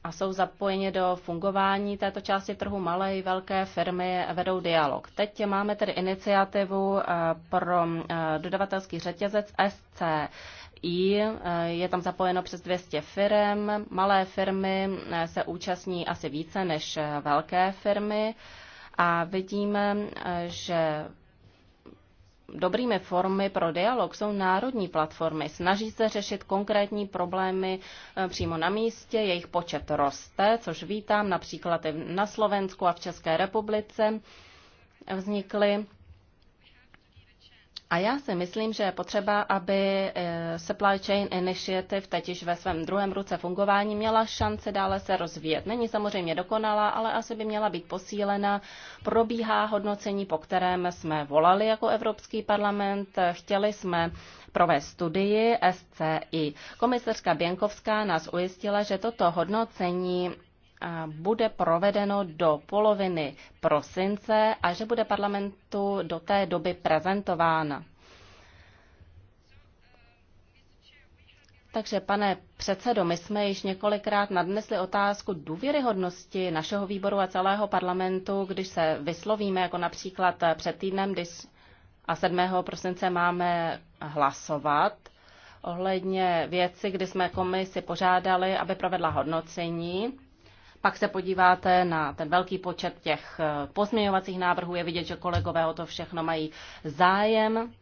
a jsou zapojeni do fungování této části trhu. Malé i velké firmy vedou dialog. Teď máme tedy iniciativu eh, pro eh, dodavatelský řetězec SC. I eh, je tam zapojeno přes 200 firm. Malé firmy se účastní asi více než velké firmy a vidíme, že dobrými formy pro dialog jsou národní platformy. Snaží se řešit konkrétní problémy e, přímo na místě, jejich počet roste, což vítám například i na Slovensku a v České republice vznikly a já si myslím, že je potřeba, aby eh, Supply Chain Initiative teď již ve svém druhém ruce fungování měla šance dále se rozvíjet. Není samozřejmě dokonalá, ale asi by měla být posílena. Probíhá hodnocení, po kterém jsme volali jako Evropský parlament. Chtěli jsme provést studii SCI. Komisařka Běnkovská nás ujistila, že toto hodnocení bude provedeno do poloviny prosince a že bude parlamentu do té doby prezentována. Takže, pane předsedo, my jsme již několikrát nadnesli otázku důvěryhodnosti našeho výboru a celého parlamentu, když se vyslovíme, jako například před týdnem, když a 7. prosince máme hlasovat ohledně věci, kdy jsme komisi požádali, aby provedla hodnocení pak se podíváte na ten velký počet těch eh, pozměňovacích návrhů, je vidět, že kolegové o to všechno mají zájem.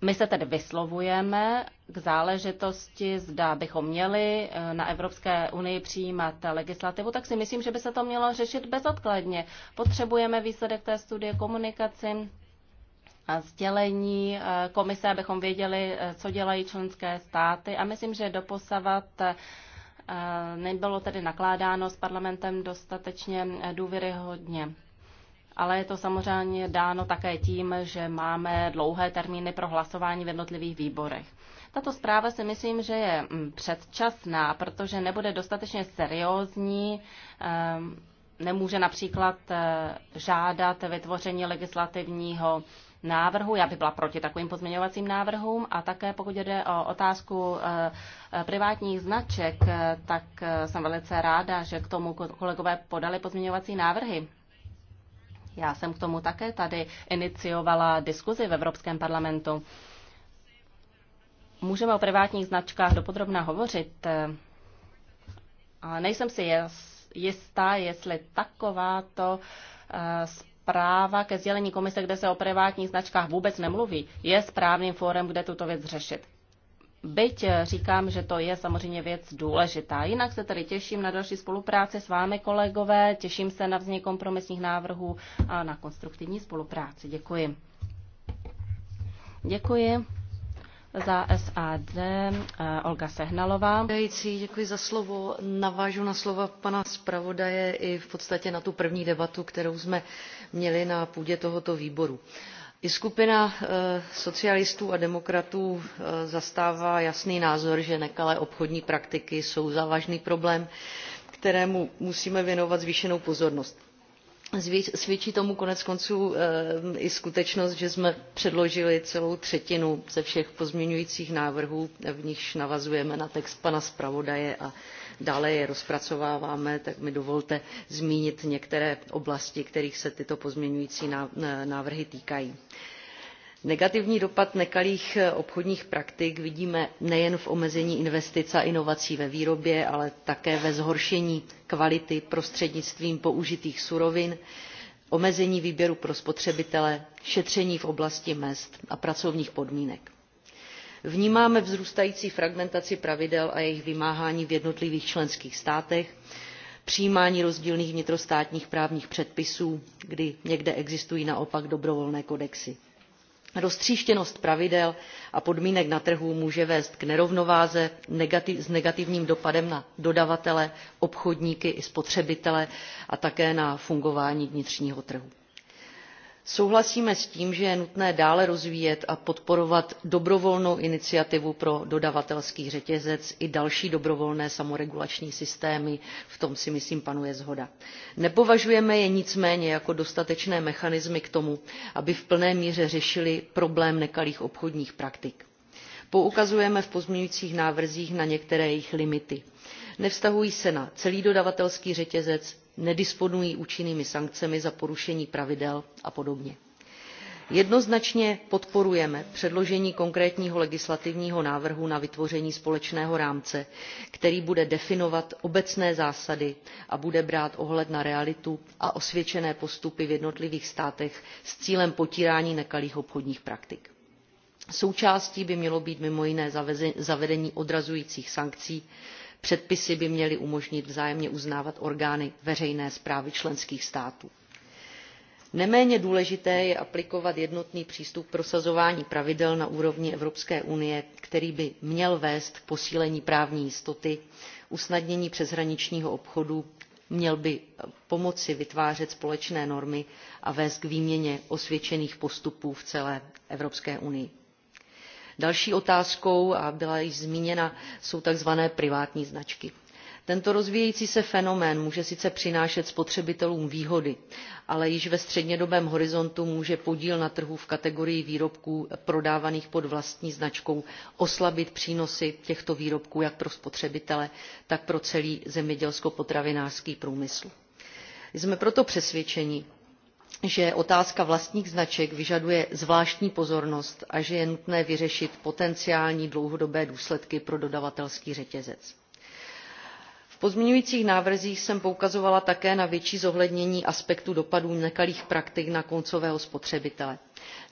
My se tedy vyslovujeme k záležitosti, zda bychom měli eh, na Evropské unii přijímat legislativu, tak si myslím, že by se to mělo řešit bezodkladně. Potřebujeme výsledek té studie komunikaci a sdělení eh, komise, abychom věděli, co dělají členské státy. A myslím, že doposavat Eh, nebylo tedy nakládáno s parlamentem dostatečně eh, důvěryhodně. Ale je to samozřejmě dáno také tím, že máme dlouhé termíny pro hlasování v jednotlivých výborech. Tato zpráva si myslím, že je mm, předčasná, protože nebude dostatečně seriózní eh, nemůže například žádat vytvoření legislativního návrhu. Já bych byla proti takovým pozměňovacím návrhům a také pokud jde o otázku eh, eh, privátních značek, eh, tak jsem velice ráda, že k tomu kolegové podali pozměňovací návrhy. Já jsem k tomu také tady iniciovala diskuzi v Evropském parlamentu. Můžeme o privátních značkách dopodrobna hovořit, A nejsem si jistá, jestli takováto práva ke sdělení komise, kde se o privátních značkách vůbec nemluví, je správným fórem, kde tuto věc řešit. Byť eh, říkám, že to je samozřejmě věc důležitá. Jinak se tedy těším na další spolupráci s vámi, kolegové. Těším se na vznik kompromisních návrhů a na konstruktivní spolupráci. Děkuji. Děkuji za SAD eh, Olga Sehnalová. Děkuji za slovo. Navážu na slova pana zpravodaje i v podstatě na tu první debatu, kterou jsme měli na půdě tohoto výboru. I skupina eh, socialistů a demokratů eh, zastává jasný názor, že nekalé obchodní praktiky jsou závažný problém, kterému musíme věnovat zvýšenou pozornost svědčí tomu konec konců eh, i skutečnost že jsme předložili celou třetinu ze všech pozměňujících návrhů v nichž navazujeme na text pana zpravodaje a dále je rozpracováváme tak mi dovolte zmínit některé oblasti kterých se tyto pozměňující eh, návrhy týkají negativní dopad nekalých eh, obchodních praktik vidíme nejen v omezení investic a inovací ve výrobě ale také ve zhoršení kvality prostřednictvím použitých surovin omezení výběru pro spotřebitele šetření v oblasti mezd a pracovních podmínek. vnímáme vzrůstající fragmentaci pravidel a jejich vymáhání v jednotlivých členských státech přijímání rozdílných vnitrostátních právních předpisů kdy někde existují naopak dobrovolné kodexy roztříštěnost pravidel a podmínek na trhu může vést k nerovnováze s negativním dopadem na dodavatele obchodníky i spotřebitele a také na fungování vnitřního trhu souhlasíme s tím že je nutné dále rozvíjet a podporovat dobrovolnou iniciativu pro dodavatelský řetězec i další dobrovolné samoregulační systémy v tom si myslím panuje shoda. nepovažujeme je nicméně jako dostatečné mechanismy k tomu aby v plné míře řešily problém nekalých obchodních praktik. poukazujeme v pozměňujících návrzích na některé jejich limity. nevztahují se na celý dodavatelský řetězec nedisponují účinnými sankcemi za porušení pravidel a podobně. jednoznačně podporujeme předložení konkrétního legislativního návrhu na vytvoření společného rámce který bude definovat obecné zásady a bude brát ohled na realitu a osvědčené postupy v jednotlivých státech s cílem potírání nekalých obchodních praktik součástí by mělo být mimo jiné zavedení odrazujících sankcí Předpisy by měly umožnit vzájemně uznávat orgány veřejné správy členských států. Neméně důležité je aplikovat jednotný přístup k prosazování pravidel na úrovni Evropské unie, který by měl vést k posílení právní jistoty, usnadnění přeshraničního obchodu, měl by pomoci vytvářet společné normy a vést k výměně osvědčených postupů v celé Evropské unii další otázkou a byla již zmíněna jsou tzv. privátní značky tento rozvíjející se fenomén může sice přinášet spotřebitelům výhody ale již ve střednědobém horizontu může podíl na trhu v kategorii výrobků prodávaných pod vlastní značkou oslabit přínosy těchto výrobků jak pro spotřebitele tak pro celý zemědělsko potravinářský průmysl. jsme proto přesvědčeni že otázka vlastních značek vyžaduje zvláštní pozornost a že je nutné vyřešit potenciální dlouhodobé důsledky pro dodavatelský řetězec. v pozměňujících návrzích jsem poukazovala také na větší zohlednění aspektu dopadů nekalých praktik na koncového spotřebitele.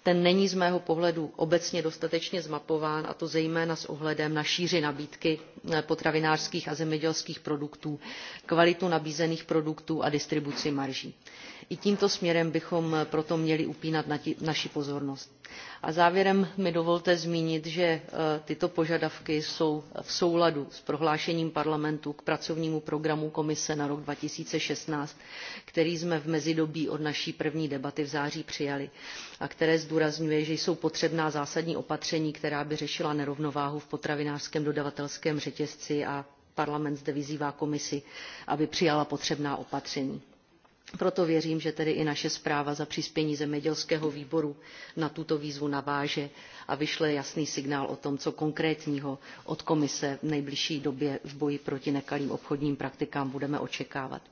ten není z mého pohledu obecně dostatečně zmapován a to zejména s ohledem na šíři nabídky eh, potravinářských a zemědělských produktů kvalitu nabízených produktů a distribuci marží i tímto směrem bychom proto měli upínat naši pozornost. a závěrem mi dovolte zmínit že eh, tyto požadavky jsou v souladu s prohlášením parlamentu k pracovnímu programu komise na rok two thousand and sixteen který jsme v mezidobí od naší první debaty v září přijali a které zdůrazňuje že jsou potřebná zásadní opatření která by řešila nerovnováhu v potravinářském dodavatelském řetězci a parlament zde vyzývá komisi aby přijala potřebná opatření proto věřím, že tedy i naše zpráva za přispění zemědělského výboru na tuto výzvu naváže a vyšle jasný signál o tom, co konkrétního od komise v nejbližší době v boji proti nekalým obchodním praktikám budeme očekávat.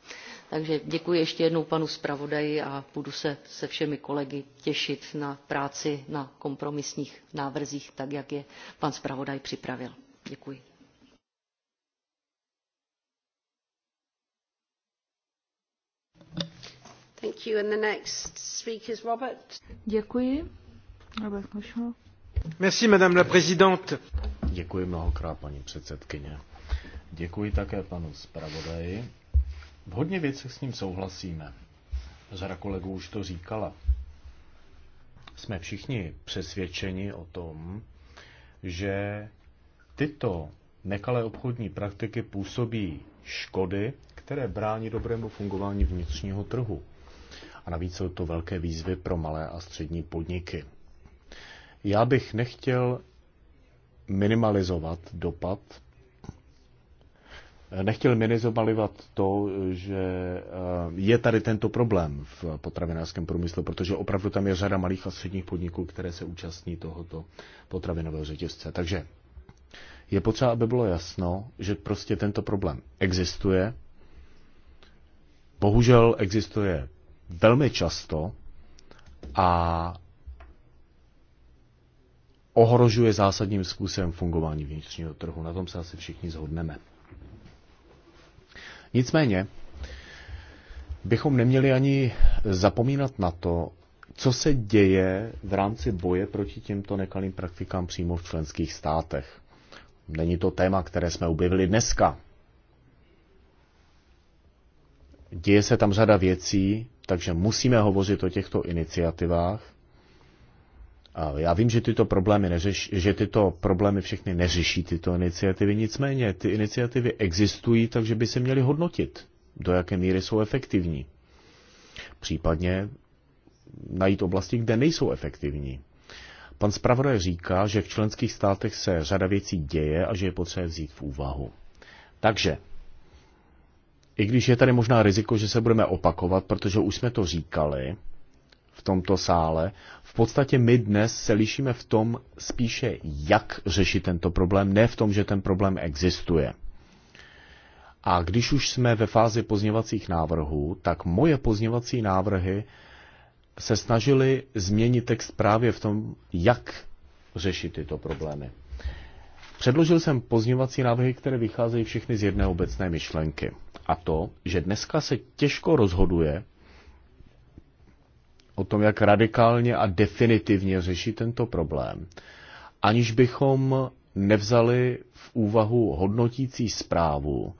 Takže děkuji ještě jednou panu zpravodaji a budu se se všemi kolegy těšit na práci na kompromisních návrzích, tak jak je pan zpravodaj připravil. Děkuji. Děkuji. madame la présidente. Děkuji mnohokrát, paní předsedkyně. Děkuji také panu zpravodaji. V hodně věcech s ním souhlasíme. Řada kolegů už to říkala. Jsme všichni přesvědčeni o tom, že tyto nekalé obchodní praktiky působí škody, které brání dobrému fungování vnitřního trhu a navíc jsou to velké výzvy pro malé a střední podniky. Já bych nechtěl minimalizovat dopad, nechtěl minimalizovat to, že eh, je tady tento problém v potravinářském průmyslu, protože opravdu tam je řada malých a středních podniků, které se účastní tohoto potravinového řetězce. Takže je potřeba, aby bylo jasno, že prostě tento problém existuje. Bohužel existuje velmi často a ohrožuje zásadním způsobem fungování vnitřního trhu. Na tom se asi všichni zhodneme. Nicméně bychom neměli ani zapomínat na to, co se děje v rámci boje proti těmto nekalým praktikám přímo v členských státech. Není to téma, které jsme objevili dneska. Děje se tam řada věcí, takže musíme hovořit o těchto iniciativách. A já vím, že tyto problémy, neřeš, že tyto problémy všechny neřeší tyto iniciativy, nicméně ty iniciativy existují, takže by se měly hodnotit, do jaké míry jsou efektivní. Případně najít oblasti, kde nejsou efektivní. Pan zpravodaj říká, že v členských státech se řada věcí děje a že je potřeba vzít v úvahu. Takže i když je tady možná riziko, že se budeme opakovat, protože už jsme to říkali v tomto sále, v podstatě my dnes se lišíme v tom spíše, jak řešit tento problém, ne v tom, že ten problém existuje. A když už jsme ve fázi pozněvacích návrhů, tak moje pozněvací návrhy se snažili změnit text právě v tom, jak řešit tyto problémy. Předložil jsem pozněvací návrhy, které vycházejí všechny z jedné obecné myšlenky a to, že dneska se těžko rozhoduje o tom, jak radikálně a definitivně řešit tento problém, aniž bychom nevzali v úvahu hodnotící zprávu,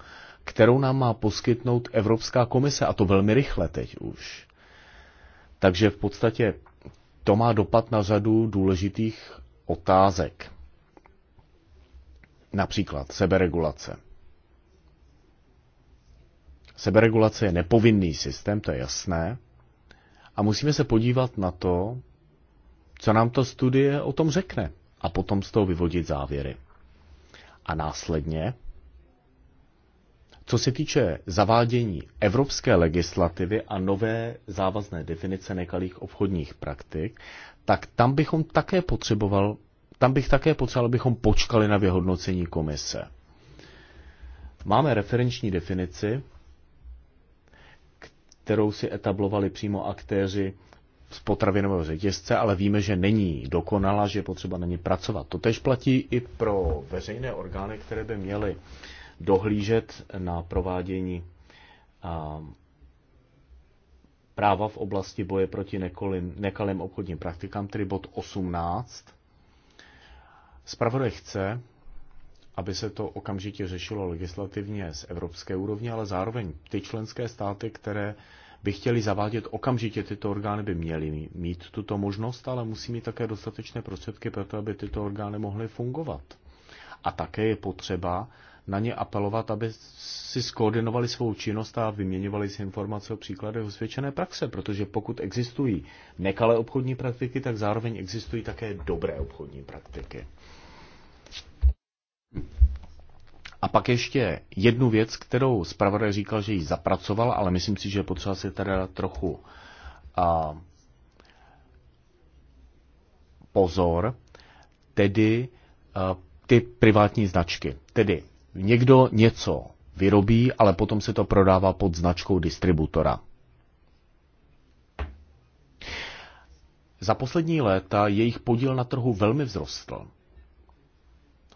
kterou nám má poskytnout Evropská komise, a to velmi rychle teď už. Takže v podstatě to má dopad na řadu důležitých otázek. Například seberegulace. Seberegulace je nepovinný systém, to je jasné. A musíme se podívat na to, co nám ta studie o tom řekne a potom z toho vyvodit závěry. A následně, co se týče zavádění evropské legislativy a nové závazné definice nekalých obchodních praktik, tak tam bychom také potřeboval, tam bych také potřeboval, abychom počkali na vyhodnocení komise. Máme referenční definici, kterou si etablovali přímo aktéři z potravinového řetězce, ale víme, že není dokonala, že je potřeba na ní pracovat. To tež platí i pro veřejné orgány, které by měly dohlížet na provádění práva v oblasti boje proti nekolim, nekalým obchodním praktikám, tedy bod 18. Spravodaj chce, aby se to okamžitě řešilo legislativně z evropské úrovně, ale zároveň ty členské státy, které by chtěli zavádět okamžitě tyto orgány, by měly mít tuto možnost, ale musí mít také dostatečné prostředky pro to, aby tyto orgány mohly fungovat. A také je potřeba na ně apelovat, aby si skoordinovali svou činnost a vyměňovali si informace o příkladech osvědčené praxe, protože pokud existují nekalé obchodní praktiky, tak zároveň existují také dobré obchodní praktiky. A pak ještě jednu věc, kterou zpravodaj říkal, že ji zapracoval, ale myslím si, že je potřeba si teda trochu a, pozor, tedy a, ty privátní značky. Tedy někdo něco vyrobí, ale potom se to prodává pod značkou distributora. Za poslední léta jejich podíl na trhu velmi vzrostl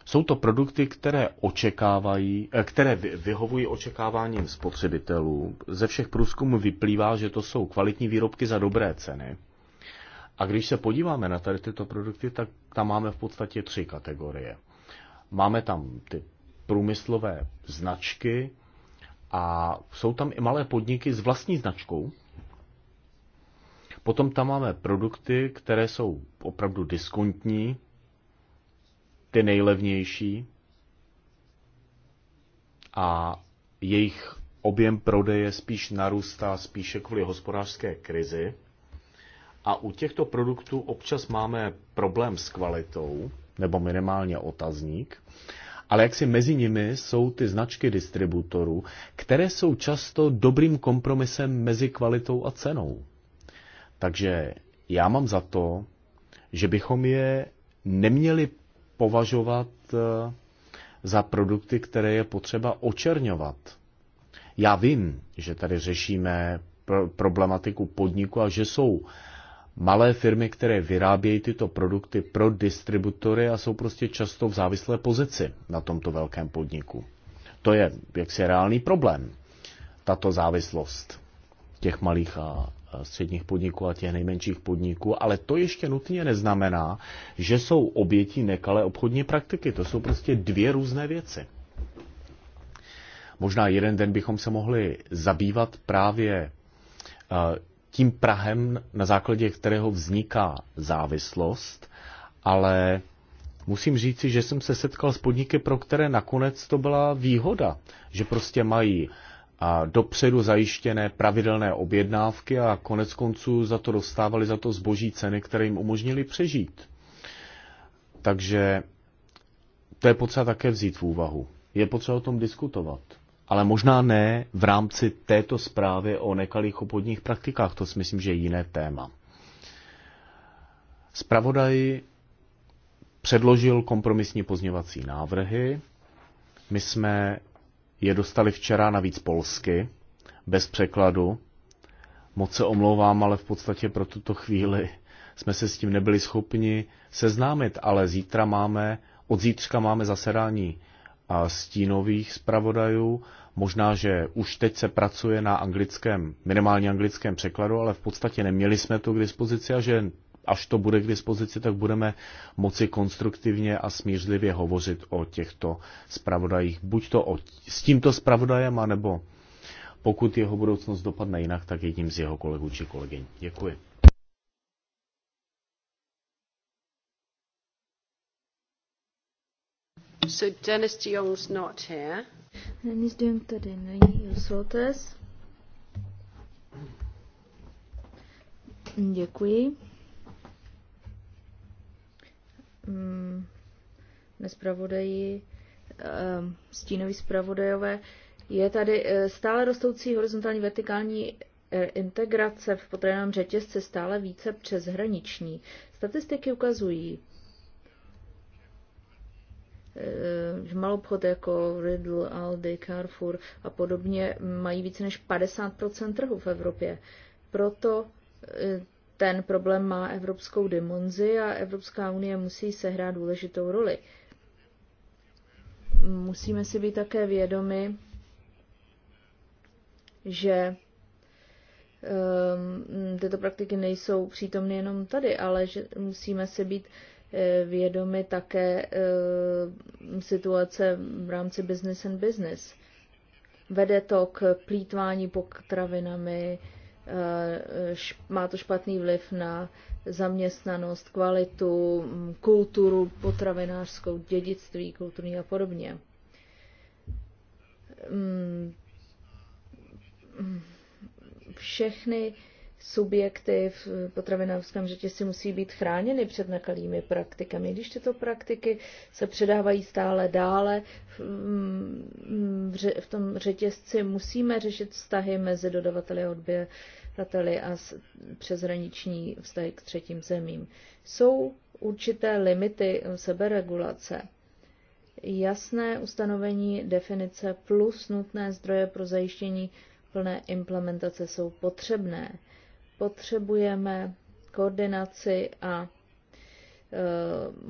jsou to produkty, které, očekávají, eh, které vyhovují očekáváním spotřebitelů. Ze všech průzkumů vyplývá, že to jsou kvalitní výrobky za dobré ceny. A když se podíváme na tady tyto produkty, tak tam máme v podstatě tři kategorie. Máme tam ty průmyslové značky a jsou tam i malé podniky s vlastní značkou. Potom tam máme produkty, které jsou opravdu diskontní, ty nejlevnější a jejich objem prodeje spíš narůstá spíše kvůli hospodářské krizi. A u těchto produktů občas máme problém s kvalitou, nebo minimálně otazník, ale jaksi mezi nimi jsou ty značky distributorů, které jsou často dobrým kompromisem mezi kvalitou a cenou. Takže já mám za to, že bychom je neměli považovat eh, za produkty, které je potřeba očerňovat. Já vím, že tady řešíme problematiku podniku a že jsou malé firmy, které vyrábějí tyto produkty pro distributory a jsou prostě často v závislé pozici na tomto velkém podniku. To je jaksi reálný problém, tato závislost těch malých a středních podniků a těch nejmenších podniků, ale to ještě nutně neznamená, že jsou obětí nekalé obchodní praktiky. To jsou prostě dvě různé věci. Možná jeden den bychom se mohli zabývat právě eh, tím prahem, na základě kterého vzniká závislost, ale musím říci, že jsem se setkal s podniky, pro které nakonec to byla výhoda, že prostě mají a dopředu zajištěné pravidelné objednávky a konec konců za to dostávali za to zboží ceny, které jim umožnili přežít. Takže to je potřeba také vzít v úvahu. Je potřeba o tom diskutovat. Ale možná ne v rámci této zprávy o nekalých obchodních praktikách. To si myslím, že je jiné téma. Spravodaj předložil kompromisní pozněvací návrhy. My jsme je dostali včera navíc polsky, bez překladu. Moc se omlouvám, ale v podstatě pro tuto chvíli jsme se s tím nebyli schopni seznámit, ale zítra máme, od zítřka máme zasedání stínových zpravodajů. Možná, že už teď se pracuje na anglickém, minimálně anglickém překladu, ale v podstatě neměli jsme to k dispozici a že až to bude k dispozici, tak budeme moci konstruktivně a smířlivě hovořit o těchto spravodajích. Buď to o, s tímto spravodajem, anebo pokud jeho budoucnost dopadne jinak, tak jedním z jeho kolegů či kolegyň. Děkuji. So Dennis de Jong's not here. Dennis de Jong tady není, Soltes. Děkuji. Mm, nespravodaji, ehm, stínoví zpravodajové, je tady eh, stále rostoucí horizontální vertikální eh, integrace v potravinovém řetězci stále více přeshraniční. Statistiky ukazují, eh, že malou obchod jako Riddle, Aldi, Carrefour a podobně mají více než 50% trhu v Evropě. Proto ten problém má evropskou dimenzi a Evropská unie musí sehrát důležitou roli. Musíme si být také vědomi, že um, tyto praktiky nejsou přítomny jenom tady, ale že musíme si být eh, vědomi také um, situace v rámci business and business. Vede to k plítvání potravinami, Eh, má to špatný vliv na zaměstnanost, kvalitu, mm, kulturu, potravinářskou, dědictví kulturní a podobně. Mm, mm, všechny subjekty v potravinářském řetězci musí být chráněny před nekalými praktikami. Když tyto praktiky se předávají stále dále, mm, v tom řetězci musíme řešit vztahy mezi dodavateli a odběrateli a přeshraniční vztahy k třetím zemím. Jsou určité limity seberegulace. Jasné ustanovení definice plus nutné zdroje pro zajištění plné implementace jsou potřebné Potřebujeme koordinaci a e,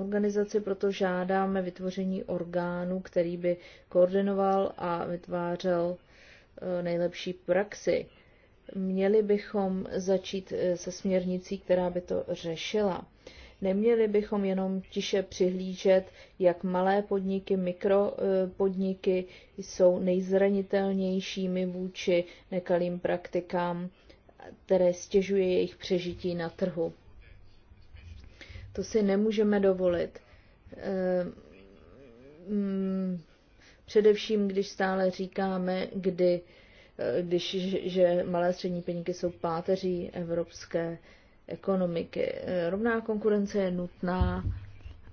organizaci, proto žádáme vytvoření orgánu, který by koordinoval a vytvářel e, nejlepší praxi. Měli bychom začít e, se směrnicí, která by to řešila. Neměli bychom jenom tiše přihlížet, jak malé podniky, mikropodniky jsou nejzranitelnějšími vůči nekalým praktikám které stěžuje jejich přežití na trhu. To si nemůžeme dovolit. Eh, mm, především, když stále říkáme, kdy, eh, když, že malé střední peníky jsou páteří evropské ekonomiky. Eh, rovná konkurence je nutná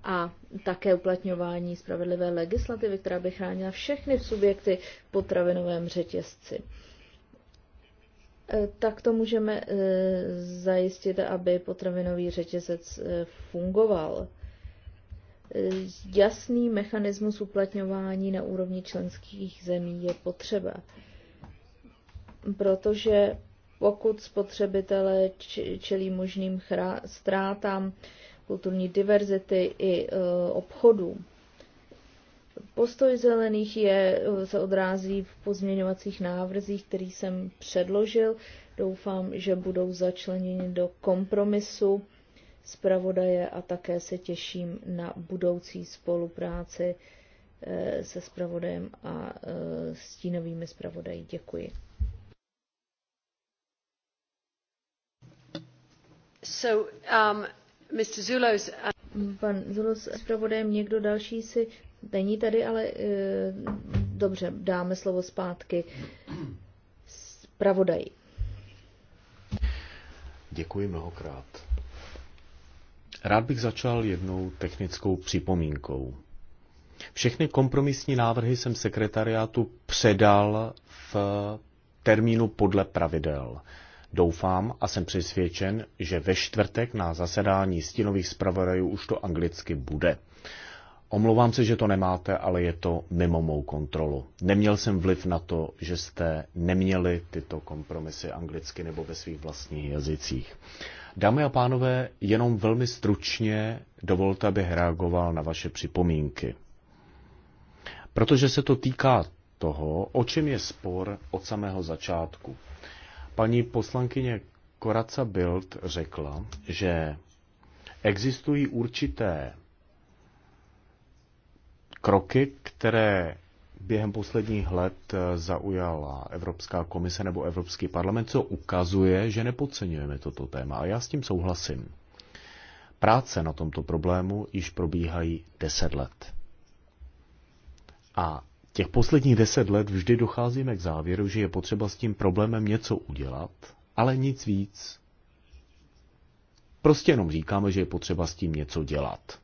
a také uplatňování spravedlivé legislativy, která by chránila všechny subjekty potravinovém řetězci. Eh, tak to můžeme eh, zajistit, aby potravinový řetězec eh, fungoval. Jasný mechanismus uplatňování na úrovni členských zemí je potřeba, protože pokud spotřebitelé čelí možným ztrátám kulturní diverzity i obchodům, Postoj zelených je, se odrází v pozměňovacích návrzích, který jsem předložil. Doufám, že budou začleněni do kompromisu zpravodaje a také se těším na budoucí spolupráci eh, se zpravodajem a eh, stínovými zpravodají. Děkuji. So, um, Mr. Zulos, uh... Pan Zulos, zpravodajem někdo další si Není tady, ale eh, dobře, dáme slovo zpátky zpravodaji. Děkuji mnohokrát. Rád bych začal jednou technickou připomínkou. Všechny kompromisní návrhy jsem sekretariátu předal v termínu podle pravidel. Doufám a jsem přesvědčen, že ve čtvrtek na zasedání stínových zpravodajů už to anglicky bude. Omlouvám se, že to nemáte, ale je to mimo mou kontrolu. Neměl jsem vliv na to, že jste neměli tyto kompromisy anglicky nebo ve svých vlastních jazycích. Dámy a pánové, jenom velmi stručně dovolte, abych reagoval na vaše připomínky. Protože se to týká toho, o čem je spor od samého začátku. Paní poslankyně Koraca Bild řekla, že existují určité kroky, které během posledních let eh, zaujala Evropská komise nebo Evropský parlament, co ukazuje, že nepodceňujeme toto téma. A já s tím souhlasím. Práce na tomto problému již probíhají deset let. A těch posledních deset let vždy docházíme k závěru, že je potřeba s tím problémem něco udělat, ale nic víc. Prostě jenom říkáme, že je potřeba s tím něco dělat.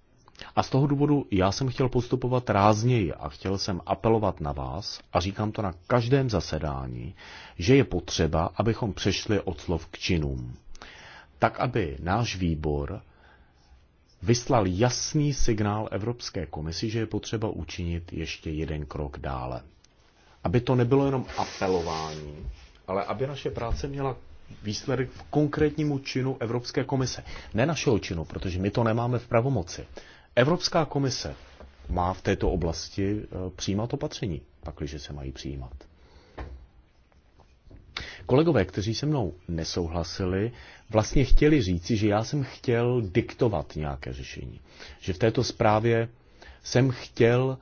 A z toho důvodu já jsem chtěl postupovat rázněji a chtěl jsem apelovat na vás, a říkám to na každém zasedání, že je potřeba, abychom přešli od slov k činům. Tak, aby náš výbor vyslal jasný signál Evropské komisi, že je potřeba učinit ještě jeden krok dále. Aby to nebylo jenom apelování, ale aby naše práce měla výsledek v konkrétnímu činu Evropské komise. Ne našeho činu, protože my to nemáme v pravomoci. Evropská komise má v této oblasti eh, přijímat opatření, pakliže se mají přijímat. Kolegové, kteří se mnou nesouhlasili, vlastně chtěli říci, že já jsem chtěl diktovat nějaké řešení. Že v této zprávě jsem chtěl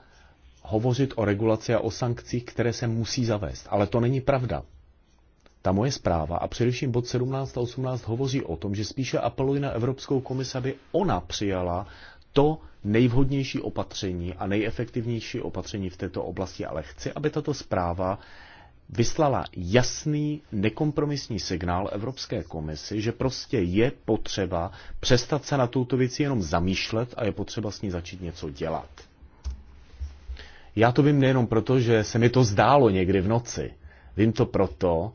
hovořit o regulaci a o sankcích, které se musí zavést. Ale to není pravda. Ta moje zpráva a především bod 17 a 18 hovoří o tom, že spíše apeluji na Evropskou komisi, aby ona přijala to nejvhodnější opatření a nejefektivnější opatření v této oblasti, ale chci, aby tato zpráva vyslala jasný, nekompromisní signál Evropské komisi, že prostě je potřeba přestat se na tuto věci jenom zamýšlet a je potřeba s ní začít něco dělat. Já to vím nejenom proto, že se mi to zdálo někdy v noci. Vím to proto,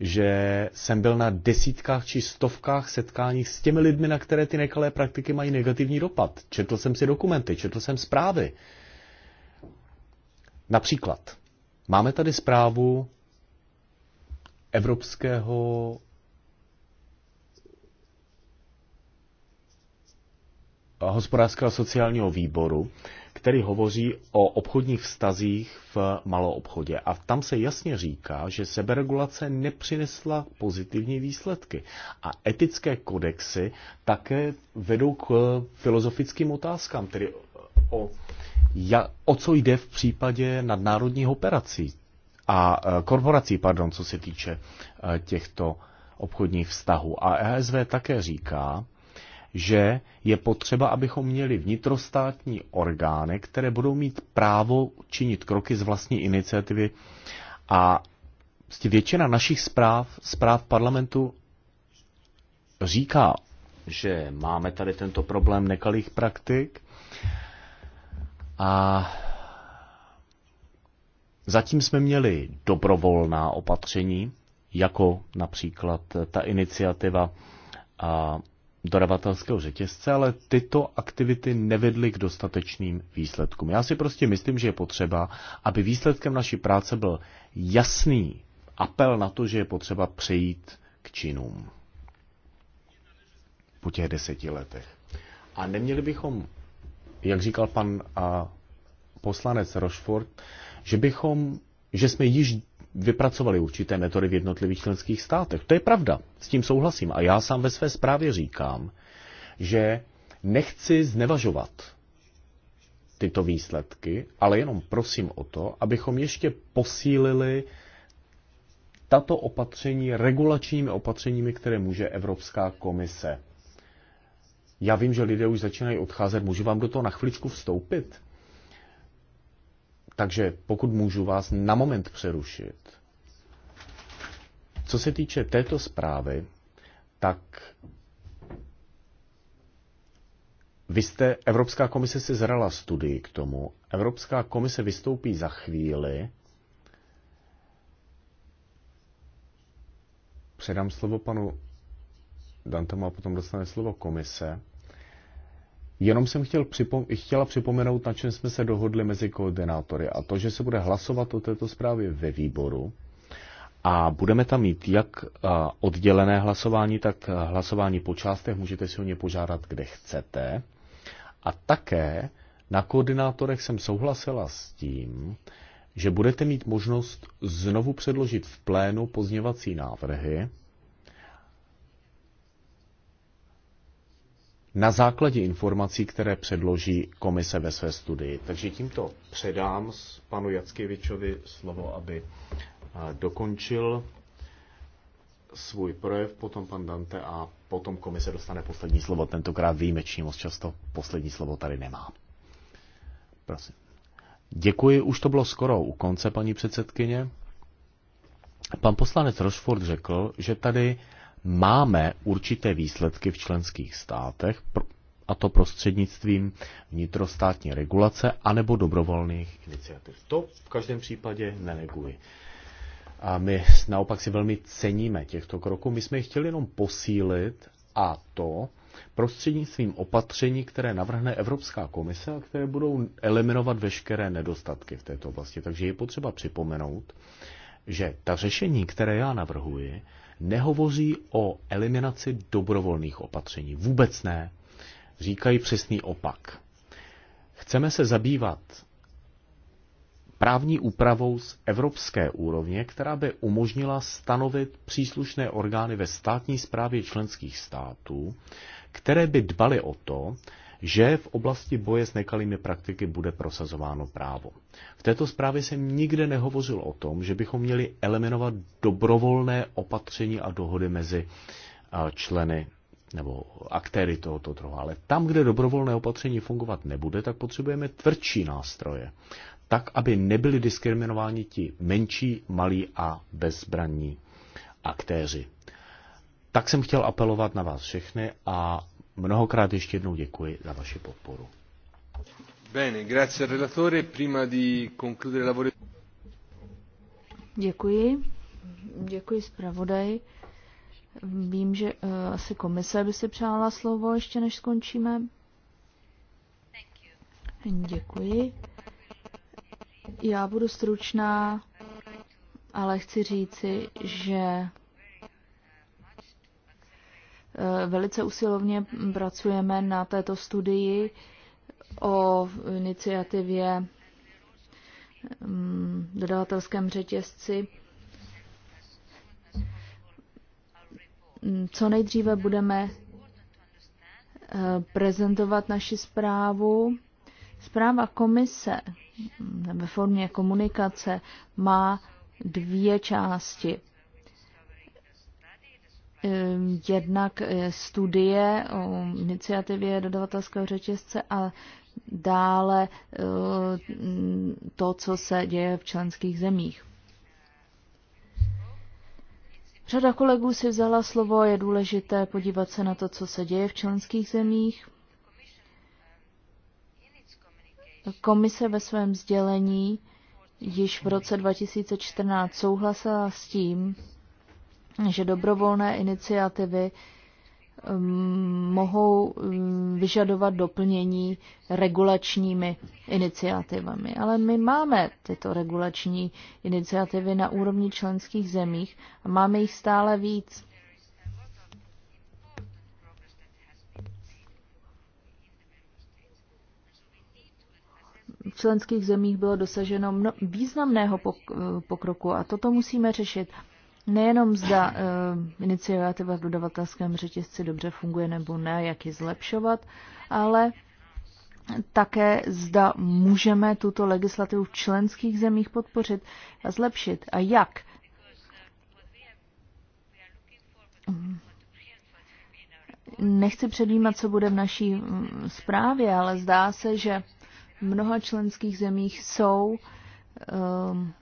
že jsem byl na desítkách či stovkách setkáních s těmi lidmi, na které ty nekalé praktiky mají negativní dopad. Četl jsem si dokumenty, četl jsem zprávy. Například, máme tady zprávu Evropského hospodářského sociálního výboru, který hovoří o obchodních vztazích v maloobchodě. A tam se jasně říká, že seberegulace nepřinesla pozitivní výsledky. A etické kodexy také vedou k filozofickým otázkám, tedy o, ja, o co jde v případě nadnárodních operací a e, korporací, pardon, co se týče e, těchto obchodních vztahů. A ESV také říká, že je potřeba, abychom měli vnitrostátní orgány, které budou mít právo činit kroky z vlastní iniciativy a prostě většina našich zpráv, zpráv parlamentu říká, že máme tady tento problém nekalých praktik a zatím jsme měli dobrovolná opatření, jako například ta iniciativa a dodavatelského řetězce, ale tyto aktivity nevedly k dostatečným výsledkům. Já si prostě myslím, že je potřeba, aby výsledkem naší práce byl jasný apel na to, že je potřeba přejít k činům po těch deseti letech. A neměli bychom, jak říkal pan a, poslanec Rošford, že bychom, že jsme již vypracovali určité metody v jednotlivých členských státech. To je pravda, s tím souhlasím. A já sám ve své zprávě říkám, že nechci znevažovat tyto výsledky, ale jenom prosím o to, abychom ještě posílili tato opatření regulačními opatřeními, které může Evropská komise. Já vím, že lidé už začínají odcházet, můžu vám do toho na chviličku vstoupit? Takže pokud můžu vás na moment přerušit. Co se týče této zprávy, tak vy jste, Evropská komise si zrala studii k tomu. Evropská komise vystoupí za chvíli. Předám slovo panu Dantomu a potom dostane slovo komise. Jenom jsem chtěl připom- chtěla připomenout, na čem jsme se dohodli mezi koordinátory a to, že se bude hlasovat o této zprávě ve výboru a budeme tam mít jak oddělené hlasování, tak hlasování po částech, můžete si o ně požádat, kde chcete. A také na koordinátorech jsem souhlasila s tím, že budete mít možnost znovu předložit v plénu pozněvací návrhy, na základě informací, které předloží komise ve své studii. Takže tímto předám s panu Jackevičovi slovo, aby dokončil svůj projev, potom pan Dante a potom komise dostane poslední slovo. Tentokrát výjimečně moc často poslední slovo tady nemá. Prosím. Děkuji, už to bylo skoro u konce, paní předsedkyně. Pan poslanec Rošford řekl, že tady máme určité výsledky v členských státech, a to prostřednictvím vnitrostátní regulace anebo dobrovolných iniciativ. To v každém případě neneguji. A my naopak si velmi ceníme těchto kroků. My jsme je chtěli jenom posílit a to prostřednictvím opatření, které navrhne Evropská komise a které budou eliminovat veškeré nedostatky v této oblasti. Takže je potřeba připomenout, že ta řešení, které já navrhuji, nehovoří o eliminaci dobrovolných opatření. Vůbec ne. Říkají přesný opak. Chceme se zabývat právní úpravou z evropské úrovně, která by umožnila stanovit příslušné orgány ve státní správě členských států, které by dbaly o to, že v oblasti boje s nekalými praktiky bude prosazováno právo. V této zprávě jsem nikde nehovořil o tom, že bychom měli eliminovat dobrovolné opatření a dohody mezi členy nebo aktéry tohoto trhu. Ale tam, kde dobrovolné opatření fungovat nebude, tak potřebujeme tvrdší nástroje. Tak, aby nebyli diskriminováni ti menší, malí a bezbranní aktéři. Tak jsem chtěl apelovat na vás všechny a Mnohokrát ještě jednou děkuji za vaši podporu. Bene, grazie al relatore. Prima di concludere lavori... Děkuji. Děkuji zpravodaj. Vím, že uh, asi komise by si přála slovo ještě než skončíme. Děkuji. Já budu stručná, ale chci říci, že Eh, velice usilovně pracujeme na této studii o iniciativě mm, dodavatelském řetězci. Mm, co nejdříve budeme eh, prezentovat naši zprávu. Zpráva komise mm, ve formě komunikace má dvě části. Ehm, jednak eh, studie o iniciativě dodavatelského řetězce a dále eh, to, co se děje v členských zemích. Řada kolegů si vzala slovo, je důležité podívat se na to, co se děje v členských zemích. Komise ve svém sdělení již v roce 2014 souhlasila s tím, že dobrovolné iniciativy um, mohou um, vyžadovat doplnění regulačními iniciativami. Ale my máme tyto regulační iniciativy na úrovni členských zemích a máme jich stále víc. v členských zemích bylo dosaženo významného pokroku a toto musíme řešit nejenom zda uh, iniciativa v dodavatelském řetězci dobře funguje nebo ne, jak ji zlepšovat, ale také zda můžeme tuto legislativu v členských zemích podpořit a zlepšit a jak. Nechci předjímat, co bude v naší mm, zprávě, ale zdá se, že v mnoha členských zemích jsou ehm,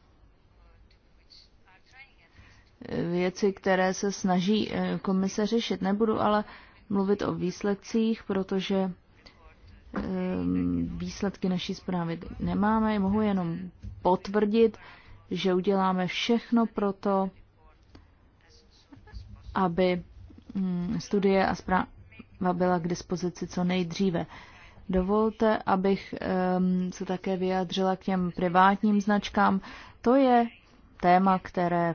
věci, které se snaží eh, komise řešit. Nebudu ale mluvit o výsledcích, protože ehm, výsledky naší zprávy nemáme. Mohu jenom potvrdit, že uděláme všechno pro to, aby mm, studie a zpráva byla k dispozici co nejdříve. Dovolte, abych ehm, se také vyjádřila k těm privátním značkám. To je téma, které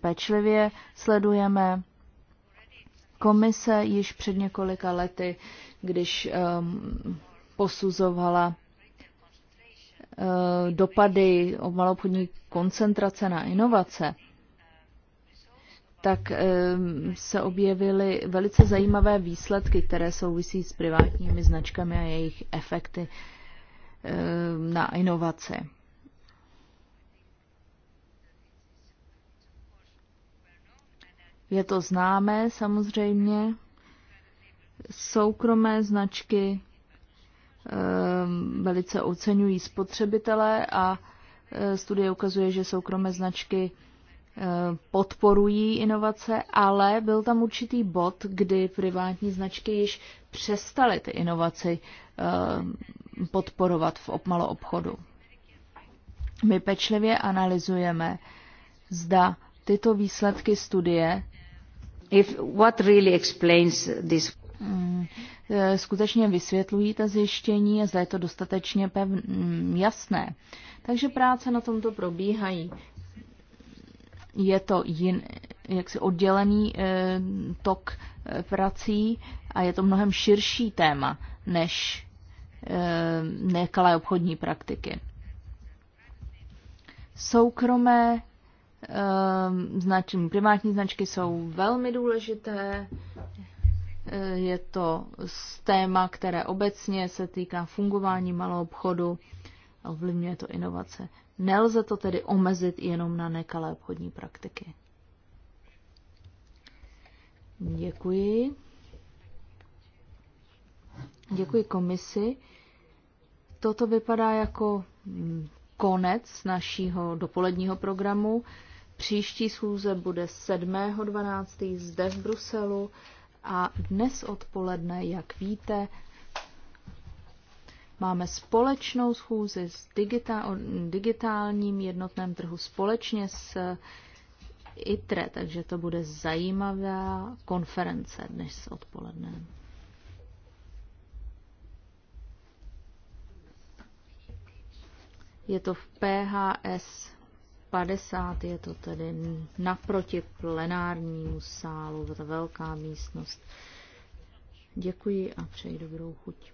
pečlivě sledujeme. Komise již před několika lety, když um, posuzovala uh, dopady o malobchodní koncentrace na inovace, tak um, se objevily velice zajímavé výsledky, které souvisí s privátními značkami a jejich efekty um, na inovace. Je to známé samozřejmě. Soukromé značky ehm, velice oceňují spotřebitelé a eh, studie ukazuje, že soukromé značky eh, podporují inovace, ale byl tam určitý bod, kdy privátní značky již přestaly ty inovaci ehm, podporovat v malo obchodu. My pečlivě analyzujeme, zda tyto výsledky studie if what really explains this hmm. e, skutečně vysvětlují ta zjištění a zda je to dostatečně pevn, hmm, jasné. Takže práce na tomto probíhají. Je to jin, jaksi oddělený eh, tok eh, prací a je to mnohem širší téma než eh, nekalé obchodní praktiky. Soukromé Ehm, značení, primátní značky jsou velmi důležité. Eh, je to téma, které obecně se týká fungování malou obchodu a ovlivňuje to inovace. Nelze to tedy omezit jenom na nekalé obchodní praktiky. Děkuji. Děkuji komisi. Toto vypadá jako mm, konec našího dopoledního programu. Příští schůze bude 7.12. zde v Bruselu a dnes odpoledne, jak víte, máme společnou schůzi s digitálním jednotném trhu společně s ITRE, takže to bude zajímavá konference dnes odpoledne. Je to v PHS 50 je to tedy naproti plenárnímu sálu, ta velká místnost. Děkuji a přeji dobrou chuť.